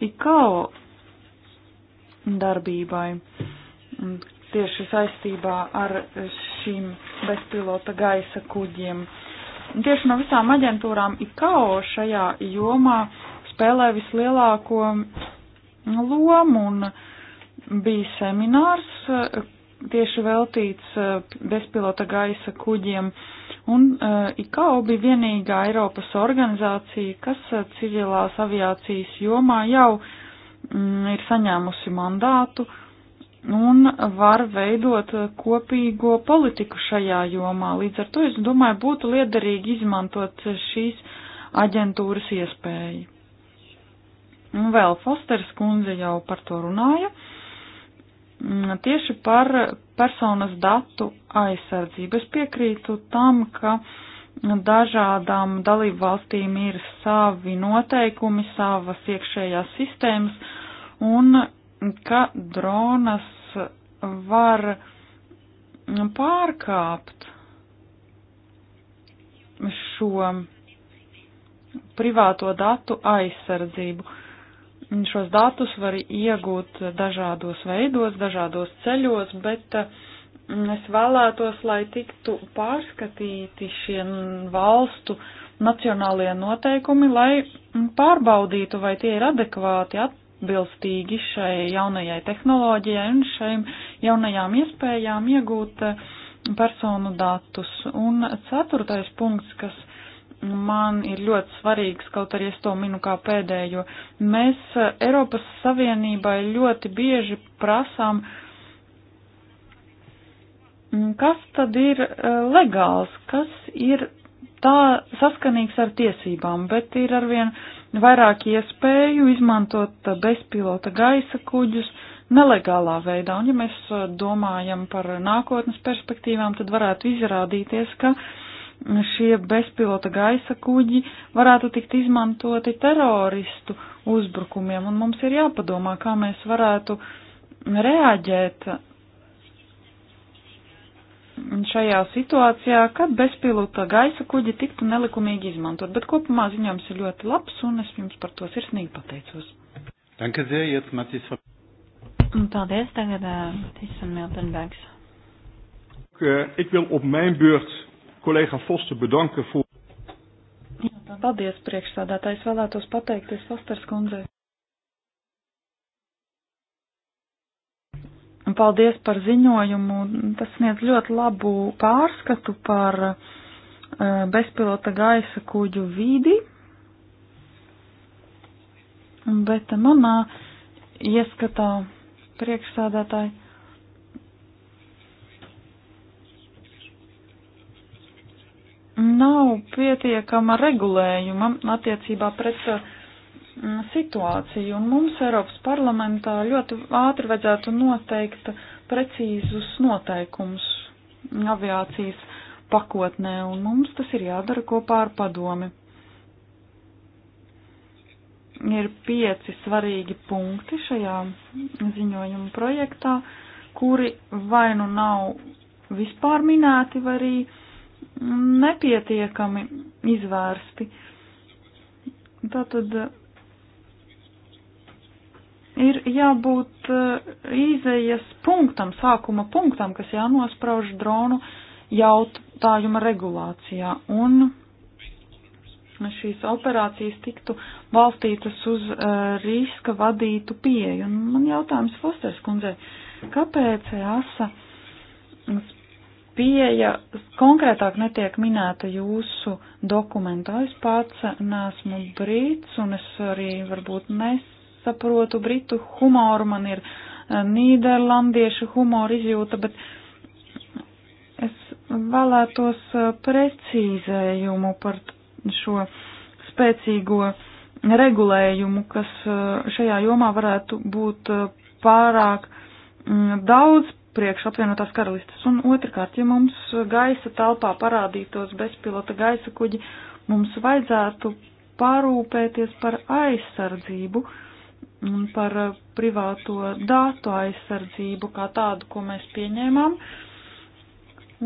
IKO darbībai. Un tieši saistībā ar šīm bezpilota gaisa kuģiem. Uh, Un tieši no visām aģentūrām ICAO šajā jomā spēlē vislielāko mm, lomu un bija seminārs eh, tieši veltīts eh, bezpilota gaisa kuģiem. Un eh, ICAO bija vienīgā Eiropas organizācija, kas civilās aviācijas jomā jau mm, ir saņēmusi mandātu un var veidot kopīgo politiku šajā jomā. Līdz ar to, es domāju, būtu liederīgi izmantot šīs aģentūras iespēju. Un vēl Fosters kundze jau par to runāja. Mm, tieši par personas datu aizsardzību es piekrītu tam, ka dažādām dalību valstīm ir savi noteikumi, savas iekšējās sistēmas, un ka dronas var pārkāpt šo privāto datu aizsardzību. Šos datus var iegūt dažādos veidos, dažādos ceļos, bet mm, es vēlētos, lai tiktu pārskatīti šie valstu nacionālajie noteikumi, lai mm, pārbaudītu, vai tie ir adekvāti, at, atbilstīgi šai jaunajai tehnoloģijai un šaim jaunajām iespējām iegūt eh, personu datus. Un ceturtais punkts, kas man ir ļoti svarīgs, kaut arī es to minu kā pēdējo, mēs Eiropas Savienībai ļoti bieži prasām, mm, kas tad ir eh, legāls, kas ir tā saskanīgs ar tiesībām, bet ir arvien vairāk iespēju izmantot bezpilota gaisa kuģus nelegālā veidā. Un ja mēs uh, domājam par nākotnes perspektīvām, tad varētu izrādīties, ka šie bezpilota gaisa kuģi varētu tikt izmantoti teroristu uzbrukumiem, un mums ir jāpadomā, kā mēs varētu reaģēt šajā situācijā, kad bezpilota gaisa kuģi tiktu nelikumīgi izmantot, bet kopumā ziņojums ir ļoti labs un es jums par to sirsnīgi pateicos. Danke sehr, jetzt Matis. Paldies, tagad Matis un Miltenbergs. Eh, ik wil op mijn beurt collega Foster bedanken voor. Paldies, priekšsādātājs vēlētos pateikties Fosters kundzei Paldies par ziņojumu. Tas sniedz ļoti labu pārskatu par eh, bezpilota gaisa kuģu vidi. Bet manā ieskatā priekšsādātāji nav pietiekama regulējuma attiecībā pret Mm, situāciju, un mums Eiropas parlamentā ļoti ātri vajadzētu noteikt precīzus noteikumus aviācijas pakotnē, un mums tas ir jādara kopā ar padomi. Ir pieci svarīgi punkti šajā ziņojuma projektā, kuri vai nu nav vispār minēti, vai arī nepietiekami izvērsti. Tātad ir jābūt izējas eh, punktam, sākuma punktam, kas jānosprauž dronu jautājuma regulācijā. Un šīs operācijas tiktu balstītas uz uh, riska vadītu pieeju. Un man jautājums Fosters kundzei, kāpēc ASA pieeja konkrētāk netiek minēta jūsu dokumentā? Es pats nesmu brīts un es arī varbūt nes saprotu britu humoru, man ir eh, nīderlandiešu humora izjūta, bet es vēlētos eh, precīzējumu par šo spēcīgo regulējumu, kas eh, šajā jomā varētu būt pārāk mm, daudz priekš apvienotās karalistas. Un otrkārt, ja mums gaisa telpā parādītos bezpilota gaisa kuģi, mums vajadzētu parūpēties par aizsardzību, uh, un par eh, privāto dātu aizsardzību kā tādu, ko mēs pieņēmām.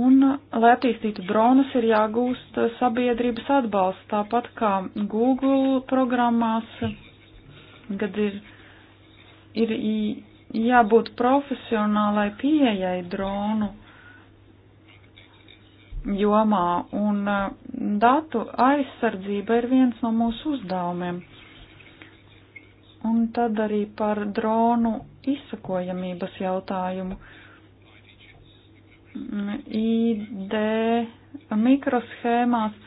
Un, eh, lai attīstītu dronus, ir jāgūst eh, sabiedrības atbalsts, tāpat kā Google programmās, kad ir, ir jābūt profesionālai pieejai dronu jomā, un datu aizsardzība ir viens no mūsu uzdevumiem. Un tad arī par dronu izsakojamības jautājumu. Mm, ID mikroshēmās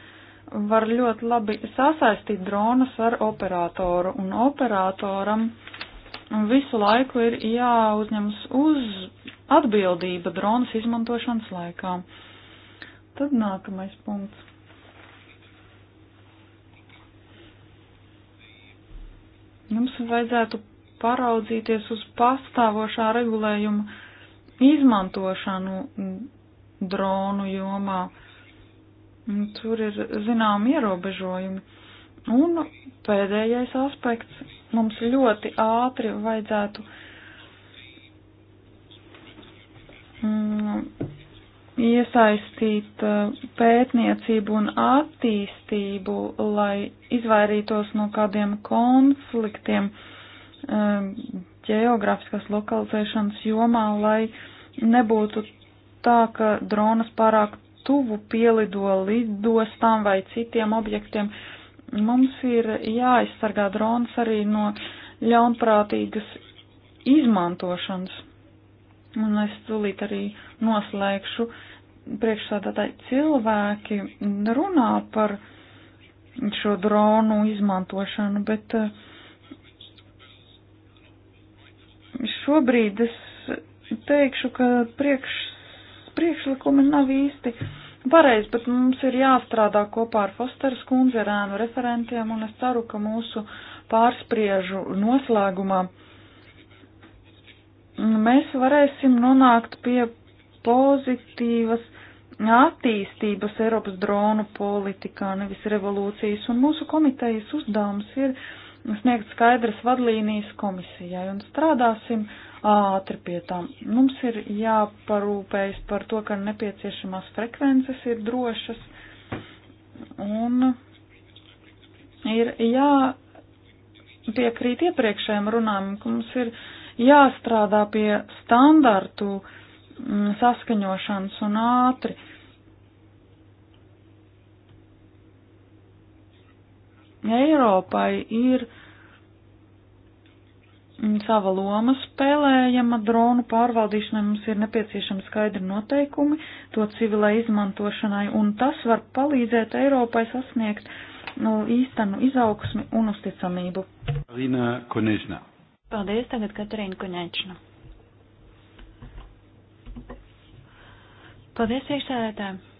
var ļoti labi sasaistīt dronus ar operatoru, un operatoram visu laiku ir jāuzņems uz atbildība dronas izmantošanas laikā. Tad nākamais punkts. Jums vajadzētu paraudzīties uz pastāvošā regulējuma izmantošanu dronu jomā. Tur ir zinām ierobežojumi. Un pēdējais aspekts mums ļoti ātri vajadzētu mm, iesaistīt uh, pētniecību un attīstību, lai izvairītos no kādiem konfliktiem ģeogrāfiskas um, lokalizēšanas jomā, lai nebūtu tā, ka dronas pārāk tuvu pielido lidostām vai citiem objektiem. Mums ir jāaizsargā drons arī no ļaunprātīgas izmantošanas un es tūlīt arī noslēgšu priekšsādātāji cilvēki runā par šo dronu izmantošanu, bet eh, šobrīd es teikšu, ka priekš, priekšlikumi nav īsti pareizi, bet mums ir jāstrādā kopā ar Fosteras kundzi, ar ēnu referentiem, un es ceru, ka mūsu pārspriežu noslēgumā uh, mēs varēsim nonākt pie pozitīvas attīstības Eiropas dronu politikā, nevis revolūcijas, un mūsu komitejas uzdevums ir sniegt skaidras vadlīnijas komisijai un strādāsim ātri pie tām. Mums ir jāparūpējas par to, ka nepieciešamās frekvences ir drošas un ir jāpiekrīt iepriekšējiem runām, ka mums ir uh, jāstrādā pie standartu mm, saskaņošanas un ātri. Eiropai ir mm, sava loma spēlējama dronu pārvaldīšanai, mums ir nepieciešami skaidri noteikumi to civilai izmantošanai, un tas var palīdzēt Eiropai sasniegt nu, īstenu izaugsmi un uzticamību. Rīna Konežna. Paldies, tagad Katarīna Kuņēčina. Paldies, priekšsēdētāji.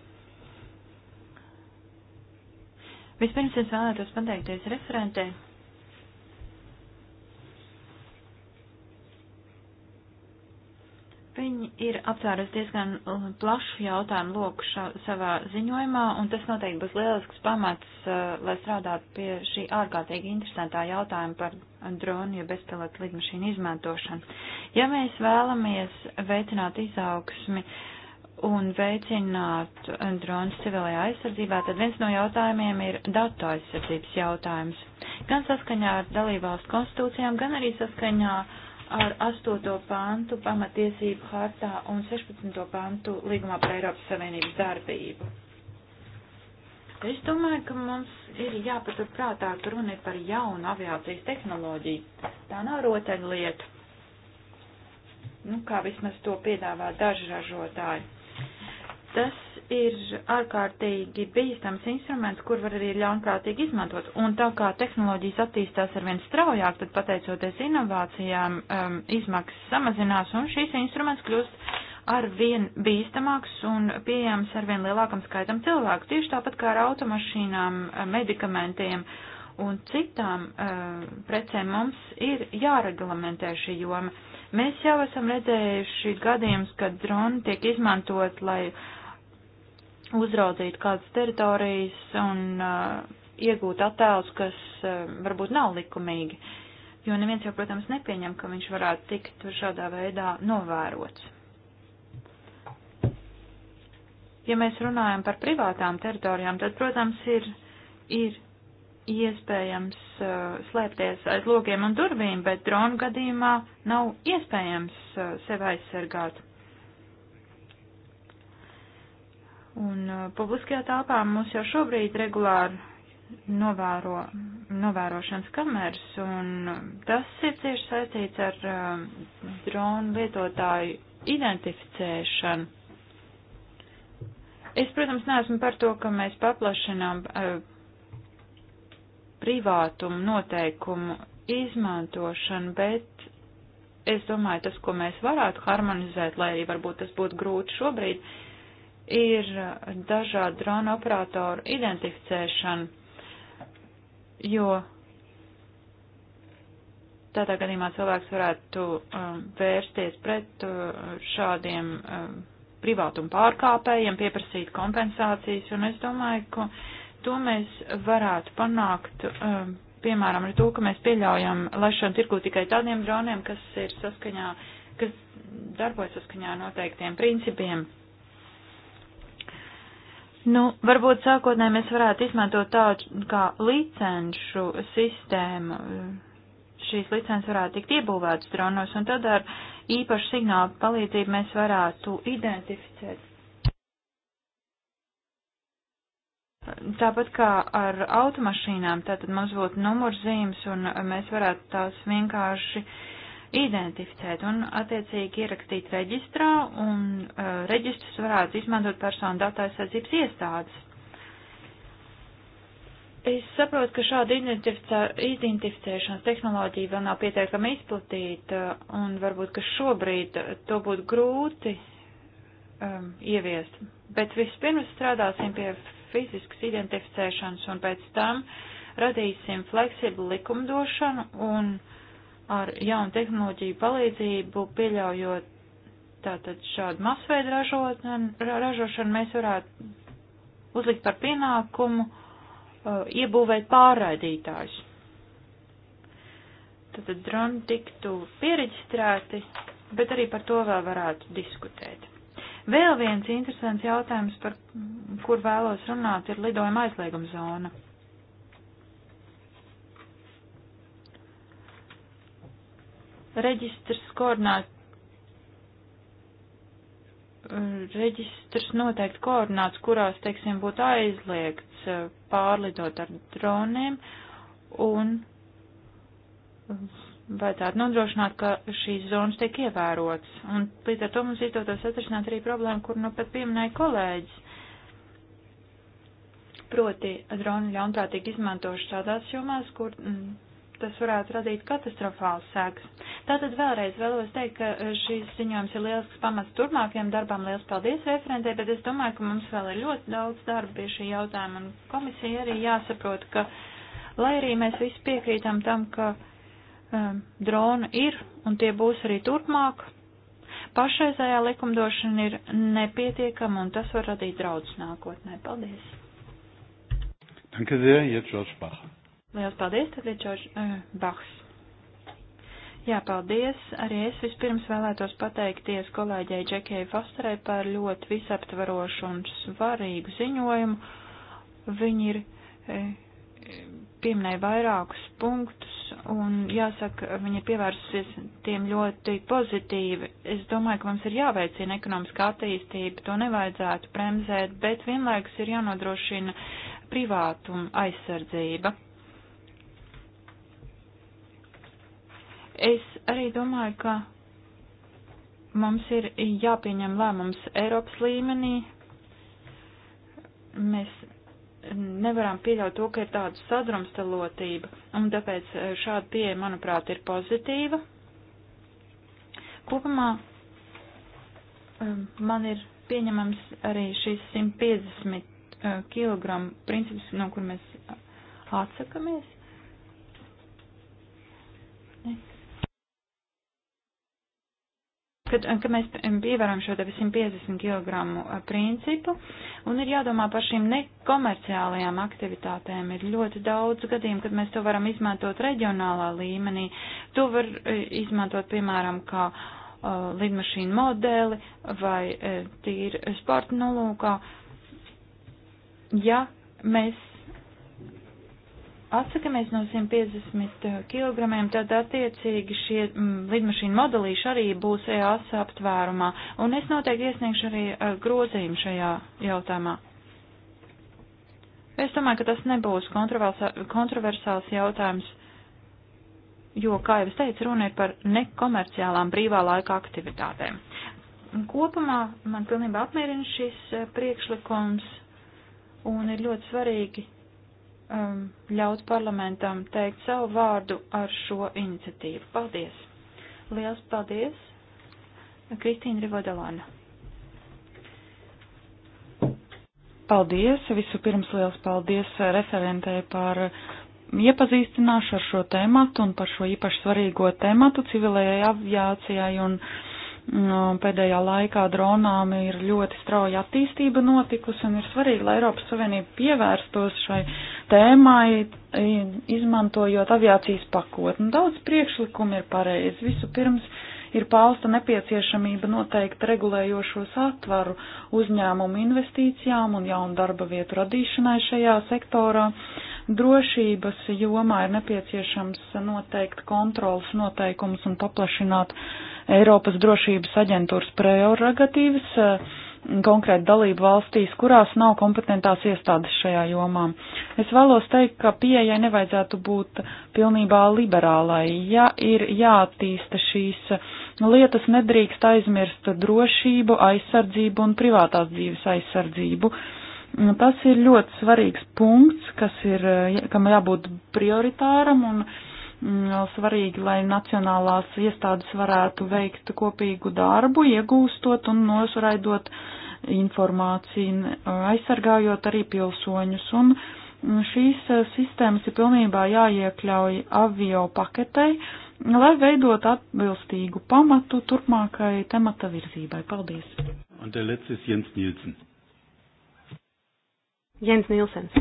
Vispirms es vēlētos pateikties referentei Viņi ir aptvērusi diezgan uh, plašu jautājumu loku šā, savā ziņojumā, un tas noteikti būs lielisks pamats, uh, lai strādātu pie šī ārkārtīgi interesantā jautājuma par dronu, ja bezpilotu lidmašīnu izmantošanu. Ja mēs vēlamies veicināt izaugsmi un veicināt uh, dronu civilajā aizsardzībā, tad viens no jautājumiem ir datu aizsardzības jautājums. Gan saskaņā ar dalībvalstu konstitūcijām, gan arī saskaņā ar ar 8. pāntu pamatiesību hartā un 16. pāntu līgumā par Eiropas Savienības darbību. Es domāju, ka mums ir jāpatur prātā, ka runa ir par jaunu aviācijas tehnoloģiju. Tā nav rotaļlieta. Nu, kā vismaz to piedāvā daži ražotāji. Tas ir ārkārtīgi bīstams instruments, kur var arī ļaunprātīgi izmantot. Un tā kā tehnoloģijas attīstās ar vien straujāk, tad pateicoties inovācijām, um, izmaksas samazinās un šīs instruments kļūst ar vien bīstamāks un pieejams ar vien lielākam skaitam cilvēku. Tieši tāpat kā ar automašīnām, medikamentiem un citām uh, precēm mums ir jāreglamentē šī joma. Mēs jau esam redzējuši gadījumus, kad droni tiek izmantot, lai uh, uzraudzīt kādas teritorijas un uh, iegūt attēlus, kas uh, varbūt nav likumīgi, jo neviens jau, protams, nepieņem, ka viņš varētu tikt šādā veidā novērots. Ja mēs runājam par privātām teritorijām, tad, protams, ir, ir iespējams uh, slēpties aiz logiem un durvīm, bet dronu gadījumā nav iespējams uh, sevi aizsargāt. Un uh, publiskajā tāpā mums jau šobrīd regulāri novēro, novērošanas kameras, un uh, tas ir cieši saistīts ar uh, dronu lietotāju identificēšanu. Es, protams, neesmu par to, ka mēs paplašinām uh, privātumu noteikumu izmantošanu, bet es domāju, tas, ko mēs varētu harmonizēt, lai arī varbūt tas būtu grūti šobrīd, uh, ir eh, dažādu drona operatoru identificēšana, jo tādā gadījumā cilvēks varētu um, vērsties pret uh, šādiem um, privātumu pārkāpējiem, pieprasīt kompensācijas, un es domāju, ka to mēs varētu panākt, um, piemēram, ar to, ka mēs pieļaujam lešanu tirgu tikai tādiem droniem, kas ir saskaņā, kas darbojas saskaņā noteiktiem principiem. Nu, varbūt sākotnēji mēs varētu izmantot tādu kā licenšu sistēmu. Šīs licences varētu tikt iebūvētas dronos, un tad ar īpašu signālu palīdzību mēs varētu identificēt. Tāpat kā ar automašīnām, tātad mums būtu numurzīmes, un mēs varētu tās vienkārši uh, identificēt un attiecīgi ierakstīt reģistrā, un uh, reģistrus varētu izmantot personu datu aizsardzības iestādes. Es saprotu, ka šāda identificē, identificēšanas tehnoloģija vēl nav pietiekami izplatīta, un varbūt, ka šobrīd to būtu grūti um, ieviest. Bet vispirms strādāsim pie fiziskas identificēšanas, un pēc tam radīsim fleksiblu likumdošanu un uh, ar jaunu tehnoloģiju palīdzību, pieļaujot tātad šādu masveidu ražotni, ražošanu, mēs varētu uzlikt par pienākumu uh, iebūvēt pārraidītājus. Tātad droni tiktu piereģistrēti, bet arī par to vēl varētu diskutēt. Vēl viens interesants jautājums, par kur vēlos runāt, ir lidojuma aizlieguma zona. reģistrs koordināt, reģistrs noteikti koordināts, kurās, teiksim, būtu aizliegts eh, pārlidot ar droniem un vajadzētu nodrošināt, ka šīs zonas tiek ievērotas. Un līdz ar to mums izdotos atrisināt arī problēmu, kur nu pat pieminēja kolēģis. Proti, droni ļaunprātīgi izmantoši tādās jomās, kur m, mm, tas varētu radīt katastrofāls sēks. Tātad vēlreiz vēlos teikt, ka eh, šīs ziņojums ir lielisks pamats turmākajam darbam. Lielas paldies referentē, bet es domāju, ka mums vēl ir ļoti daudz darba pie šī jautājuma, un komisija arī jāsaprot, ka, lai arī mēs visi piekrītam tam, ka um, droni ir, un tie būs arī turpmāk, pašreizējā likumdošana ir nepietiekama, un tas var radīt draudus nākotnē. Paldies! Danke sehr, jetzt George Bach. Lielas paldies, tad Ričards uh, eh, Bahs. Jā, paldies. Arī es vispirms vēlētos pateikties kolēģei Džekijai Fosterai par ļoti visaptvarošu un svarīgu ziņojumu. Viņi ir uh, pieminēja vairākus punktus un jāsaka, viņa pievērsusies tiem ļoti pozitīvi. Es domāju, ka mums ir jāveicina ekonomiskā attīstība, to nevajadzētu bremzēt, bet vienlaikus ir jānodrošina privātuma aizsardzība. Es arī domāju, ka mums ir jāpieņem lēmums Eiropas līmenī. Mēs nevaram pieļaut to, ka ir tāda sadrumstalotība, un tāpēc šāda pieeja, manuprāt, ir pozitīva. Kopumā um, man ir pieņemams arī šīs 150 kg princips, no kur mēs atsakamies. kad, ka mēs ievēram šo 150 kg eh, principu un ir jādomā par šīm nekomerciālajām aktivitātēm. Ir ļoti daudz gadījumu, kad mēs to varam izmantot reģionālā līmenī. To var eh, izmantot, piemēram, kā uh, lidmašīnu modeli vai uh, tīri sporta nolūkā. Ja mēs atsakamies no 150 eh, kg, tad attiecīgi šie mm, lidmašīnu modelīši arī būs EAS aptvērumā, un es noteikti iesniegšu arī eh, grozījumu šajā jautājumā. Es domāju, ka tas nebūs kontroversāls jautājums, jo, kā jau es teicu, runa ir par nekomerciālām brīvā laika aktivitātēm. Kopumā man pilnībā apmierina šis eh, priekšlikums, un ir ļoti svarīgi um, ļaut parlamentam teikt savu vārdu ar šo iniciatīvu. Paldies! Liels paldies! Kristīna Rivodelāna. Paldies! Vispirms liels paldies referentei par iepazīstināšu ar šo tēmatu un par šo īpaši svarīgo tēmatu civilējai aviācijai un nu, pēdējā laikā dronām ir ļoti strauja attīstība notikusi un ir svarīgi, lai Eiropas Savienība pievērstos šai uh, tēmai, izmantojot aviācijas pakotni. Daudz priekšlikumu ir pareizi. Vispirms ir pausta nepieciešamība noteikt regulējošo satvaru uzņēmumu investīcijām un jaunu darba vietu radīšanai šajā sektorā. Drošības jomā ir nepieciešams noteikt kontrolas noteikumus un paplašināt Eiropas drošības aģentūras prerogatīvas konkrēti dalību valstīs, kurās nav kompetentās iestādes šajā jomā. Es vēlos teikt, ka pieejai nevajadzētu būt pilnībā liberālai. Ja ir jātīsta šīs lietas, nedrīkst aizmirst drošību, aizsardzību un privātās dzīves aizsardzību. Tas ir ļoti svarīgs punkts, kas ir, kam jābūt prioritāram un uh, Mm, svarīgi, lai nacionālās iestādes varētu veikt kopīgu darbu, iegūstot un nosraidot informāciju, aizsargājot arī pilsoņus. Un mm, šīs eh, sistēmas ir pilnībā jāiekļauj avio paketei, lai veidot atbilstīgu pamatu turpmākai temata virzībai. Paldies! Un te letzis Jens Nielsen. Jens Nielsen.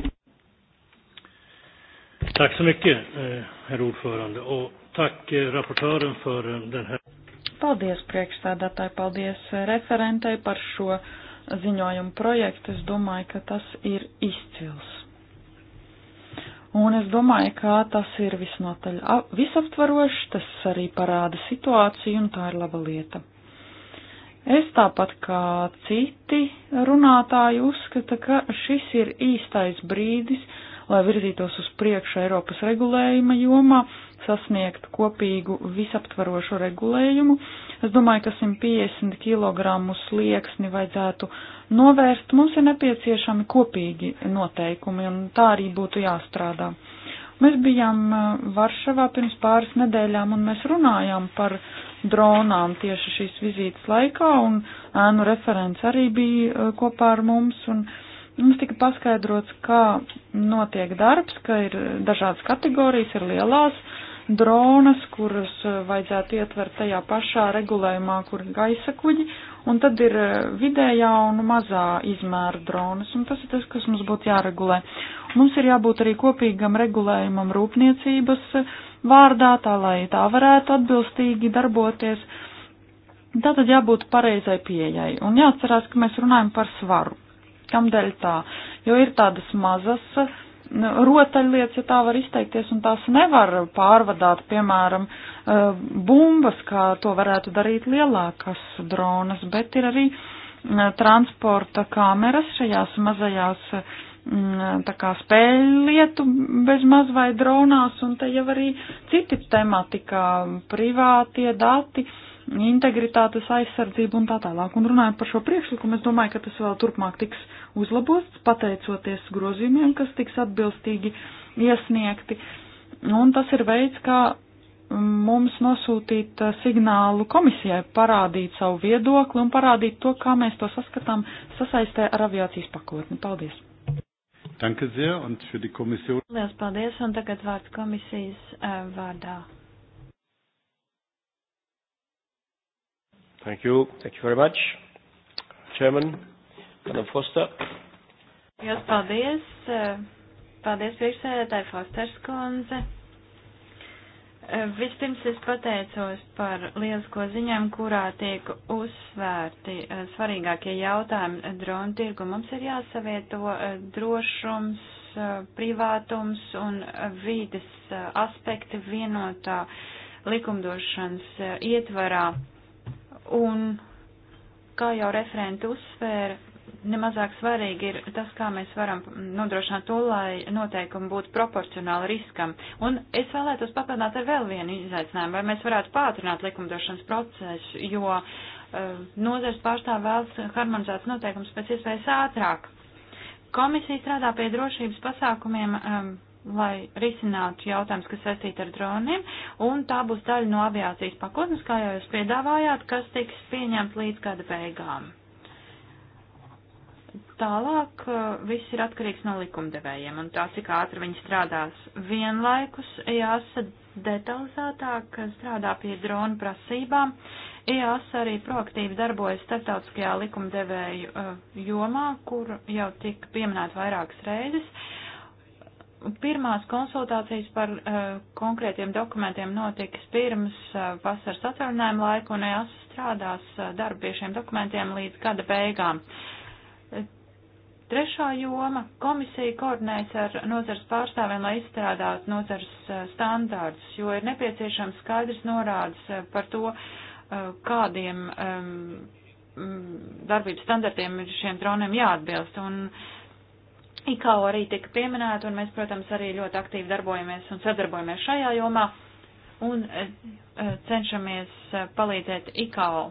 Tack så mycket, eh, herr ordförande, och tack eh, rapportören för eh, den här. Paldies priekšstādātāji, paldies referentai par šo ziņojumu projektu. Es domāju, ka tas ir izcils. Un es domāju, ka tas ir visnotaļ visaptvarošs, tas arī parāda situāciju un tā ir laba lieta. Es tāpat kā citi runātāji uzskata, ka šis ir īstais brīdis, lai virzītos uz priekšu Eiropas regulējuma jomā, sasniegt kopīgu visaptvarošu regulējumu. Es domāju, ka 150 kg slieksni vajadzētu novērst. Mums ir nepieciešami kopīgi noteikumi, un tā arī būtu jāstrādā. Mēs bijām uh, Varšavā pirms pāris nedēļām, un mēs runājām par dronām tieši šīs vizītes laikā, un ēnu referents arī bija uh, kopā ar mums. Un, uh, Mums tika paskaidrots, kā notiek darbs, ka ir dažādas kategorijas, ir lielās dronas, kuras vajadzētu ietvert tajā pašā regulējumā, kur ir gaisa kuģi, un tad ir eh, vidējā un mazā izmēra dronas, un tas ir tas, kas mums būtu jāregulē. Mums ir jābūt arī kopīgam regulējumam rūpniecības eh, vārdā, tā lai tā varētu atbilstīgi darboties. Tātad jābūt pareizai pieejai, un jāatcerās, ka mēs runājam par svaru. Kamdēļ tā? Jo ir tādas mazas mm, rotaļlietas, ja tā var izteikties, un tās nevar pārvadāt, piemēram, eh, bumbas, kā to varētu darīt lielākas dronas, bet ir arī mm, transporta kameras šajās mazajās mm, tā kā spēļlietu bez maz vai dronās, un te jau arī citi tematikā privātie dati. Uh, integritātes aizsardzību un tā tālāk. Un runājot par šo priekšlikumu, es domāju, ka tas vēl turpmāk tiks uzlabots, pateicoties grozījumiem, kas tiks atbilstīgi iesniegti. Un tas ir veids, kā mums nosūtīt uh, signālu komisijai, parādīt savu viedokli un parādīt to, kā mēs to saskatām sasaistē ar aviācijas pakotni. Paldies! Danke sehr und für die Kommission. Lielas paldies un tagad vārds komisijas uh, vārdā. Thank you. Thank you very much. Chairman, Madam Foster. Jūs paldies. Paldies priekšsēdētāji Fosters kundze. Vispirms es pateicos par lielisko ziņām, kurā tiek uzsvērti eh, svarīgākie jautājumi drona tirgu. Mums ir jāsavieto eh, drošums, eh, privātums un vīdes aspekti vienotā likumdošanas ietvarā. Un, kā jau referenti uzsvēra, nemazāk svarīgi ir tas, kā mēs varam nodrošināt to, lai noteikumi būtu proporcionāli riskam. Un es vēlētos papildināt ar vēl vienu izaicinājumu, vai mēs varētu pātrināt likumdošanas procesu, jo uh, nozars pārstāv vēlas harmonizētas noteikums pēc iespējas ātrāk. Komisija strādā pie drošības pasākumiem um, lai risinātu jautājumus, kas saistīti ar droniem, un tā būs daļa no aviācijas pakotnes, kā jau jūs piedāvājāt, kas tiks pieņemt līdz gada beigām. Tālāk eh, viss ir atkarīgs no likumdevējiem un tā, cik ātri viņi strādās. Vienlaikus EASA detalizētāk strādā pie drona prasībām. EASA arī proaktīvi darbojas starptautiskajā likumdevēju eh, jomā, kur jau tika pieminēt vairākas reizes Pirmās konsultācijas par uh, konkrētiem dokumentiem notiks pirms uh, vasaras atvaļinājuma laika, un EAS strādās uh, darbu pie šiem dokumentiem līdz gada beigām. Uh, trešā joma - komisija koordinēs ar nozars pārstāvēm, lai izstrādātu nozars uh, standārdus, jo ir nepieciešams skaidrs norādes uh, par to, uh, kādiem um, darbības standartiem ir šiem droniem jāatbilst. Un, uh, IKO arī tika pieminēta, un mēs, protams, arī ļoti aktīvi darbojamies un sadarbojamies šajā jomā un e, e, cenšamies e, palīdzēt IKO.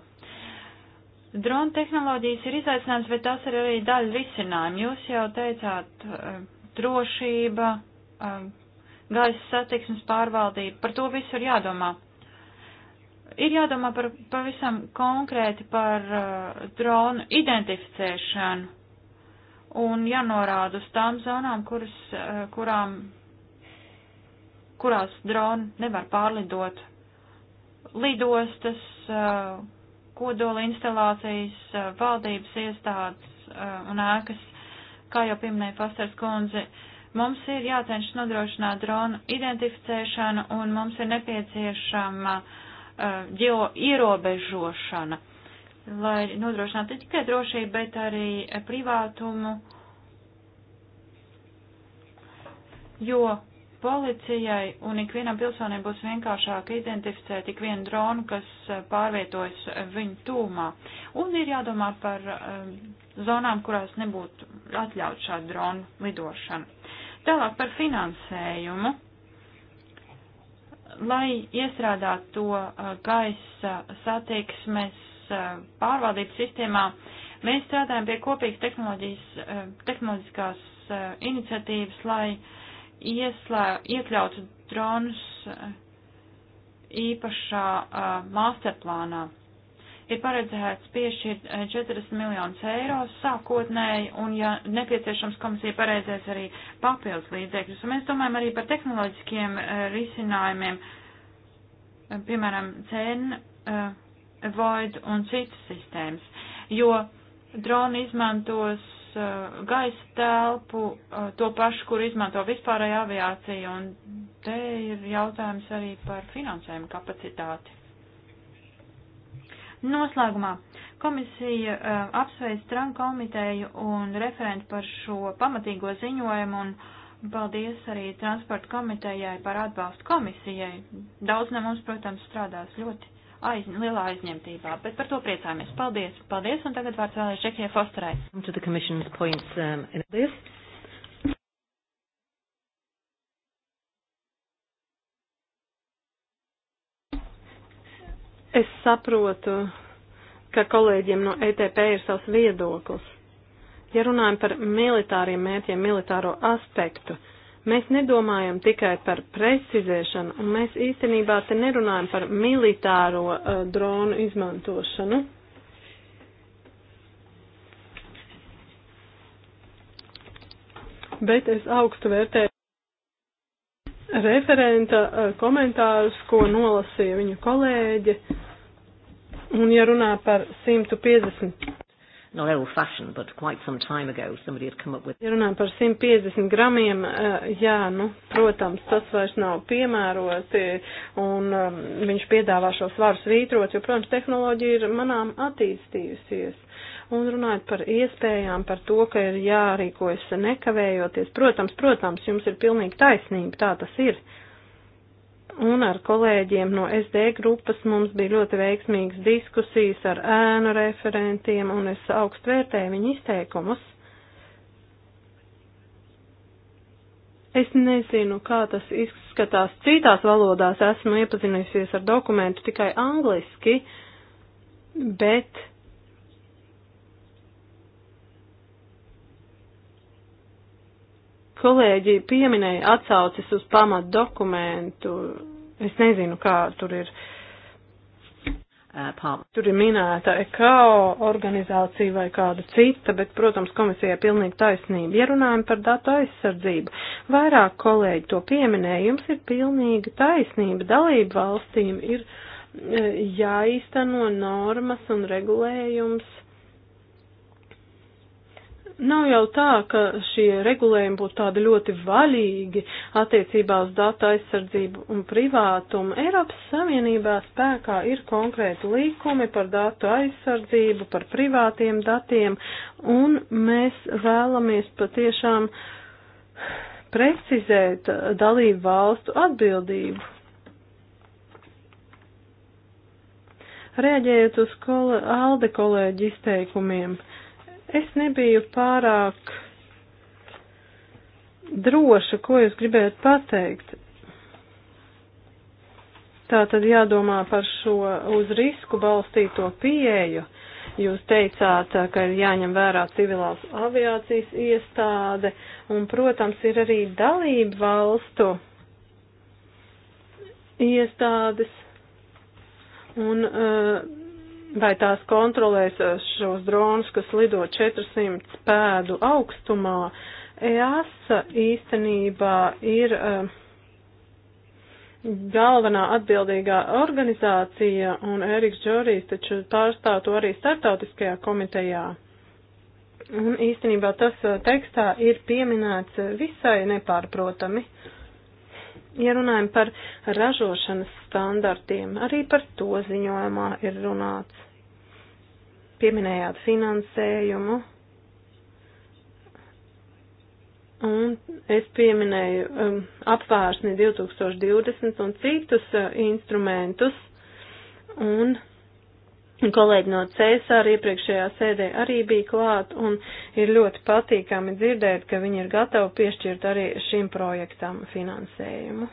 Drona tehnoloģijas ir izaicinājums, bet tas ir arī daļa risinājuma. Jūs jau teicāt, drošība, gaisa satiksmes pārvaldība, par to visu ir jādomā. Ir jādomā par pavisam konkrēti par dronu identificēšanu un jānorāda uz tām zonām, kuras, eh, kurām, kurās droni nevar pārlidot. Lidostas, eh, kodola instalācijas, eh, valdības iestādes un ēkas, kā jau pieminēja Fosters kundze, mums ir jācenšas nodrošināt dronu identificēšanu un mums ir nepieciešama ģeo ierobežošana. Uh, lai nodrošinātu ne tikai drošību, bet arī eh, privātumu, jo policijai un ikvienam pilsonim būs vienkāršāk identificēt ikvienu dronu, kas eh, pārvietojas eh, viņu tūmā. Un ir jādomā par zonām, kurās nebūtu atļaut šādu dronu lidošanu. Tālāk par finansējumu. Lai iestrādātu to gaisa satiksmes Eh, pārvaldības sistēmā. Mēs strādājam pie kopīgas eh, tehnoloģiskās eh, iniciatīvas, lai ieslē, iekļautu dronus īpašā masterplānā. Ir paredzēts piešķirt 40 miljonus eiro sākotnēji, un, ja nepieciešams, komisija pareizēs arī papildus līdzekļus. Un mēs domājam arī par tehnoloģiskiem risinājumiem, piemēram, cēnu Void un citas sistēmas, jo droni izmantos uh, gaisa telpu, uh, to pašu, kur izmanto vispārēja aviācija, un te ir jautājums arī par finansējumu kapacitāti. Noslēgumā komisija uh, apsveic Tran komiteju un referentu par šo pamatīgo ziņojumu un paldies arī transporta komitejai par atbalstu komisijai. Daudz no mums, protams, strādās ļoti aiz, lielā aizņemtībā, bet par to priecājamies. Paldies, paldies, un tagad vārds vēlēs Džekijai Fosterai. Paldies. Um, es saprotu, ka kolēģiem no ETP ir savs viedoklis. Ja runājam par militāriem mērķiem, militāro aspektu, uh, Mēs nedomājam tikai par precizēšanu, un mēs īstenībā te nerunājam par militāro uh, dronu izmantošanu. Bet es augstu vērtēju referenta uh, komentārus, ko nolasīja viņu kolēģi. Un ja runā par 150 not old fashioned, but quite some time ago, somebody had come up with. Ja runājam par 150 gramiem, eh, jā, nu, protams, tas vairs nav piemēroti, un um, viņš piedāvā šo svaru svītrot, jo, protams, tehnoloģija ir manām attīstījusies. Un runājot par iespējām, par to, ka ir jārīkojas nekavējoties, protams, protams, jums ir pilnīgi taisnība, tā tas ir un ar kolēģiem no SD grupas mums bija ļoti veiksmīgas diskusijas ar ēnu referentiem, un es augstu vērtēju viņu izteikumus. Es nezinu, kā tas izskatās citās valodās, esmu iepazinusies ar dokumentu tikai angliski, bet Kolēģi pieminēja atsaucis uz pamat dokumentu. Es nezinu, kā tur ir. Uh, tur ir minēta ECAO organizācija vai kāda cita, bet, protams, komisijai pilnīgi taisnība. Ja runājam par datu aizsardzību, vairāk kolēģi to pieminēja, jums ir pilnīga taisnība. Dalība valstīm ir eh, jāīsteno normas un regulējums Nav jau tā, ka šie regulējumi būtu tādi ļoti vaļīgi attiecībā uz datu aizsardzību un privātumu. Eiropas Savienībā spēkā ir konkrēti līkumi par datu aizsardzību, par privātiem datiem, un mēs vēlamies patiešām precizēt dalību valstu atbildību. Rēģējot uz kol Alde kolēģi izteikumiem. Uh, es nebiju pārāk droša, ko es gribētu pateikt. Tā tad jādomā par šo uz risku balstīto pieeju. Jūs teicāt, ka ir jāņem vērā civilās aviācijas iestāde, un, protams, ir arī dalību valstu iestādes. Un, uh, vai tās kontrolēs eh, šos dronus, kas lido 400 pēdu augstumā. EASA īstenībā ir eh, galvenā atbildīgā organizācija, un Eriks Džorijs taču pārstāv to arī startautiskajā komitejā. Un īstenībā tas eh, tekstā ir pieminēts visai nepārprotami. Ja runājam par ražošanas standartiem, arī par to ziņojumā ir runāts pieminējāt finansējumu. Un es pieminēju um, apvārsni 2020 un citus uh, instrumentus. Un kolēģi no Cēsāra iepriekšējā sēdē arī bija klāt un ir ļoti patīkami dzirdēt, ka viņi ir gatavi piešķirt arī šim projektam finansējumu.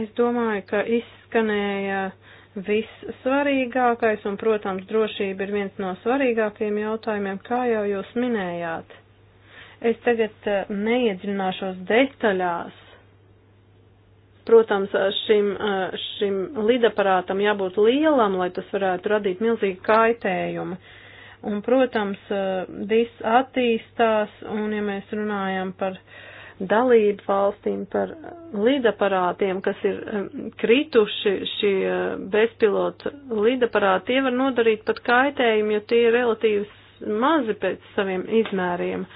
Es domāju, ka izskanēja uh, vissvarīgākais, un, protams, drošība ir viens no svarīgākajiem jautājumiem, kā jau jūs minējāt. Es tagad eh, neiedziļināšos detaļās. Protams, eh, šim, eh, šim lidaparātam jābūt lielam, lai tas varētu radīt milzīgu kaitējumu. Un, protams, viss attīstās, un ja mēs runājam par uh, dalību valstīm par lidaparātiem, kas ir krituši šie bezpilota lidaparāti, tie var nodarīt pat kaitējumu, jo tie ir relatīvi mazi pēc saviem izmēriem.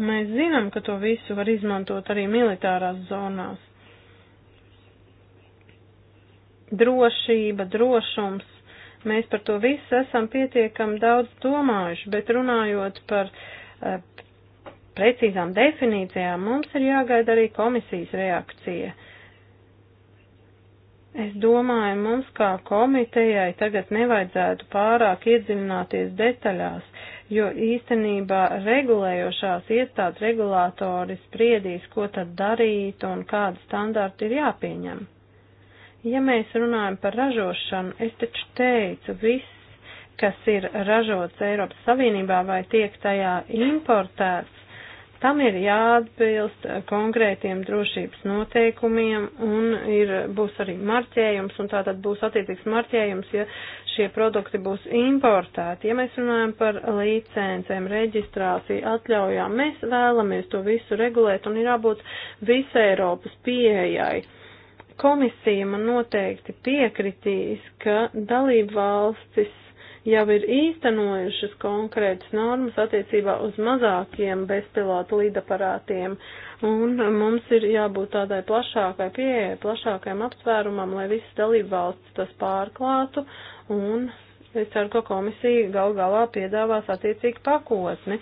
Mēs zinām, ka to visu var izmantot arī militārās zonās. Drošība, drošums, Mēs par to visu esam pietiekami daudz domājuši, bet runājot par eh, precīzām definīcijām, mums ir jāgaida arī komisijas reakcija. Es domāju, mums kā komitejai tagad nevajadzētu pārāk iedziļināties detaļās, jo īstenībā regulējošās iestādes regulātori spriedīs, ko tad darīt un kādi standarti ir jāpieņem. Ja mēs runājam par ražošanu, es taču teicu, viss, kas ir ražots Eiropas Savienībā vai tiek tajā importēts, tam ir jāatbilst konkrētiem drošības noteikumiem un ir, būs arī marķējums, un tātad būs attiecīgs marķējums, ja šie produkti būs importēti. Ja mēs runājam par licencēm, reģistrāciju, atļaujām, mēs vēlamies to visu regulēt un ir jābūt visai Eiropas pieejai. Komisija man noteikti piekritīs, ka dalību valstis jau ir īstenojušas konkrētas normas attiecībā uz mazākiem bezpilotu lidaparātiem, un mums ir jābūt tādai plašākai pieejai, plašākajam apsvērumam, lai visas dalību valstis tas pārklātu, un es ceru, ka komisija gal galā piedāvās attiecīgu pakotni.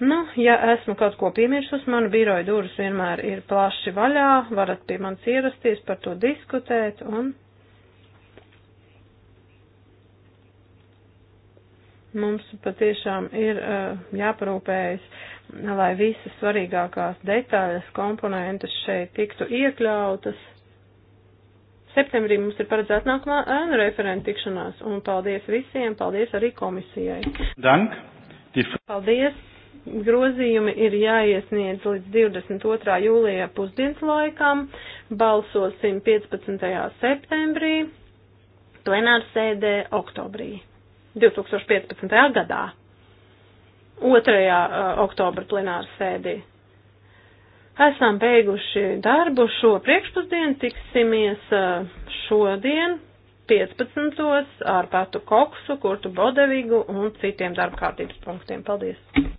Nu, ja esmu kaut ko piemirsus, manu biroju durvis vienmēr ir plaši vaļā, varat pie manis ierasties, par to diskutēt un. Mums patiešām ir uh, jāparūpējas, lai visas svarīgākās detaļas, komponentes šeit tiktu iekļautas. Septembrī mums ir paredzēta nākamā ēnu referenta tikšanās, un paldies visiem, paldies arī komisijai. Dank. Paldies! Grozījumi ir jāiesniedz līdz 22. jūlijā pusdienas laikam, balsosim 15. septembrī, plenārsēdē oktobrī 2015. gadā, 2. Uh, oktobra plenārsēdī. Esam beiguši darbu šo priekšpusdienu, tiksimies uh, šodien 15. ar Patu Koksu, Kurtu Bodevigu un citiem darba kārtības punktiem. Paldies!